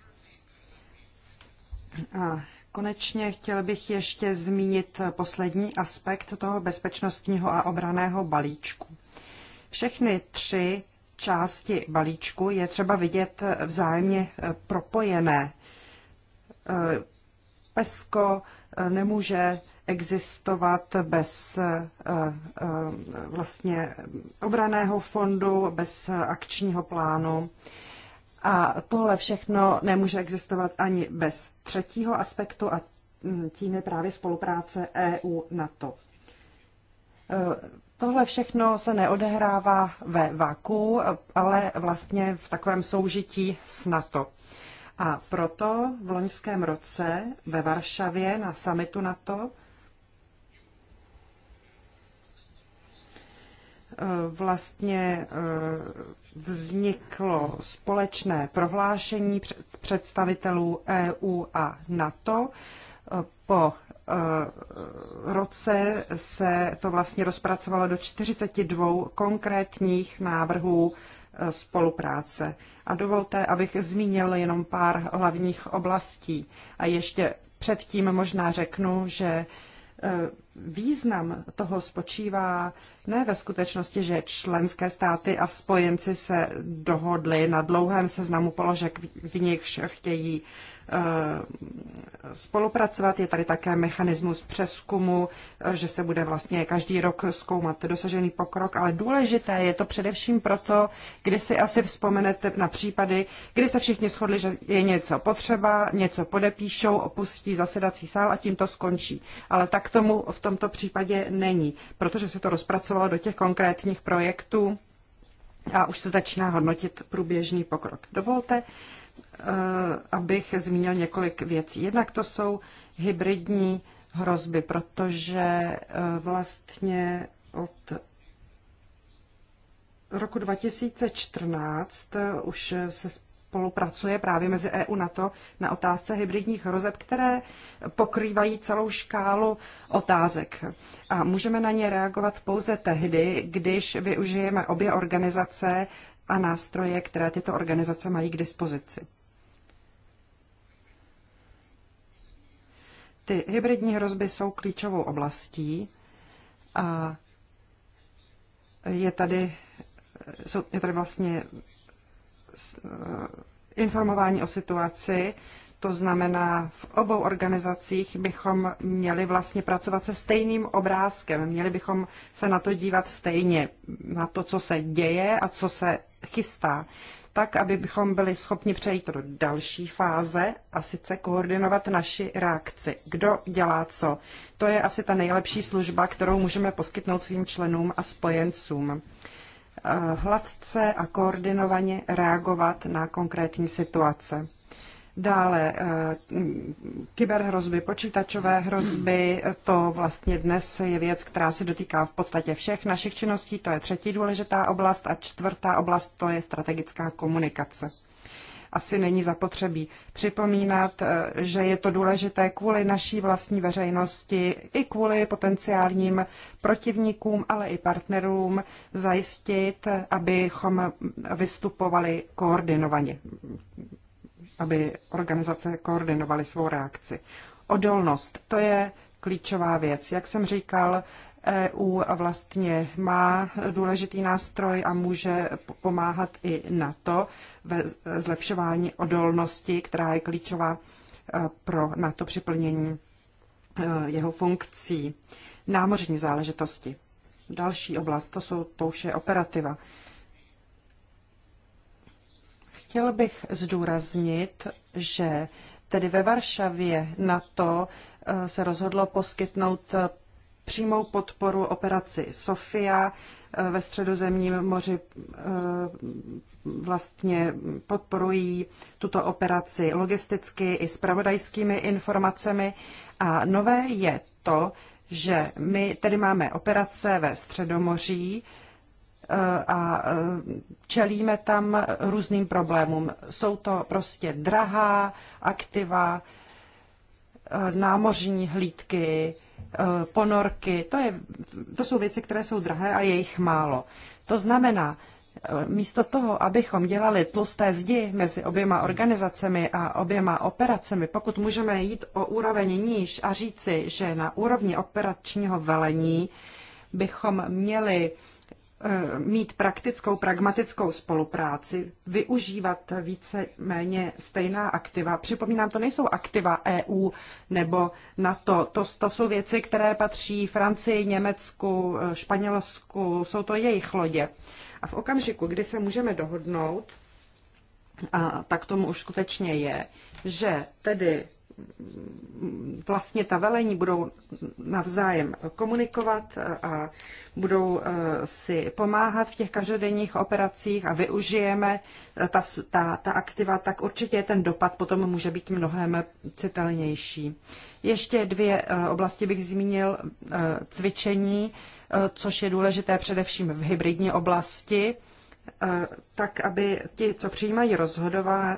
A konečně chtěl bych ještě zmínit poslední aspekt toho bezpečnostního a obraného balíčku. Všechny tři části balíčku je třeba vidět vzájemně propojené PESCO eh, nemůže existovat bez eh, eh, vlastně obraného fondu, bez akčního plánu. A tohle všechno nemůže existovat ani bez třetího aspektu a tím je právě spolupráce EU-NATO. Tohle všechno se neodehrává ve vaku, ale vlastně v takovém soužití s NATO. A proto v loňském roce ve Varšavě na samitu NATO eh, vlastně eh, vzniklo společné prohlášení představitelů EU a NATO. Eh, po roce se to vlastně rozpracovalo do 42 konkrétních návrhů spolupráce. A dovolte, abych zmínil jenom pár hlavních oblastí. A ještě předtím možná řeknu, že e, význam toho spočívá ne ve skutečnosti, že členské státy a spojenci se dohodli na dlouhém seznamu položek, v nichž chtějí Eh, spolupracovat. Je tady také mechanismus přeskumu, eh, že se bude vlastně každý rok zkoumat dosažený pokrok, ale důležité je to především proto, kdy si asi vzpomenete na případy, kdy se všichni shodli, že je něco potřeba, něco podepíšou, opustí zasedací sál a tím to skončí. Ale tak tomu v tomto případě není, protože se to rozpracovalo do těch konkrétních projektů a už se začíná hodnotit průběžný pokrok. Dovolte, Eh, abych zmínil několik věcí. Jednak to jsou hybridní hrozby, protože eh, vlastně od roku 2014 eh, už se spolupracuje právě mezi EU na to na otázce hybridních hrozeb, které pokrývají celou škálu otázek. A můžeme na ně reagovat pouze tehdy, když využijeme obě organizace a nástroje, které tyto organizace mají k dispozici. Ty hybridní hrozby jsou klíčovou oblastí a je tady, jsou, je tady vlastně eh, informování o situaci to znamená, v obou organizacích bychom měli vlastně pracovat se stejným obrázkem. Měli bychom se na to dívat stejně, na to, co se děje a co se chystá, tak, abychom byli schopni přejít do další fáze a sice koordinovat naši reakci. Kdo dělá co? To je asi ta nejlepší služba, kterou můžeme poskytnout svým členům a spojencům eh, hladce a koordinovaně reagovat na konkrétní situace. Dále eh, kyberhrozby, počítačové hrozby, to vlastně dnes je věc, která se dotýká v podstatě všech našich činností, to je třetí důležitá oblast a čtvrtá oblast to je strategická komunikace. Asi není zapotřebí připomínat, eh, že je to důležité kvůli naší vlastní veřejnosti i kvůli potenciálním protivníkům, ale i partnerům zajistit, abychom vystupovali koordinovaně aby organizace koordinovaly svou reakci. Odolnost, to je klíčová věc. Jak jsem říkal, EU vlastně má důležitý nástroj a může pomáhat i na to ve zlepšování odolnosti, která je klíčová e, pro NATO při plnění e, jeho funkcí. Námořní záležitosti. Další oblast, to jsou to už je operativa. Chtěl bych zdůraznit, že tedy ve Varšavě na to eh, se rozhodlo poskytnout eh, přímou podporu operaci Sofia eh, ve středozemním moři vlastně podporují tuto operaci logisticky i spravodajskými informacemi. A nové je to, že my tedy máme operace ve Středomoří, a čelíme tam různým problémům. Jsou to prostě drahá aktiva, námořní hlídky, eh, ponorky, to, je, to jsou věci, které jsou drahé a je jich málo. To znamená, eh, místo toho, abychom dělali tlusté zdi mezi oběma organizacemi a oběma operacemi, pokud můžeme jít o úroveň níž a říci, že na úrovni operačního velení bychom měli Eh, mít praktickou, pragmatickou spolupráci, využívat více méně stejná aktiva. Připomínám, to nejsou aktiva EU nebo NATO. To, to jsou věci, které patří Francii, Německu, eh, Španělsku, jsou to jejich lodě. A v okamžiku, kdy se můžeme dohodnout, a tak tomu už skutečně je, že tedy vlastně ta velení budou navzájem komunikovat a budou eh, si pomáhat v těch každodenních operacích a využijeme eh, ta, ta, ta aktiva, tak určitě ten dopad potom může být mnohem citelnější. Ještě dvě eh, oblasti bych zmínil. Cvičení, což je důležité především v hybridní oblasti tak aby ti, co přijímají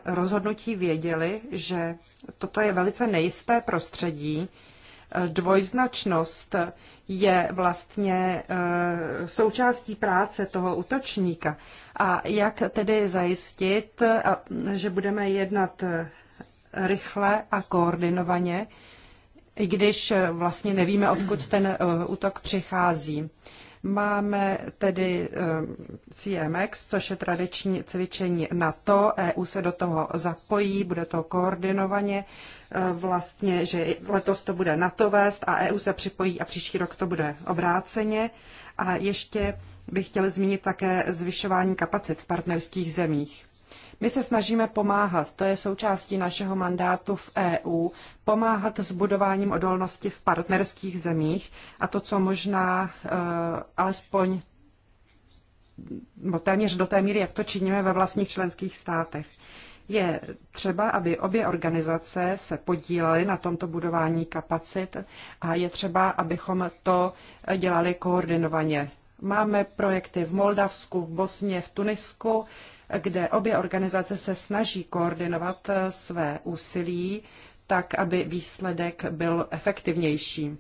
rozhodnutí, věděli, že Toto je velice nejisté prostředí. Eh, dvojznačnost je vlastně eh, součástí práce toho útočníka. A jak tedy zajistit, eh, že budeme jednat rychle a koordinovaně, i když vlastně nevíme, odkud ten útok přichází. Máme tedy ehm, CMX, což je tradiční cvičení NATO. EU se do toho zapojí, bude to koordinovaně ehm, vlastně, že letos to bude NATO vést a EU se připojí a příští rok to bude obráceně. A ještě bych chtěl zmínit také zvyšování kapacit v partnerských zemích. My se snažíme pomáhat, to je součástí našeho mandátu v EU, pomáhat s budováním odolnosti v partnerských zemích a to, co možná uh, alespoň no, téměř do té míry, jak to činíme ve vlastních členských státech. Je třeba, aby obě organizace se podílely na tomto budování kapacit a je třeba, abychom to dělali koordinovaně. Máme projekty v Moldavsku, v Bosně, v Tunisku, kde obě organizace se snaží koordinovat eh, své úsilí tak, aby výsledek byl efektivnější.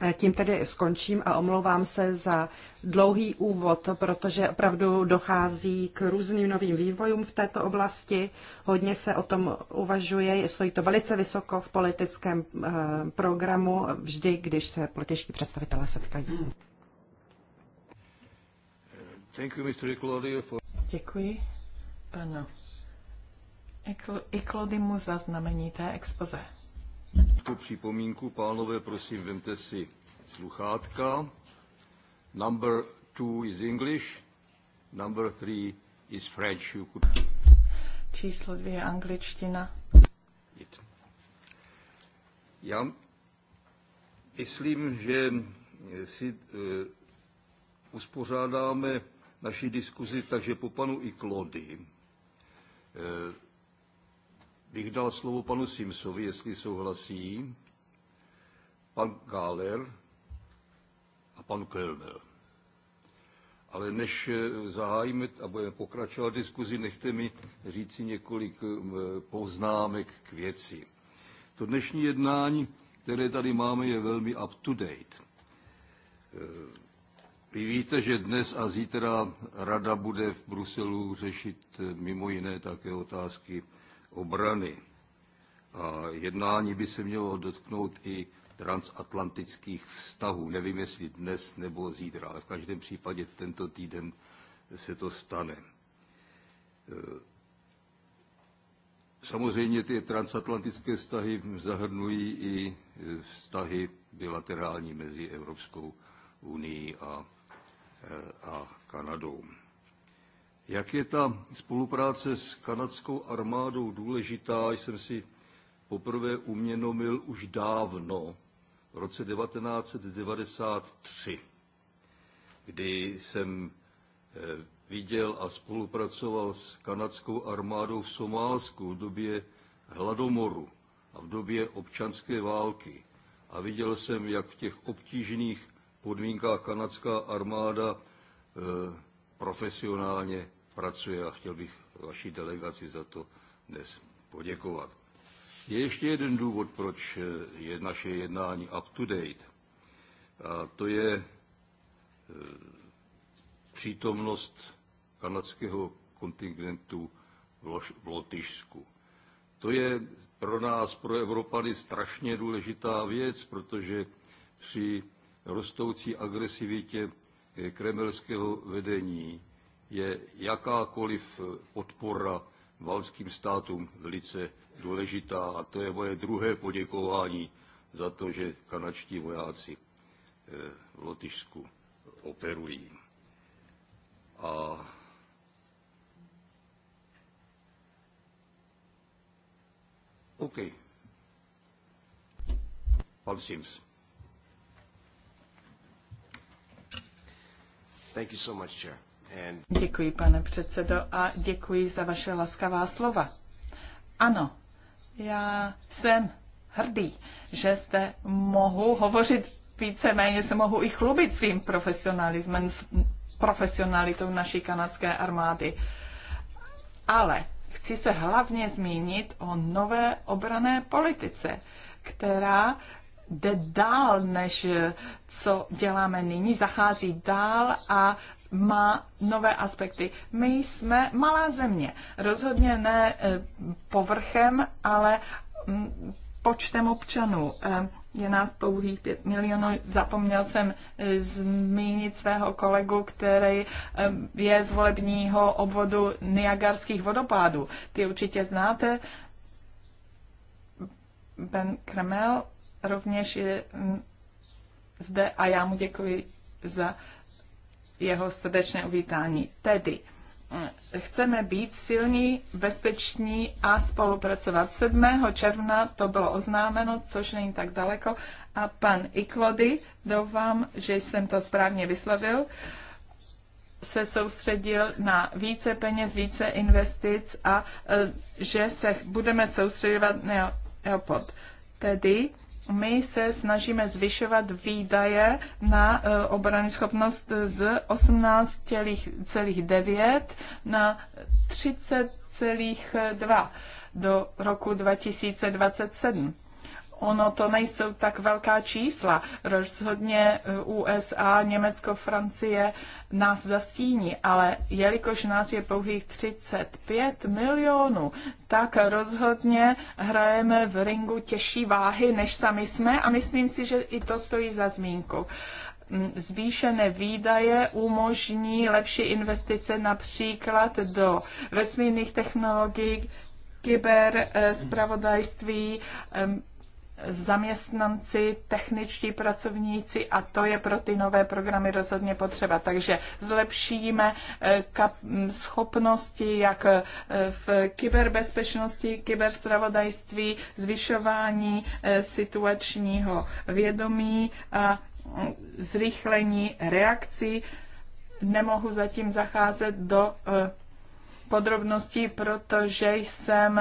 Eh, tím tedy skončím a omlouvám se za dlouhý úvod, protože opravdu dochází k různým novým vývojům v této oblasti. Hodně se o tom uvažuje, stojí to velice vysoko v politickém eh, programu, vždy, když se političtí představitelé setkají. Děkuji panu mu zaznamení té expoze. Po připomínku, pánové, prosím, vemte si sluchátka. Number two is English, number three is French. You could... Číslo dvě je angličtina. It. Já myslím, že eh, si uh, uspořádáme naši diskuzi takže po panu I Klody. Eh, bych dal slovo panu Simsovi, jestli souhlasí, pan Gáler a pan Kölmel. Ale než eh, zahájíme a budeme pokračovat diskuzi, nechte mi říci několik eh, poznámek k věci. To dnešní jednání, které tady máme, je velmi up to date. Vy víte, že dnes a zítra Rada bude v Bruselu řešit mimo jiné také otázky obrany. A jednání by se mělo dotknout i transatlantických vztahů. Nevím, jestli dnes nebo zítra, ale v každém případě tento týden se to stane. E, samozřejmě ty transatlantické vztahy zahrnují i e, vztahy bilaterální mezi Evropskou unii a Eh, a Kanadou. Jak je ta spolupráce s kanadskou armádou důležitá, jsem si poprvé uměnomil už dávno, v roce 1993, kdy jsem eh, viděl a spolupracoval s kanadskou armádou v Somálsku v době hladomoru a v době občanské války. A viděl jsem, jak v těch obtížných podmínkách kanadská armáda e, profesionálně pracuje a chtěl bych vaší delegaci za to dnes poděkovat. Je ještě jeden důvod, proč e, je naše jednání up to date. A to je e, přítomnost kanadského kontingentu v Lotyšsku. To je pro nás, pro Evropany, strašně důležitá věc, protože při rostoucí agresivitě eh, kremelského vedení je jakákoliv podpora valským státům velice důležitá a to je moje druhé poděkování za to, že kanačtí vojáci eh, v Lotyšsku operují. A OK. Pan Sims. Děkuji, pane předsedo, a děkuji za vaše laskavá slova. Ano, já jsem hrdý, že zde mohu hovořit víceméně se mohu i chlubit svým profesionalismem, profesionalitou naší kanadské armády. Ale chci se hlavně zmínit o nové obrané politice, která jde dál, než eh, co děláme nyní, zachází dál a má nové aspekty. My jsme malá země, rozhodně ne eh, povrchem, ale mm, počtem občanů. Eh, je nás pouhých 5 milionů. Zapomněl jsem zmínit svého kolegu, který je z volebního obvodu Niagarských vodopádů. Ty určitě znáte. Ben Kremel rovněž je mm, zde a já mu děkuji za jeho srdečné uvítání. Tedy mm, chceme být silní, bezpeční a spolupracovat. 7. června to bylo oznámeno, což není tak daleko. A pan Iklody, doufám, že jsem to správně vyslovil, se soustředil na více peněz, více investic a e, že se budeme soustředovat na EOPOD. Tedy my se snažíme zvyšovat výdaje na eh, obrany schopnost z 18,9 na 30,2 do roku 2027 ono to nejsou tak velká čísla. Rozhodně eh, USA, Německo, Francie nás zastíní, ale jelikož nás je pouhých 35 milionů, tak rozhodně hrajeme v ringu těžší váhy, než sami jsme a myslím si, že i to stojí za zmínku mm, zvýšené výdaje umožní lepší investice například do vesmírných technologií, kyber, spravodajství, eh, zaměstnanci, techničtí pracovníci a to je pro ty nové programy rozhodně potřeba. Takže zlepšíme eh, mm, schopnosti jak eh, v kyberbezpečnosti, kyberspravodajství, zvyšování eh, situačního vědomí a mm, zrychlení reakcí. Nemohu zatím zacházet do podrobností, protože jsem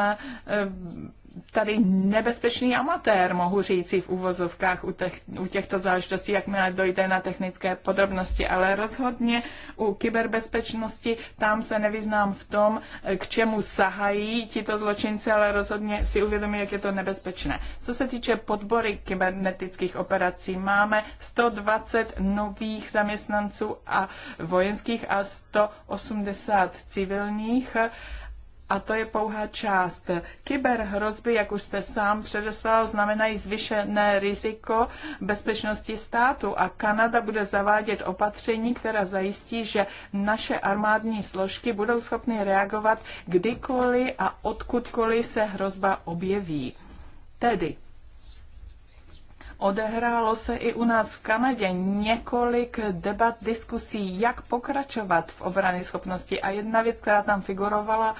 tady nebezpečný amatér, mohu říct v uvozovkách u, těch, u těchto záležitostí, jakmile dojde na technické podrobnosti, ale rozhodně u kyberbezpečnosti tam se nevyznám v tom, k čemu sahají tito zločinci, ale rozhodně si uvědomí, jak je to nebezpečné. Co se týče podbory kybernetických operací, máme 120 nových zaměstnanců a vojenských a 180 civilních a to je pouhá část. Kyberhrozby, jak už jste sám předeslal, znamenají zvyšené riziko bezpečnosti státu a Kanada bude zavádět opatření, která zajistí, že naše armádní složky budou schopny reagovat kdykoliv a odkudkoliv se hrozba objeví. Tedy Odehrálo se i u nás v Kanadě několik debat, diskusí, jak pokračovat v obrany schopnosti. A jedna věc, která tam figurovala,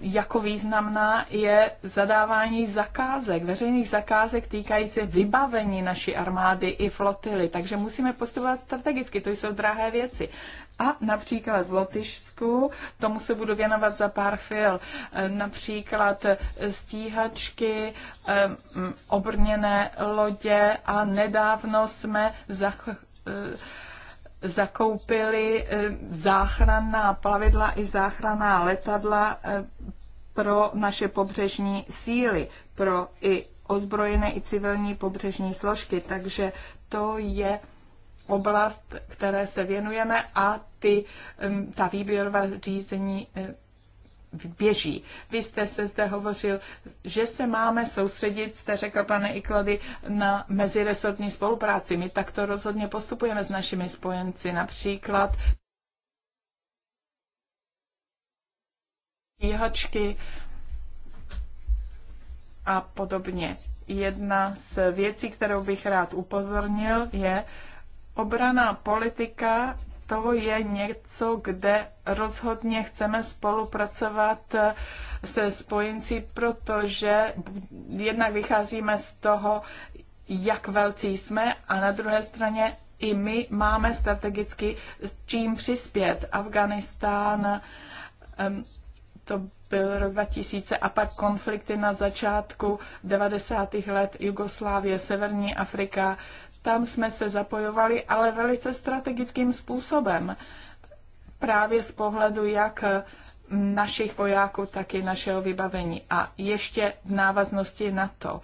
jako významná je zadávání zakázek, veřejných zakázek týkající vybavení naší armády i flotily. Takže musíme postupovat strategicky, to jsou drahé věci. A například v Lotyšsku, tomu se budu věnovat za pár chvil, například stíhačky, obrněné lodě a nedávno jsme zach- zakoupili eh, záchranná plavidla i záchranná letadla eh, pro naše pobřežní síly, pro i ozbrojené i civilní pobřežní složky. Takže to je oblast, které se věnujeme a ty, ta výběrová řízení eh, běží. Vy jste se zde hovořil, že se máme soustředit, jste řekl, pane Iklody, na meziresortní spolupráci. My takto rozhodně postupujeme s našimi spojenci. Například jihočky a podobně. Jedna z věcí, kterou bych rád upozornil, je obraná politika to je něco, kde rozhodně chceme spolupracovat eh, se spojenci, protože jednak vycházíme z toho, jak velcí jsme a na druhé straně i my máme strategicky s čím přispět. Afganistán, ehm, to byl rok 2000 a pak konflikty na začátku 90. let Jugoslávie, Severní Afrika, tam jsme se zapojovali, ale velice strategickým způsobem. Právě z pohledu, jak našich vojáků, tak i našeho vybavení. A ještě v návaznosti na to,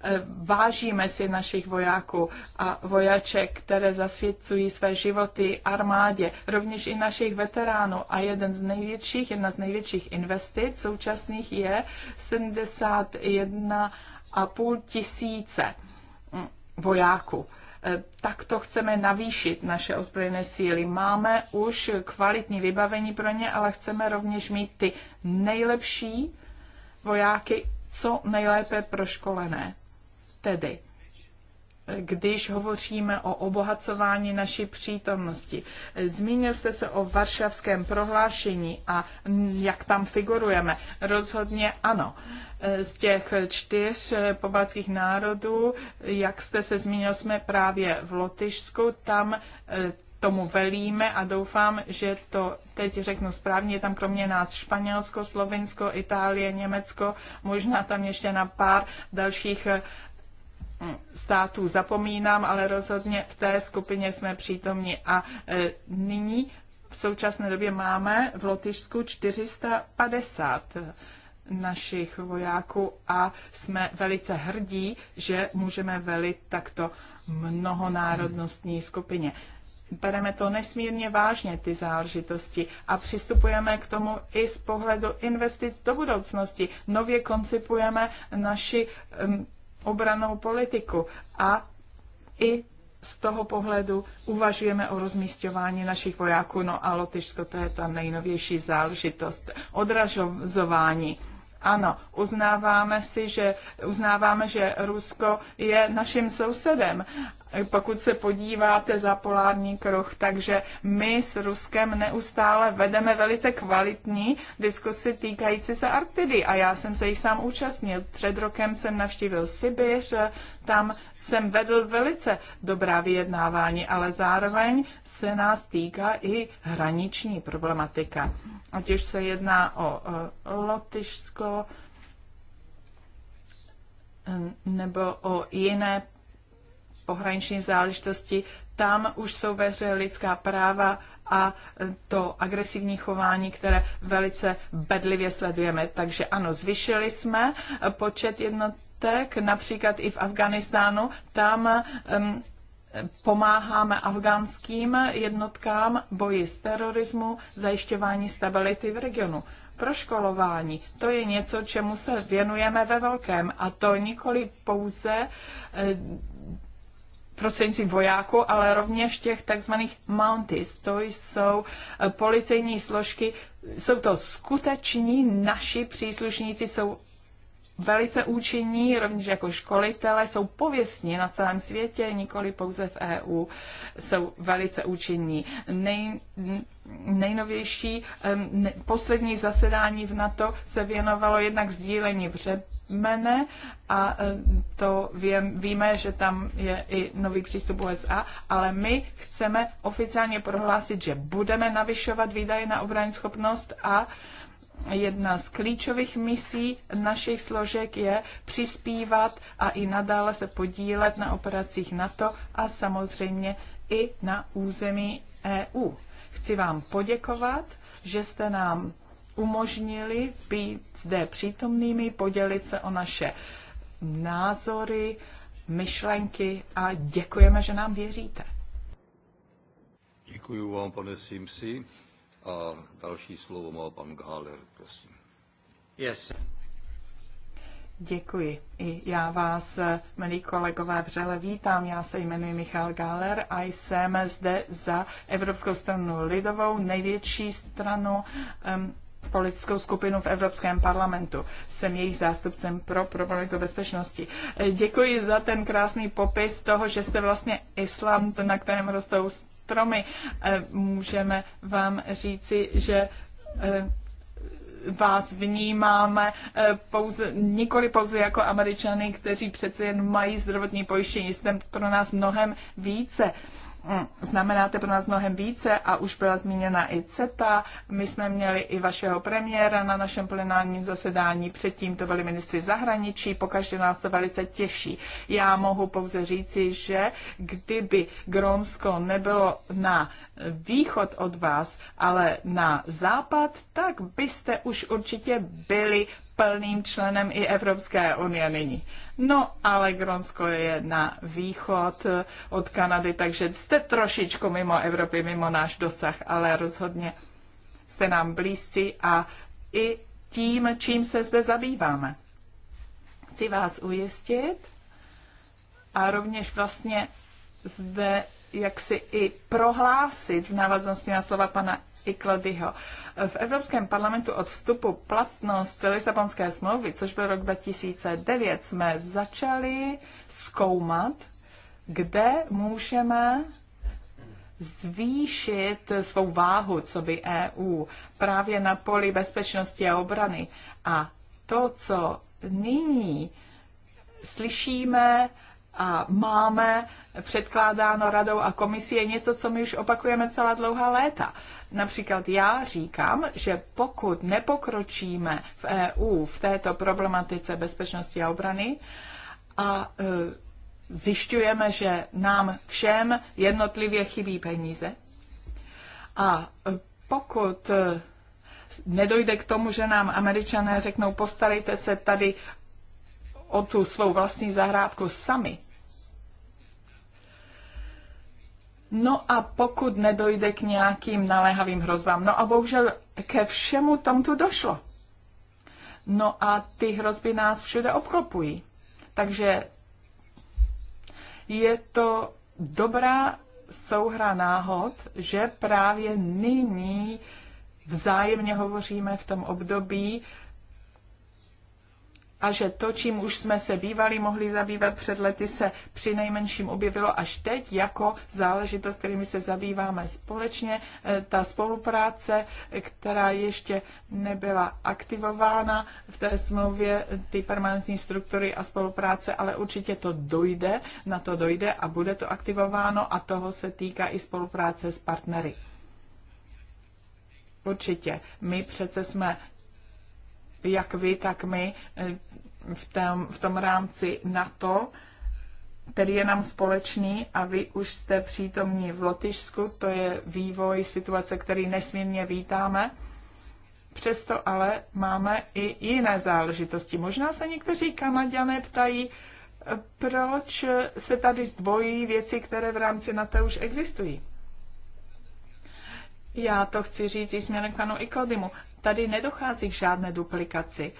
eh, vážíme si našich vojáků a vojaček, které zasvěcují své životy armádě, rovněž i našich veteránů. A jeden z největších, jedna z největších investic současných je 71,5 tisíce vojáků Eh, takto chceme navýšit naše ozbrojené síly. Máme už kvalitní vybavení pro ně, ale chceme rovněž mít ty nejlepší vojáky, co nejlépe proškolené. Tedy když hovoříme o obohacování naší přítomnosti. Zmínil jste se o varšavském prohlášení a jak tam figurujeme. Rozhodně ano. Z těch čtyř pobaltských národů, jak jste se zmínil, jsme právě v Lotyšsku, tam eh, tomu velíme a doufám, že to teď řeknu správně, je tam kromě nás Španělsko, Slovinsko, Itálie, Německo, možná tam ještě na pár dalších eh, států zapomínám, ale rozhodně v té skupině jsme přítomni. A e, nyní v současné době máme v Lotyšsku 450 našich vojáků a jsme velice hrdí, že můžeme velit takto mnohonárodnostní skupině. Bereme to nesmírně vážně, ty záležitosti, a přistupujeme k tomu i z pohledu investic do budoucnosti. Nově koncipujeme naši um, obranou politiku a i z toho pohledu uvažujeme o rozmístování našich vojáků. No a Lotyšsko, to je ta nejnovější záležitost. Odražování. Ano, uznáváme si, že, uznáváme, že Rusko je naším sousedem pokud se podíváte za polární kruh. Takže my s Ruskem neustále vedeme velice kvalitní diskusy týkající se Arktidy a já jsem se jí sám účastnil. Před rokem jsem navštívil Sibiř, tam jsem vedl velice dobrá vyjednávání, ale zároveň se nás týká i hraniční problematika. Ať už se jedná o Lotyšsko, nebo o jiné pohraniční záležitosti, tam už jsou ve hře lidská práva a to agresivní chování, které velice bedlivě sledujeme. Takže ano, zvyšili jsme počet jednotek, například i v Afganistánu, tam um, pomáháme afgánským jednotkám boji s terorismu, zajišťování stability v regionu. Proškolování, to je něco, čemu se věnujeme ve velkém a to nikoli pouze prostřednictvím vojáků, ale rovněž těch takzvaných mounties. To jsou eh, policejní složky, jsou to skuteční naši příslušníci, jsou velice účinní, rovněž jako školitele, jsou pověstní na celém světě, nikoli pouze v EU, jsou velice účinní. Nej, nejnovější ne, poslední zasedání v NATO se věnovalo jednak sdílení břemene a to vím, víme, že tam je i nový přístup USA, ale my chceme oficiálně prohlásit, že budeme navyšovat výdaje na obrany schopnost a Jedna z klíčových misí našich složek je přispívat a i nadále se podílet na operacích NATO a samozřejmě i na území EU. Chci vám poděkovat, že jste nám umožnili být zde přítomnými, podělit se o naše názory, myšlenky a děkujeme, že nám věříte. Děkuji vám, pane Simsi. A další slovo má pan Gáler, prosím. Yes. Děkuji. I já vás, milí kolegové, vřele vítám. Já se jmenuji Michal Gáler a jsem zde za Evropskou stranu lidovou, největší stranu um, politickou skupinu v Evropském parlamentu. Jsem jejich zástupcem pro problémy bezpečnosti. Děkuji za ten krásný popis toho, že jste vlastně Island, na kterém rostou stromy. Eh, můžeme vám říci, že eh, vás vnímáme eh, pouze, nikoli pouze jako američany, kteří přece jen mají zdravotní pojištění. Jste pro nás mnohem více. Hm, znamenáte pro nás mnohem více a už byla zmíněna i CETA. My jsme měli i vašeho premiéra na našem plenárním zasedání, předtím to byli ministři zahraničí, pokaždé nás to velice těší. Já mohu pouze říci, že kdyby Grónsko nebylo na východ od vás, ale na západ, tak byste už určitě byli plným členem i Evropské unie nyní. No, ale Gronsko je na východ od Kanady, takže jste trošičku mimo Evropy, mimo náš dosah, ale rozhodně jste nám blízci a i tím, čím se zde zabýváme. Chci vás ujistit a rovněž vlastně zde jak si i prohlásit v návaznosti na slova pana i Klodyho. V Evropském parlamentu od vstupu platnost Lisabonské smlouvy, což byl rok 2009, jsme začali zkoumat, kde můžeme zvýšit svou váhu, co by EU, právě na poli bezpečnosti a obrany. A to, co nyní slyšíme a máme předkládáno radou a komisí, je něco, co my už opakujeme celá dlouhá léta. Například já říkám, že pokud nepokročíme v EU v této problematice bezpečnosti a obrany a e, zjišťujeme, že nám všem jednotlivě chybí peníze a e, pokud e, nedojde k tomu, že nám američané řeknou, postarejte se tady o tu svou vlastní zahrádku sami, No a pokud nedojde k nějakým naléhavým hrozbám, no a bohužel ke všemu tomu došlo. No a ty hrozby nás všude obklopují. Takže je to dobrá souhra náhod, že právě nyní vzájemně hovoříme v tom období a že to, čím už jsme se bývali mohli zabývat před lety, se při nejmenším objevilo až teď jako záležitost, kterými se zabýváme společně. E, ta spolupráce, která ještě nebyla aktivována v té smlouvě, ty permanentní struktury a spolupráce, ale určitě to dojde, na to dojde a bude to aktivováno a toho se týká i spolupráce s partnery. Určitě. My přece jsme jak vy, tak my eh, v tom, v tom rámci NATO, který je nám společný a vy už jste přítomní v Lotyšsku, to je vývoj situace, který nesmírně vítáme. Přesto ale máme i jiné záležitosti. Možná se někteří Kanaďané ptají, eh, proč se tady zdvojí věci, které v rámci NATO už existují. Já to chci říct i směrem k panu Ikodimu. Tady nedochází k žádné duplikaci.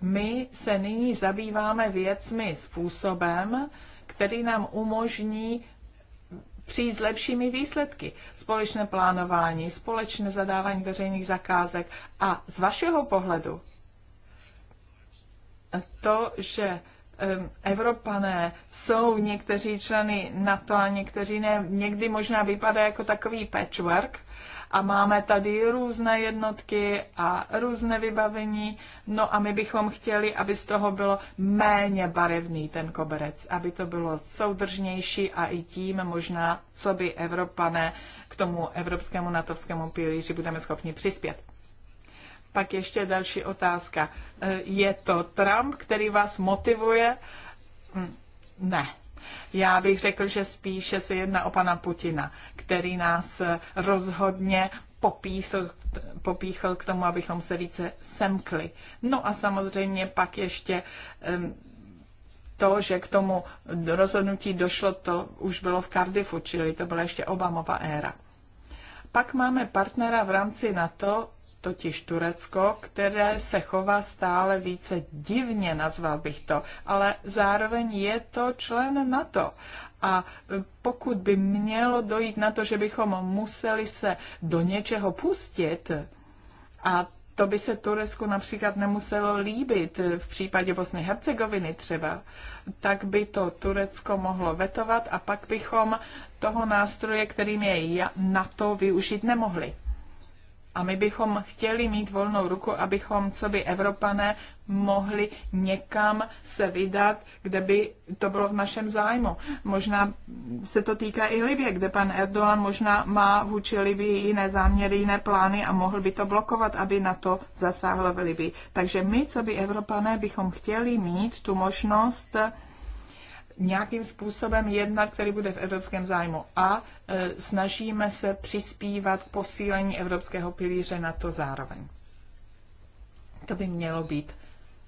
My se nyní zabýváme věcmi způsobem, který nám umožní přijít s lepšími výsledky. Společné plánování, společné zadávání veřejných zakázek a z vašeho pohledu to, že Evropané jsou někteří členy NATO a někteří ne, někdy možná vypadá jako takový patchwork, a máme tady různé jednotky a různé vybavení, no a my bychom chtěli, aby z toho bylo méně barevný ten koberec, aby to bylo soudržnější a i tím možná, co by Evropané k tomu evropskému natovskému pilíři budeme schopni přispět. Pak ještě další otázka. E, je to Trump, který vás motivuje? Hm, ne. Já bych řekl, že spíše se jedná o pana Putina který nás rozhodně popísl, popíchl k tomu, abychom se více semkli. No a samozřejmě pak ještě to, že k tomu rozhodnutí došlo, to už bylo v Cardiffu, čili to byla ještě Obamova éra. Pak máme partnera v rámci NATO, totiž Turecko, které se chová stále více divně, nazval bych to, ale zároveň je to člen NATO a pokud by mělo dojít na to, že bychom museli se do něčeho pustit, a to by se Turecku například nemuselo líbit v případě Bosny Hercegoviny třeba, tak by to Turecko mohlo vetovat a pak bychom toho nástroje, kterým je na to využít nemohli. A my bychom chtěli mít volnou ruku, abychom, co by Evropané, mohli někam se vydat, kde by to bylo v našem zájmu. Možná se to týká i Libie, kde pan Erdogan možná má vůči Libii jiné záměry, jiné plány a mohl by to blokovat, aby na to zasáhlo v Libii. Takže my, co by Evropané, bychom chtěli mít tu možnost eh, nějakým způsobem jednat, který bude v evropském zájmu. A e, snažíme se přispívat k posílení evropského pilíře na to zároveň. To by mělo být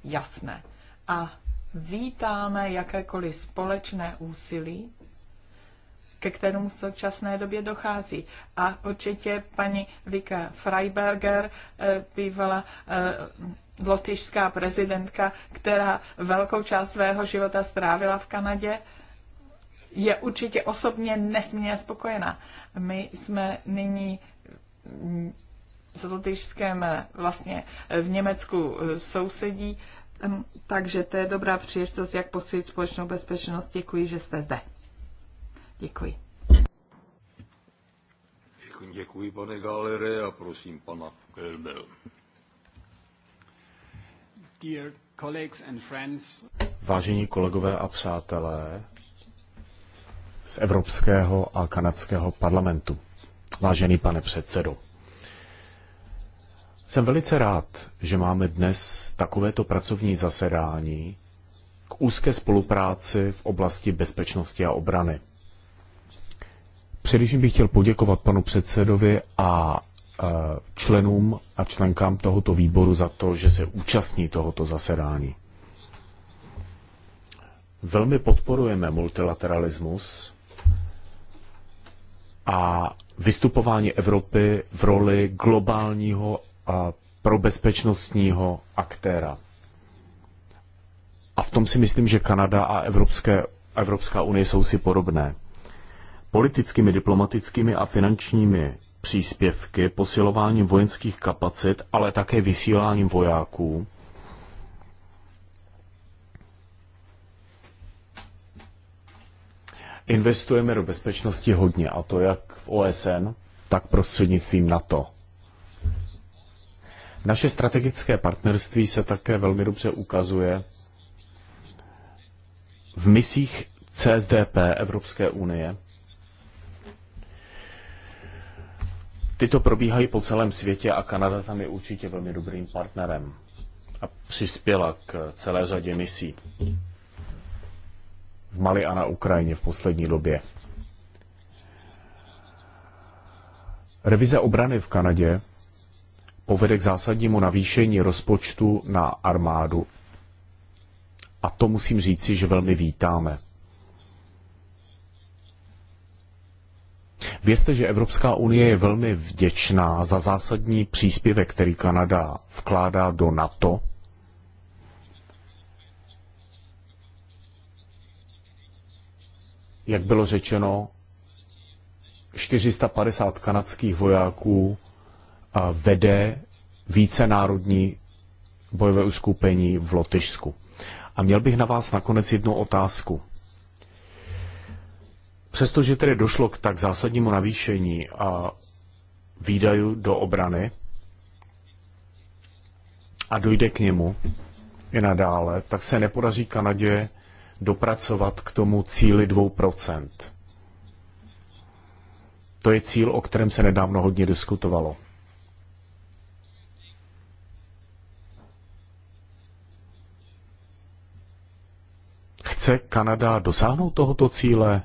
jasné. A vítáme jakékoliv společné úsilí, ke kterému v současné době dochází. A určitě paní Vika Freiberger, eh, bývala eh, lotyšská prezidentka, která velkou část svého života strávila v Kanadě, je určitě osobně nesmírně spokojená. My jsme nyní mm, s lotyšském eh, vlastně v Německu sousedí takže to je dobrá příležitost, jak posílit společnou bezpečnost. Děkuji, že jste zde. Děkuji. Děkuji, děkuji pane Galere, a prosím pana Kelbel. Dear colleagues and friends. Vážení kolegové a přátelé z Evropského a Kanadského parlamentu. Vážený pane předsedo, jsem velice rád, že máme dnes takovéto pracovní zasedání k úzké spolupráci v oblasti bezpečnosti a obrany. Především bych chtěl poděkovat panu předsedovi a e, členům a členkám tohoto výboru za to, že se účastní tohoto zasedání. Velmi podporujeme multilateralismus a vystupování Evropy v roli globálního pro bezpečnostního aktéra. A v tom si myslím, že Kanada a Evropské, Evropská unie jsou si podobné. Politickými, diplomatickými a finančními příspěvky, posilováním vojenských kapacit, ale také vysíláním vojáků, investujeme do bezpečnosti hodně, a to jak v OSN, tak prostřednictvím NATO. Naše strategické partnerství se také velmi dobře ukazuje v misích CSDP Evropské unie. Tyto probíhají po celém světě a Kanada tam je určitě velmi dobrým partnerem a přispěla k celé řadě misí v Mali a na Ukrajině v poslední době. Revize obrany v Kanadě povede k zásadnímu navýšení rozpočtu na armádu. A to musím říci, že velmi vítáme. Vězte, že Evropská unie je velmi vděčná za zásadní příspěvek, který Kanada vkládá do NATO. Jak bylo řečeno, 450 kanadských vojáků vede vícenárodní bojové uskupení v Lotyšsku. A měl bych na vás nakonec jednu otázku. Přestože tedy došlo k tak zásadnímu navýšení a výdajů do obrany a dojde k němu i nadále, tak se nepodaří Kanadě dopracovat k tomu cíli 2%. To je cíl, o kterém se nedávno hodně diskutovalo. Chce Kanada dosáhnout tohoto cíle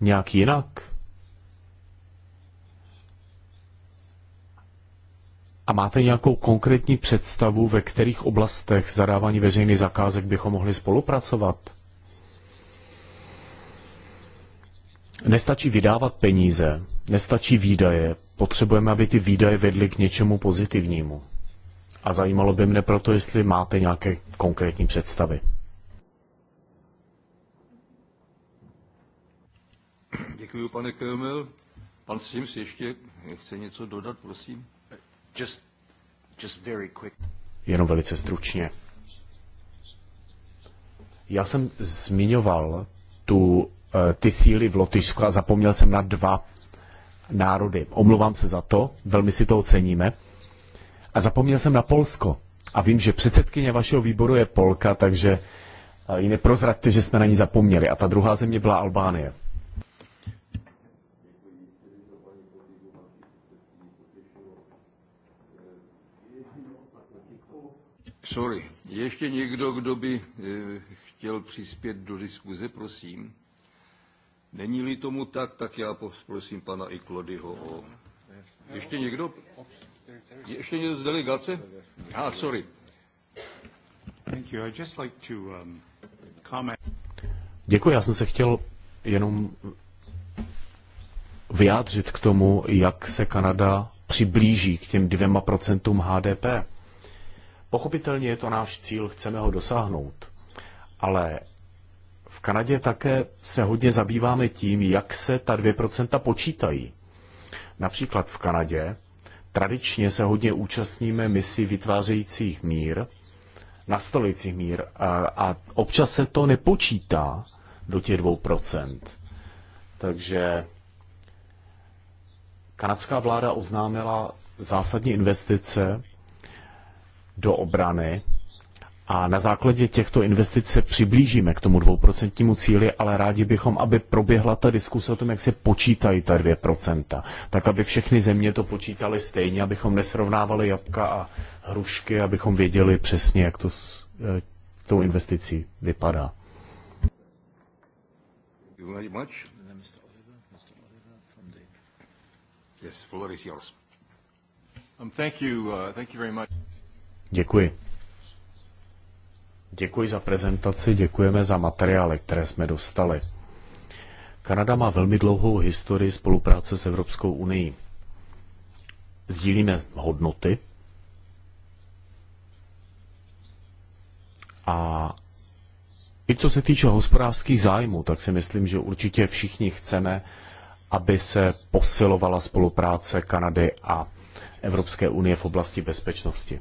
nějak jinak? A máte nějakou konkrétní představu, ve kterých oblastech zadávání veřejných zakázek bychom mohli spolupracovat? Nestačí vydávat peníze, nestačí výdaje, potřebujeme, aby ty výdaje vedly k něčemu pozitivnímu. A zajímalo by mne proto, jestli máte nějaké konkrétní představy. Děkuji, pane Kermel. Pan Sims ještě chce něco dodat, prosím. Just, just very quick. Jenom velice stručně. Já jsem zmiňoval tu, eh, ty síly v Lotyšsku a zapomněl jsem na dva národy. Omlouvám se za to, velmi si to oceníme. A zapomněl jsem na Polsko. A vím, že předsedkyně vašeho výboru je Polka, takže eh, ji neprozraďte, že jsme na ní zapomněli. A ta druhá země byla Albánie. Sorry. Ještě někdo, kdo by eh, chtěl přispět do diskuze, prosím. Není-li tomu tak, tak já poprosím pana Iklodyho o... Ještě někdo? Ještě někdo z delegace? Ah, sorry. Thank you. I'd just like to, um, comment. Děkuji, já jsem se chtěl jenom vyjádřit k tomu, jak se Kanada přiblíží k těm dvěma procentům HDP. Pochopitelně je to náš cíl, chceme ho dosáhnout, ale v Kanadě také se hodně zabýváme tím, jak se ta 2% počítají. Například v Kanadě tradičně se hodně účastníme misí vytvářejících mír, nastolujících mír a, a občas se to nepočítá do těch 2%. Takže kanadská vláda oznámila zásadní investice do obrany a na základě těchto investic se přiblížíme k tomu dvouprocentnímu cíli, ale rádi bychom, aby proběhla ta diskuse o tom, jak se počítají ta 2%. Tak, aby všechny země to počítaly stejně, abychom nesrovnávali jabka a hrušky, abychom věděli přesně, jak to s eh, tou investicí vypadá. Um, uh, Děkuji. Děkuji za prezentaci, děkujeme za materiály, které jsme dostali. Kanada má velmi dlouhou historii spolupráce s Evropskou unii. Sdílíme hodnoty a i co se týče hospodářských zájmů, tak si myslím, že určitě všichni chceme, aby se posilovala spolupráce Kanady a Evropské unie v oblasti bezpečnosti.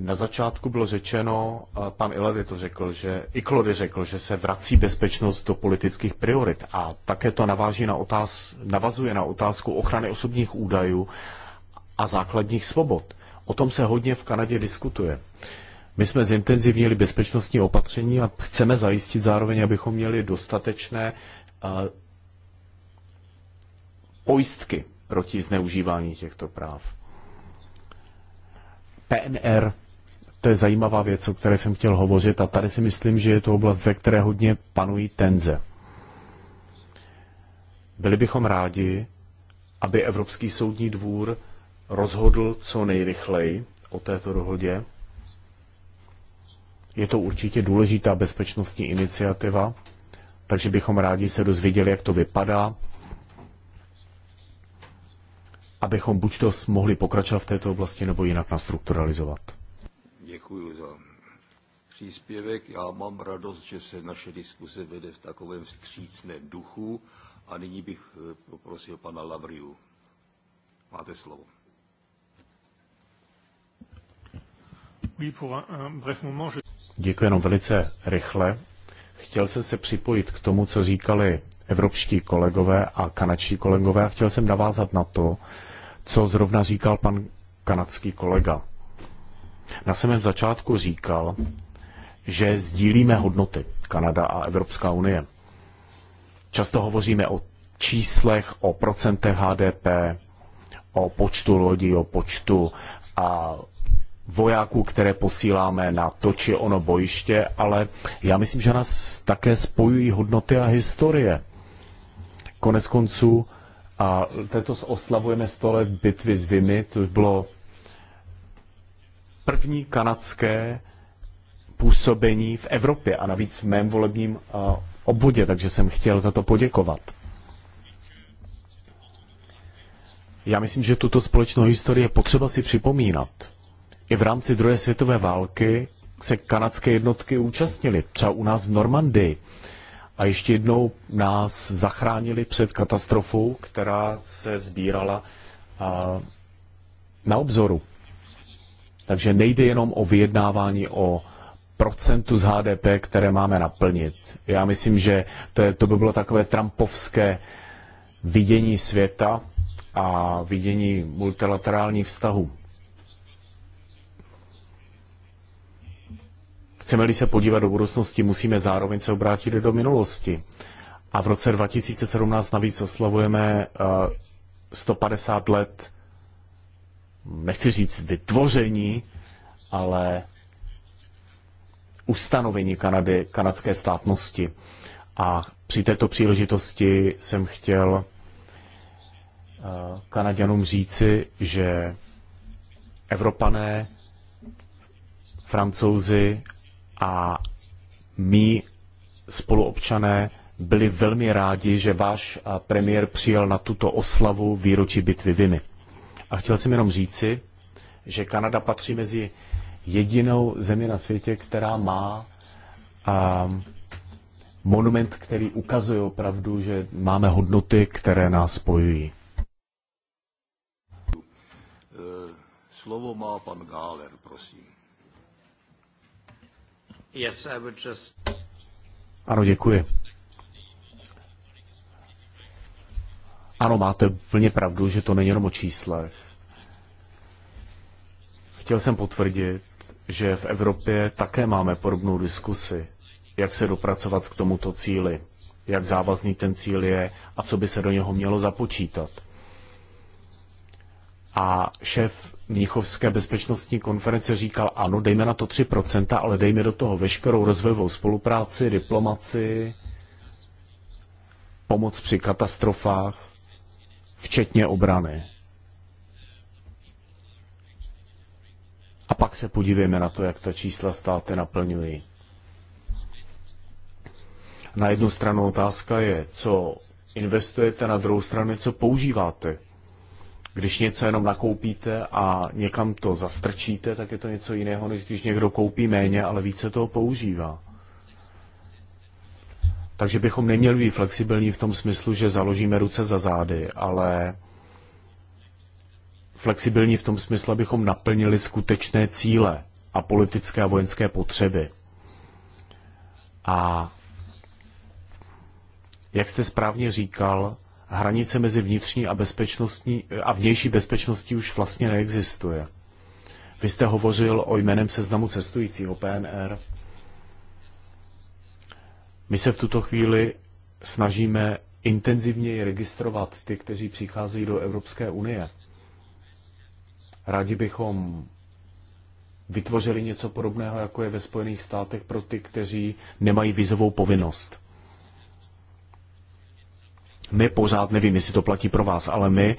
Na začátku bylo řečeno, pan Ilevi to řekl, že Klody řekl, že se vrací bezpečnost do politických priorit a také to naváží na otáz, navazuje na otázku ochrany osobních údajů a základních svobod. O tom se hodně v Kanadě diskutuje. My jsme zintenzivnili bezpečnostní opatření a chceme zajistit zároveň, abychom měli dostatečné uh, pojistky proti zneužívání těchto práv. PNR to je zajímavá věc, o které jsem chtěl hovořit a tady si myslím, že je to oblast, ve které hodně panují tenze. Byli bychom rádi, aby Evropský soudní dvůr rozhodl co nejrychleji o této dohodě. Je to určitě důležitá bezpečnostní iniciativa, takže bychom rádi se dozvěděli, jak to vypadá, abychom buď to mohli pokračovat v této oblasti, nebo jinak nastrukturalizovat děkuji za příspěvek. Já mám radost, že se naše diskuse vede v takovém vstřícném duchu a nyní bych eh, poprosil pana Lavriu. Máte slovo. Děkuji jenom velice rychle. Chtěl jsem se připojit k tomu, co říkali evropští kolegové a kanadští kolegové a chtěl jsem navázat na to, co zrovna říkal pan kanadský kolega na samém začátku říkal, že sdílíme hodnoty Kanada a Evropská unie. Často hovoříme o číslech, o procentech HDP, o počtu lodí, o počtu a vojáků, které posíláme na to či ono bojiště, ale já myslím, že nás také spojují hodnoty a historie. Konec konců a letos oslavujeme 100 let bitvy s Vimy, to bylo první kanadské působení v Evropě a navíc v mém volebním eh, obvodě, takže jsem chtěl za to poděkovat. Já myslím, že tuto společnou historii je potřeba si připomínat. I v rámci druhé světové války se kanadské jednotky účastnily, třeba u nás v Normandii. A ještě jednou nás zachránili před katastrofou, která se sbírala eh, na obzoru. Takže nejde jenom o vyjednávání o procentu z HDP, které máme naplnit. Já myslím, že to, je, to by bylo takové trumpovské vidění světa a vidění multilaterálních vztahů. Chceme-li se podívat do budoucnosti, musíme zároveň se obrátit do minulosti. A v roce 2017 navíc oslavujeme 150 eh, let nechci říct vytvoření, ale ustanovení Kanady, kanadské státnosti. A při této příležitosti jsem chtěl eh, Kanaděnům říci, že Evropané, Francouzi a my spoluobčané byli velmi rádi, že váš eh, premiér přijel na tuto oslavu výročí bitvy Vimy. A chtěl jsem jenom říci, že Kanada patří mezi jedinou zemi na světě, která má a, monument, který ukazuje opravdu, že máme hodnoty, které nás spojují. Eh, slovo má pan Gáler, prosím. Yes, I would just... Ano, děkuji. Ano, máte plně pravdu, že to není jenom o číslech. Chtěl jsem potvrdit, že v Evropě také máme podobnou diskusi, jak se dopracovat k tomuto cíli, jak závazný ten cíl je a co by se do něho mělo započítat. A šéf Mnichovské bezpečnostní konference říkal, ano, dejme na to 3%, ale dejme do toho veškerou rozvojovou spolupráci, diplomaci, pomoc při katastrofách včetně obrany. A pak se podívejme na to, jak ta čísla státy naplňují. Na jednu stranu otázka je, co investujete, na druhou stranu co používáte. Když něco jenom nakoupíte a někam to zastrčíte, tak je to něco jiného, než když někdo koupí méně, ale více toho používá. Takže bychom neměli být flexibilní v tom smyslu, že založíme ruce za zády, ale flexibilní v tom smyslu, abychom naplnili skutečné cíle a politické a vojenské potřeby. A jak jste správně říkal, hranice mezi vnitřní a, bezpečnostní, a vnější bezpečností už vlastně neexistuje. Vy jste hovořil o jménem seznamu cestujícího PNR. My se v tuto chvíli snažíme intenzivněji registrovat ty, kteří přicházejí do Evropské unie. Rádi bychom vytvořili něco podobného, jako je ve Spojených státech pro ty, kteří nemají vizovou povinnost. My pořád nevím, jestli to platí pro vás, ale my,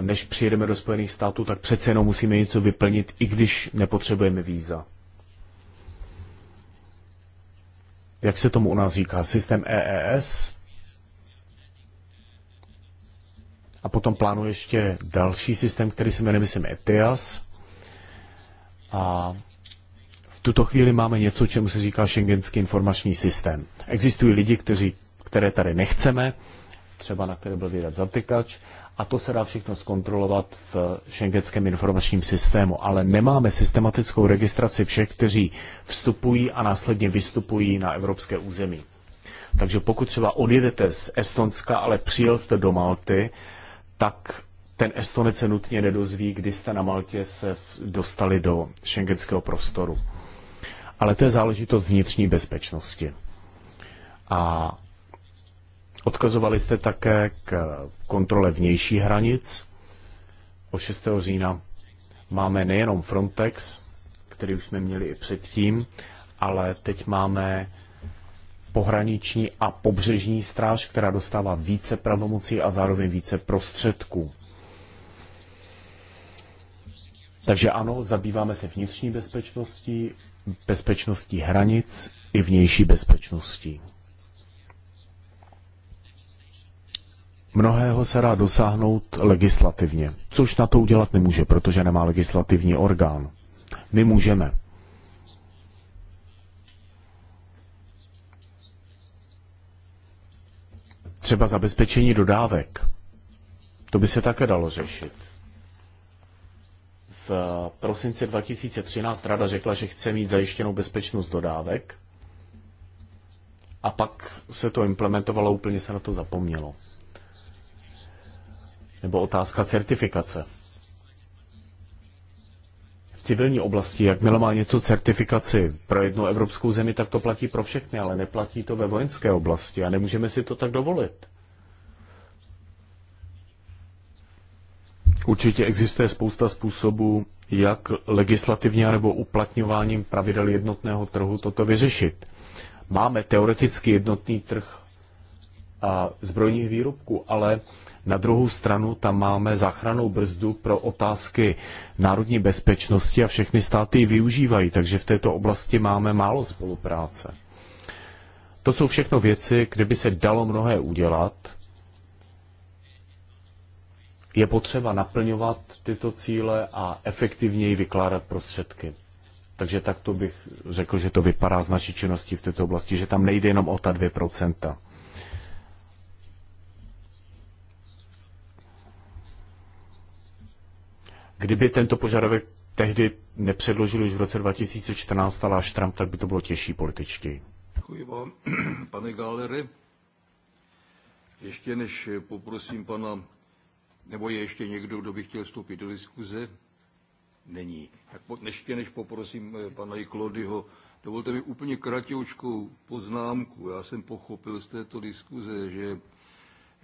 než přijedeme do Spojených států, tak přece jenom musíme něco vyplnit, i když nepotřebujeme víza. jak se tomu u nás říká, systém EES. A potom plánu ještě další systém, který se jmenuje, myslím, ETIAS. A v tuto chvíli máme něco, čemu se říká Schengenský informační systém. Existují lidi, kteří, které tady nechceme, třeba na které byl vydat zatykač, a to se dá všechno zkontrolovat v šengenském informačním systému. Ale nemáme systematickou registraci všech, kteří vstupují a následně vystupují na evropské území. Takže pokud třeba odjedete z Estonska, ale přijel jste do Malty, tak ten Estonec se nutně nedozví, kdy jste na Maltě se dostali do šengenského prostoru. Ale to je záležitost vnitřní bezpečnosti. A Odkazovali jste také k kontrole vnější hranic. O 6. října máme nejenom Frontex, který už jsme měli i předtím, ale teď máme pohraniční a pobřežní stráž, která dostává více pravomocí a zároveň více prostředků. Takže ano, zabýváme se vnitřní bezpečností, bezpečností hranic i vnější bezpečností. Mnohého se dá dosáhnout legislativně, což na to udělat nemůže, protože nemá legislativní orgán. My můžeme. Třeba zabezpečení dodávek. To by se také dalo řešit. V prosinci 2013 rada řekla, že chce mít zajištěnou bezpečnost dodávek a pak se to implementovalo, úplně se na to zapomnělo nebo otázka certifikace. V civilní oblasti, jakmile má něco certifikaci pro jednu evropskou zemi, tak to platí pro všechny, ale neplatí to ve vojenské oblasti a nemůžeme si to tak dovolit. Určitě existuje spousta způsobů, jak legislativně nebo uplatňováním pravidel jednotného trhu toto vyřešit. Máme teoreticky jednotný trh a zbrojních výrobků, ale na druhou stranu tam máme záchranou brzdu pro otázky národní bezpečnosti a všechny státy ji využívají, takže v této oblasti máme málo spolupráce. To jsou všechno věci, kde by se dalo mnohé udělat. Je potřeba naplňovat tyto cíle a efektivněji vykládat prostředky. Takže takto bych řekl, že to vypadá z naší činnosti v této oblasti, že tam nejde jenom o ta 2%. Kdyby tento požadavek tehdy nepředložil už v roce 2014 ale až Trump, tak by to bylo těžší političky. Děkuji vám, [CLEARS THROAT] pane Gallery. Ještě než poprosím pana, nebo je ještě někdo, kdo by chtěl vstoupit do diskuze? Není. Tak po, ještě než poprosím eh, pana Iklodyho, dovolte mi úplně kratěvčkou poznámku. Já jsem pochopil z této diskuze, že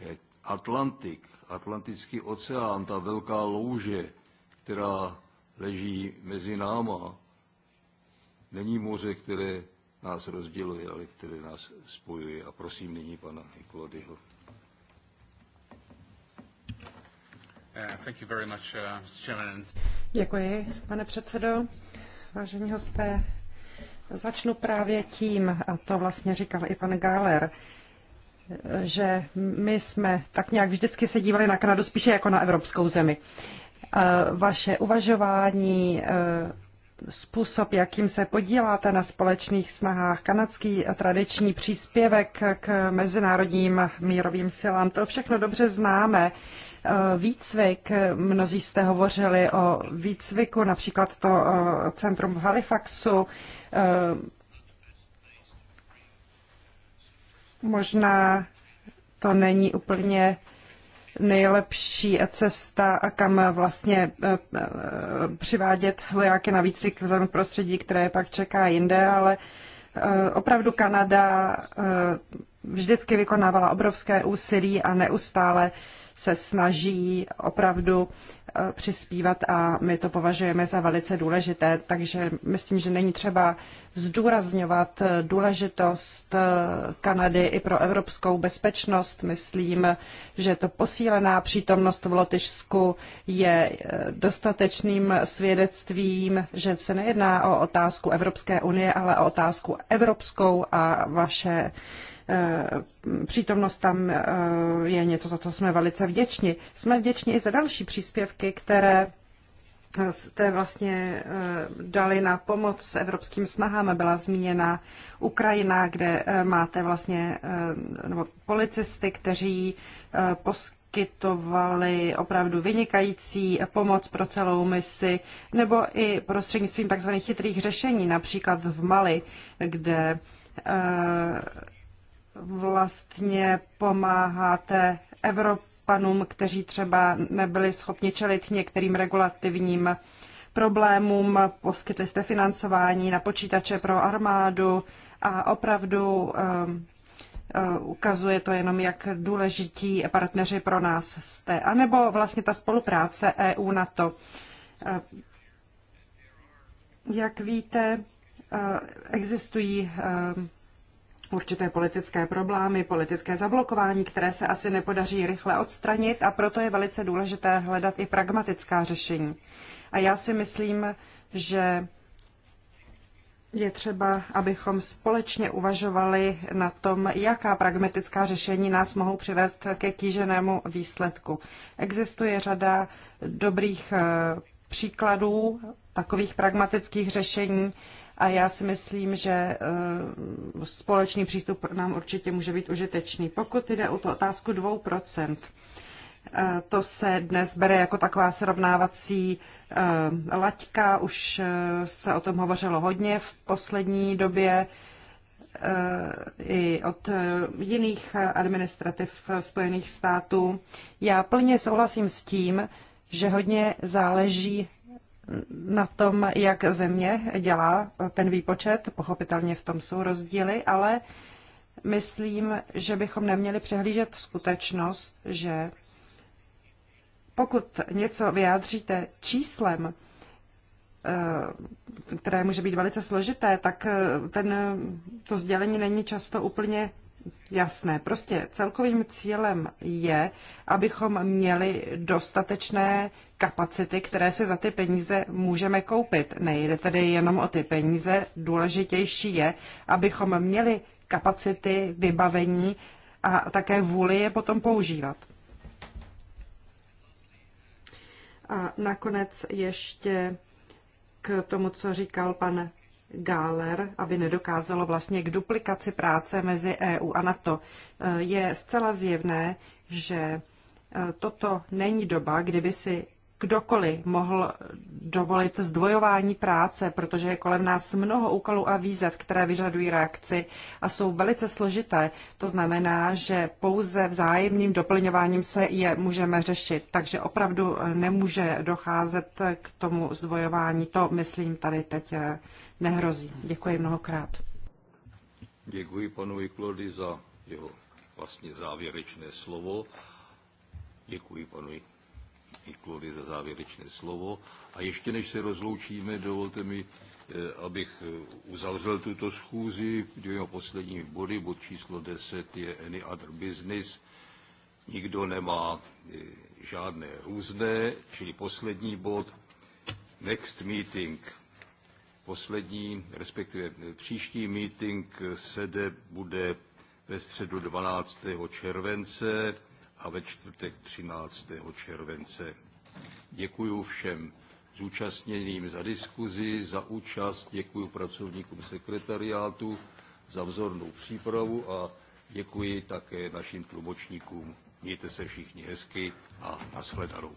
eh, Atlantik, Atlantický oceán, ta velká louže, která leží mezi náma, není moře, které nás rozděluje, ale které nás spojuje. A prosím nyní pana Niklodyho. Uh, uh, Děkuji, pane předsedo. Vážení hosté, začnu právě tím, a to vlastně říkal i pan Gáler, že my jsme tak nějak vždycky se dívali na Kanadu spíše jako na evropskou zemi. Eh, vaše uvažování, eh, způsob, jakým se podíláte na společných snahách, kanadský tradiční příspěvek k mezinárodním mírovým silám, to všechno dobře známe. Eh, výcvik, mnozí jste hovořili o výcviku, například to centrum v Halifaxu, možná to není úplně nejlepší cesta a kam vlastně eh, eh, přivádět vojáky na výcvik v prostředí, které pak čeká jinde, ale eh, opravdu Kanada vždycky vykonávala obrovské úsilí a neustále se snaží opravdu eh, přispívat a my to považujeme za velice důležité, takže myslím, že není třeba zdůrazňovat eh, důležitost eh, Kanady i pro evropskou bezpečnost. Myslím, že to posílená přítomnost v Lotyšsku je dostatečným svědectvím, že se nejedná o otázku Evropské unie, ale o otázku evropskou a vaše Eh, přítomnost tam eh, je něco, za co jsme velice vděční. Jsme vděční i za další příspěvky, které jste eh, vlastně dali na pomoc evropským snahám. Byla zmíněna Ukrajina, kde máte vlastně nebo policisty, kteří poskytovali opravdu vynikající pomoc pro celou misi, nebo i prostřednictvím tzv. chytrých řešení, například v Mali, kde vlastně pomáháte Evropanům, kteří třeba nebyli schopni čelit některým regulativním problémům, poskytli jste financování na počítače pro armádu a opravdu ehm, eh, ukazuje to jenom, jak důležití partneři pro nás jste. A nebo vlastně ta spolupráce EU-NATO. Eh, jak víte, eh, existují ehm, určité politické problémy, politické zablokování, které se asi nepodaří rychle odstranit a proto je velice důležité hledat i pragmatická řešení. A já si myslím, že je třeba, abychom společně uvažovali na tom, jaká pragmatická řešení nás mohou přivést ke kýženému výsledku. Existuje řada dobrých eh, příkladů takových pragmatických řešení, a já si myslím, že eh, společný přístup nám určitě může být užitečný. Pokud jde o tu otázku 2%, eh, to se dnes bere jako taková srovnávací eh, laťka, už se o tom hovořilo hodně v poslední době i od jiných administrativ Spojených států. Já plně souhlasím s tím, že hodně záleží na tom, jak země dělá ten výpočet. Pochopitelně v tom jsou rozdíly, ale myslím, že bychom neměli přehlížet skutečnost, že pokud něco vyjádříte číslem, eh, které může být velice složité, tak eh, ten, to sdělení není často úplně jasné. Prostě celkovým cílem je, abychom měli dostatečné kapacity, které se za ty peníze můžeme koupit. Nejde tedy jenom o ty peníze, důležitější je, abychom měli kapacity, vybavení a také vůli je potom používat. A nakonec ještě k tomu, co říkal pan Gáler, aby nedokázalo vlastně k duplikaci práce mezi EU a NATO. Eh, je zcela zjevné, že eh, toto není doba, kdyby si kdokoliv mohl dovolit zdvojování práce, protože je kolem nás mnoho úkolů a výzev, které vyžadují reakci a jsou velice složité. To znamená, že pouze vzájemným doplňováním se je můžeme řešit, takže opravdu nemůže docházet k tomu zdvojování. To myslím tady teď eh, nehrozí. Děkuji mnohokrát. Děkuji panu Iklody za jeho vlastně závěrečné slovo. Děkuji panu Iklody za závěrečné slovo. A ještě než se rozloučíme, dovolte mi, eh, abych eh, uzavřel tuto schůzi dvěma poslední body. Bod číslo 10 je Any Other Business. Nikdo nemá eh, žádné různé, čili poslední bod. Next meeting Poslední, respektive příští meeting sede bude ve středu 12. července a ve čtvrtek 13. července. Děkuji všem zúčastněným za diskuzi, za účast, děkuji pracovníkům sekretariátu za vzornou přípravu a děkuji také našim tlumočníkům. Mějte se všichni hezky a nashledanou.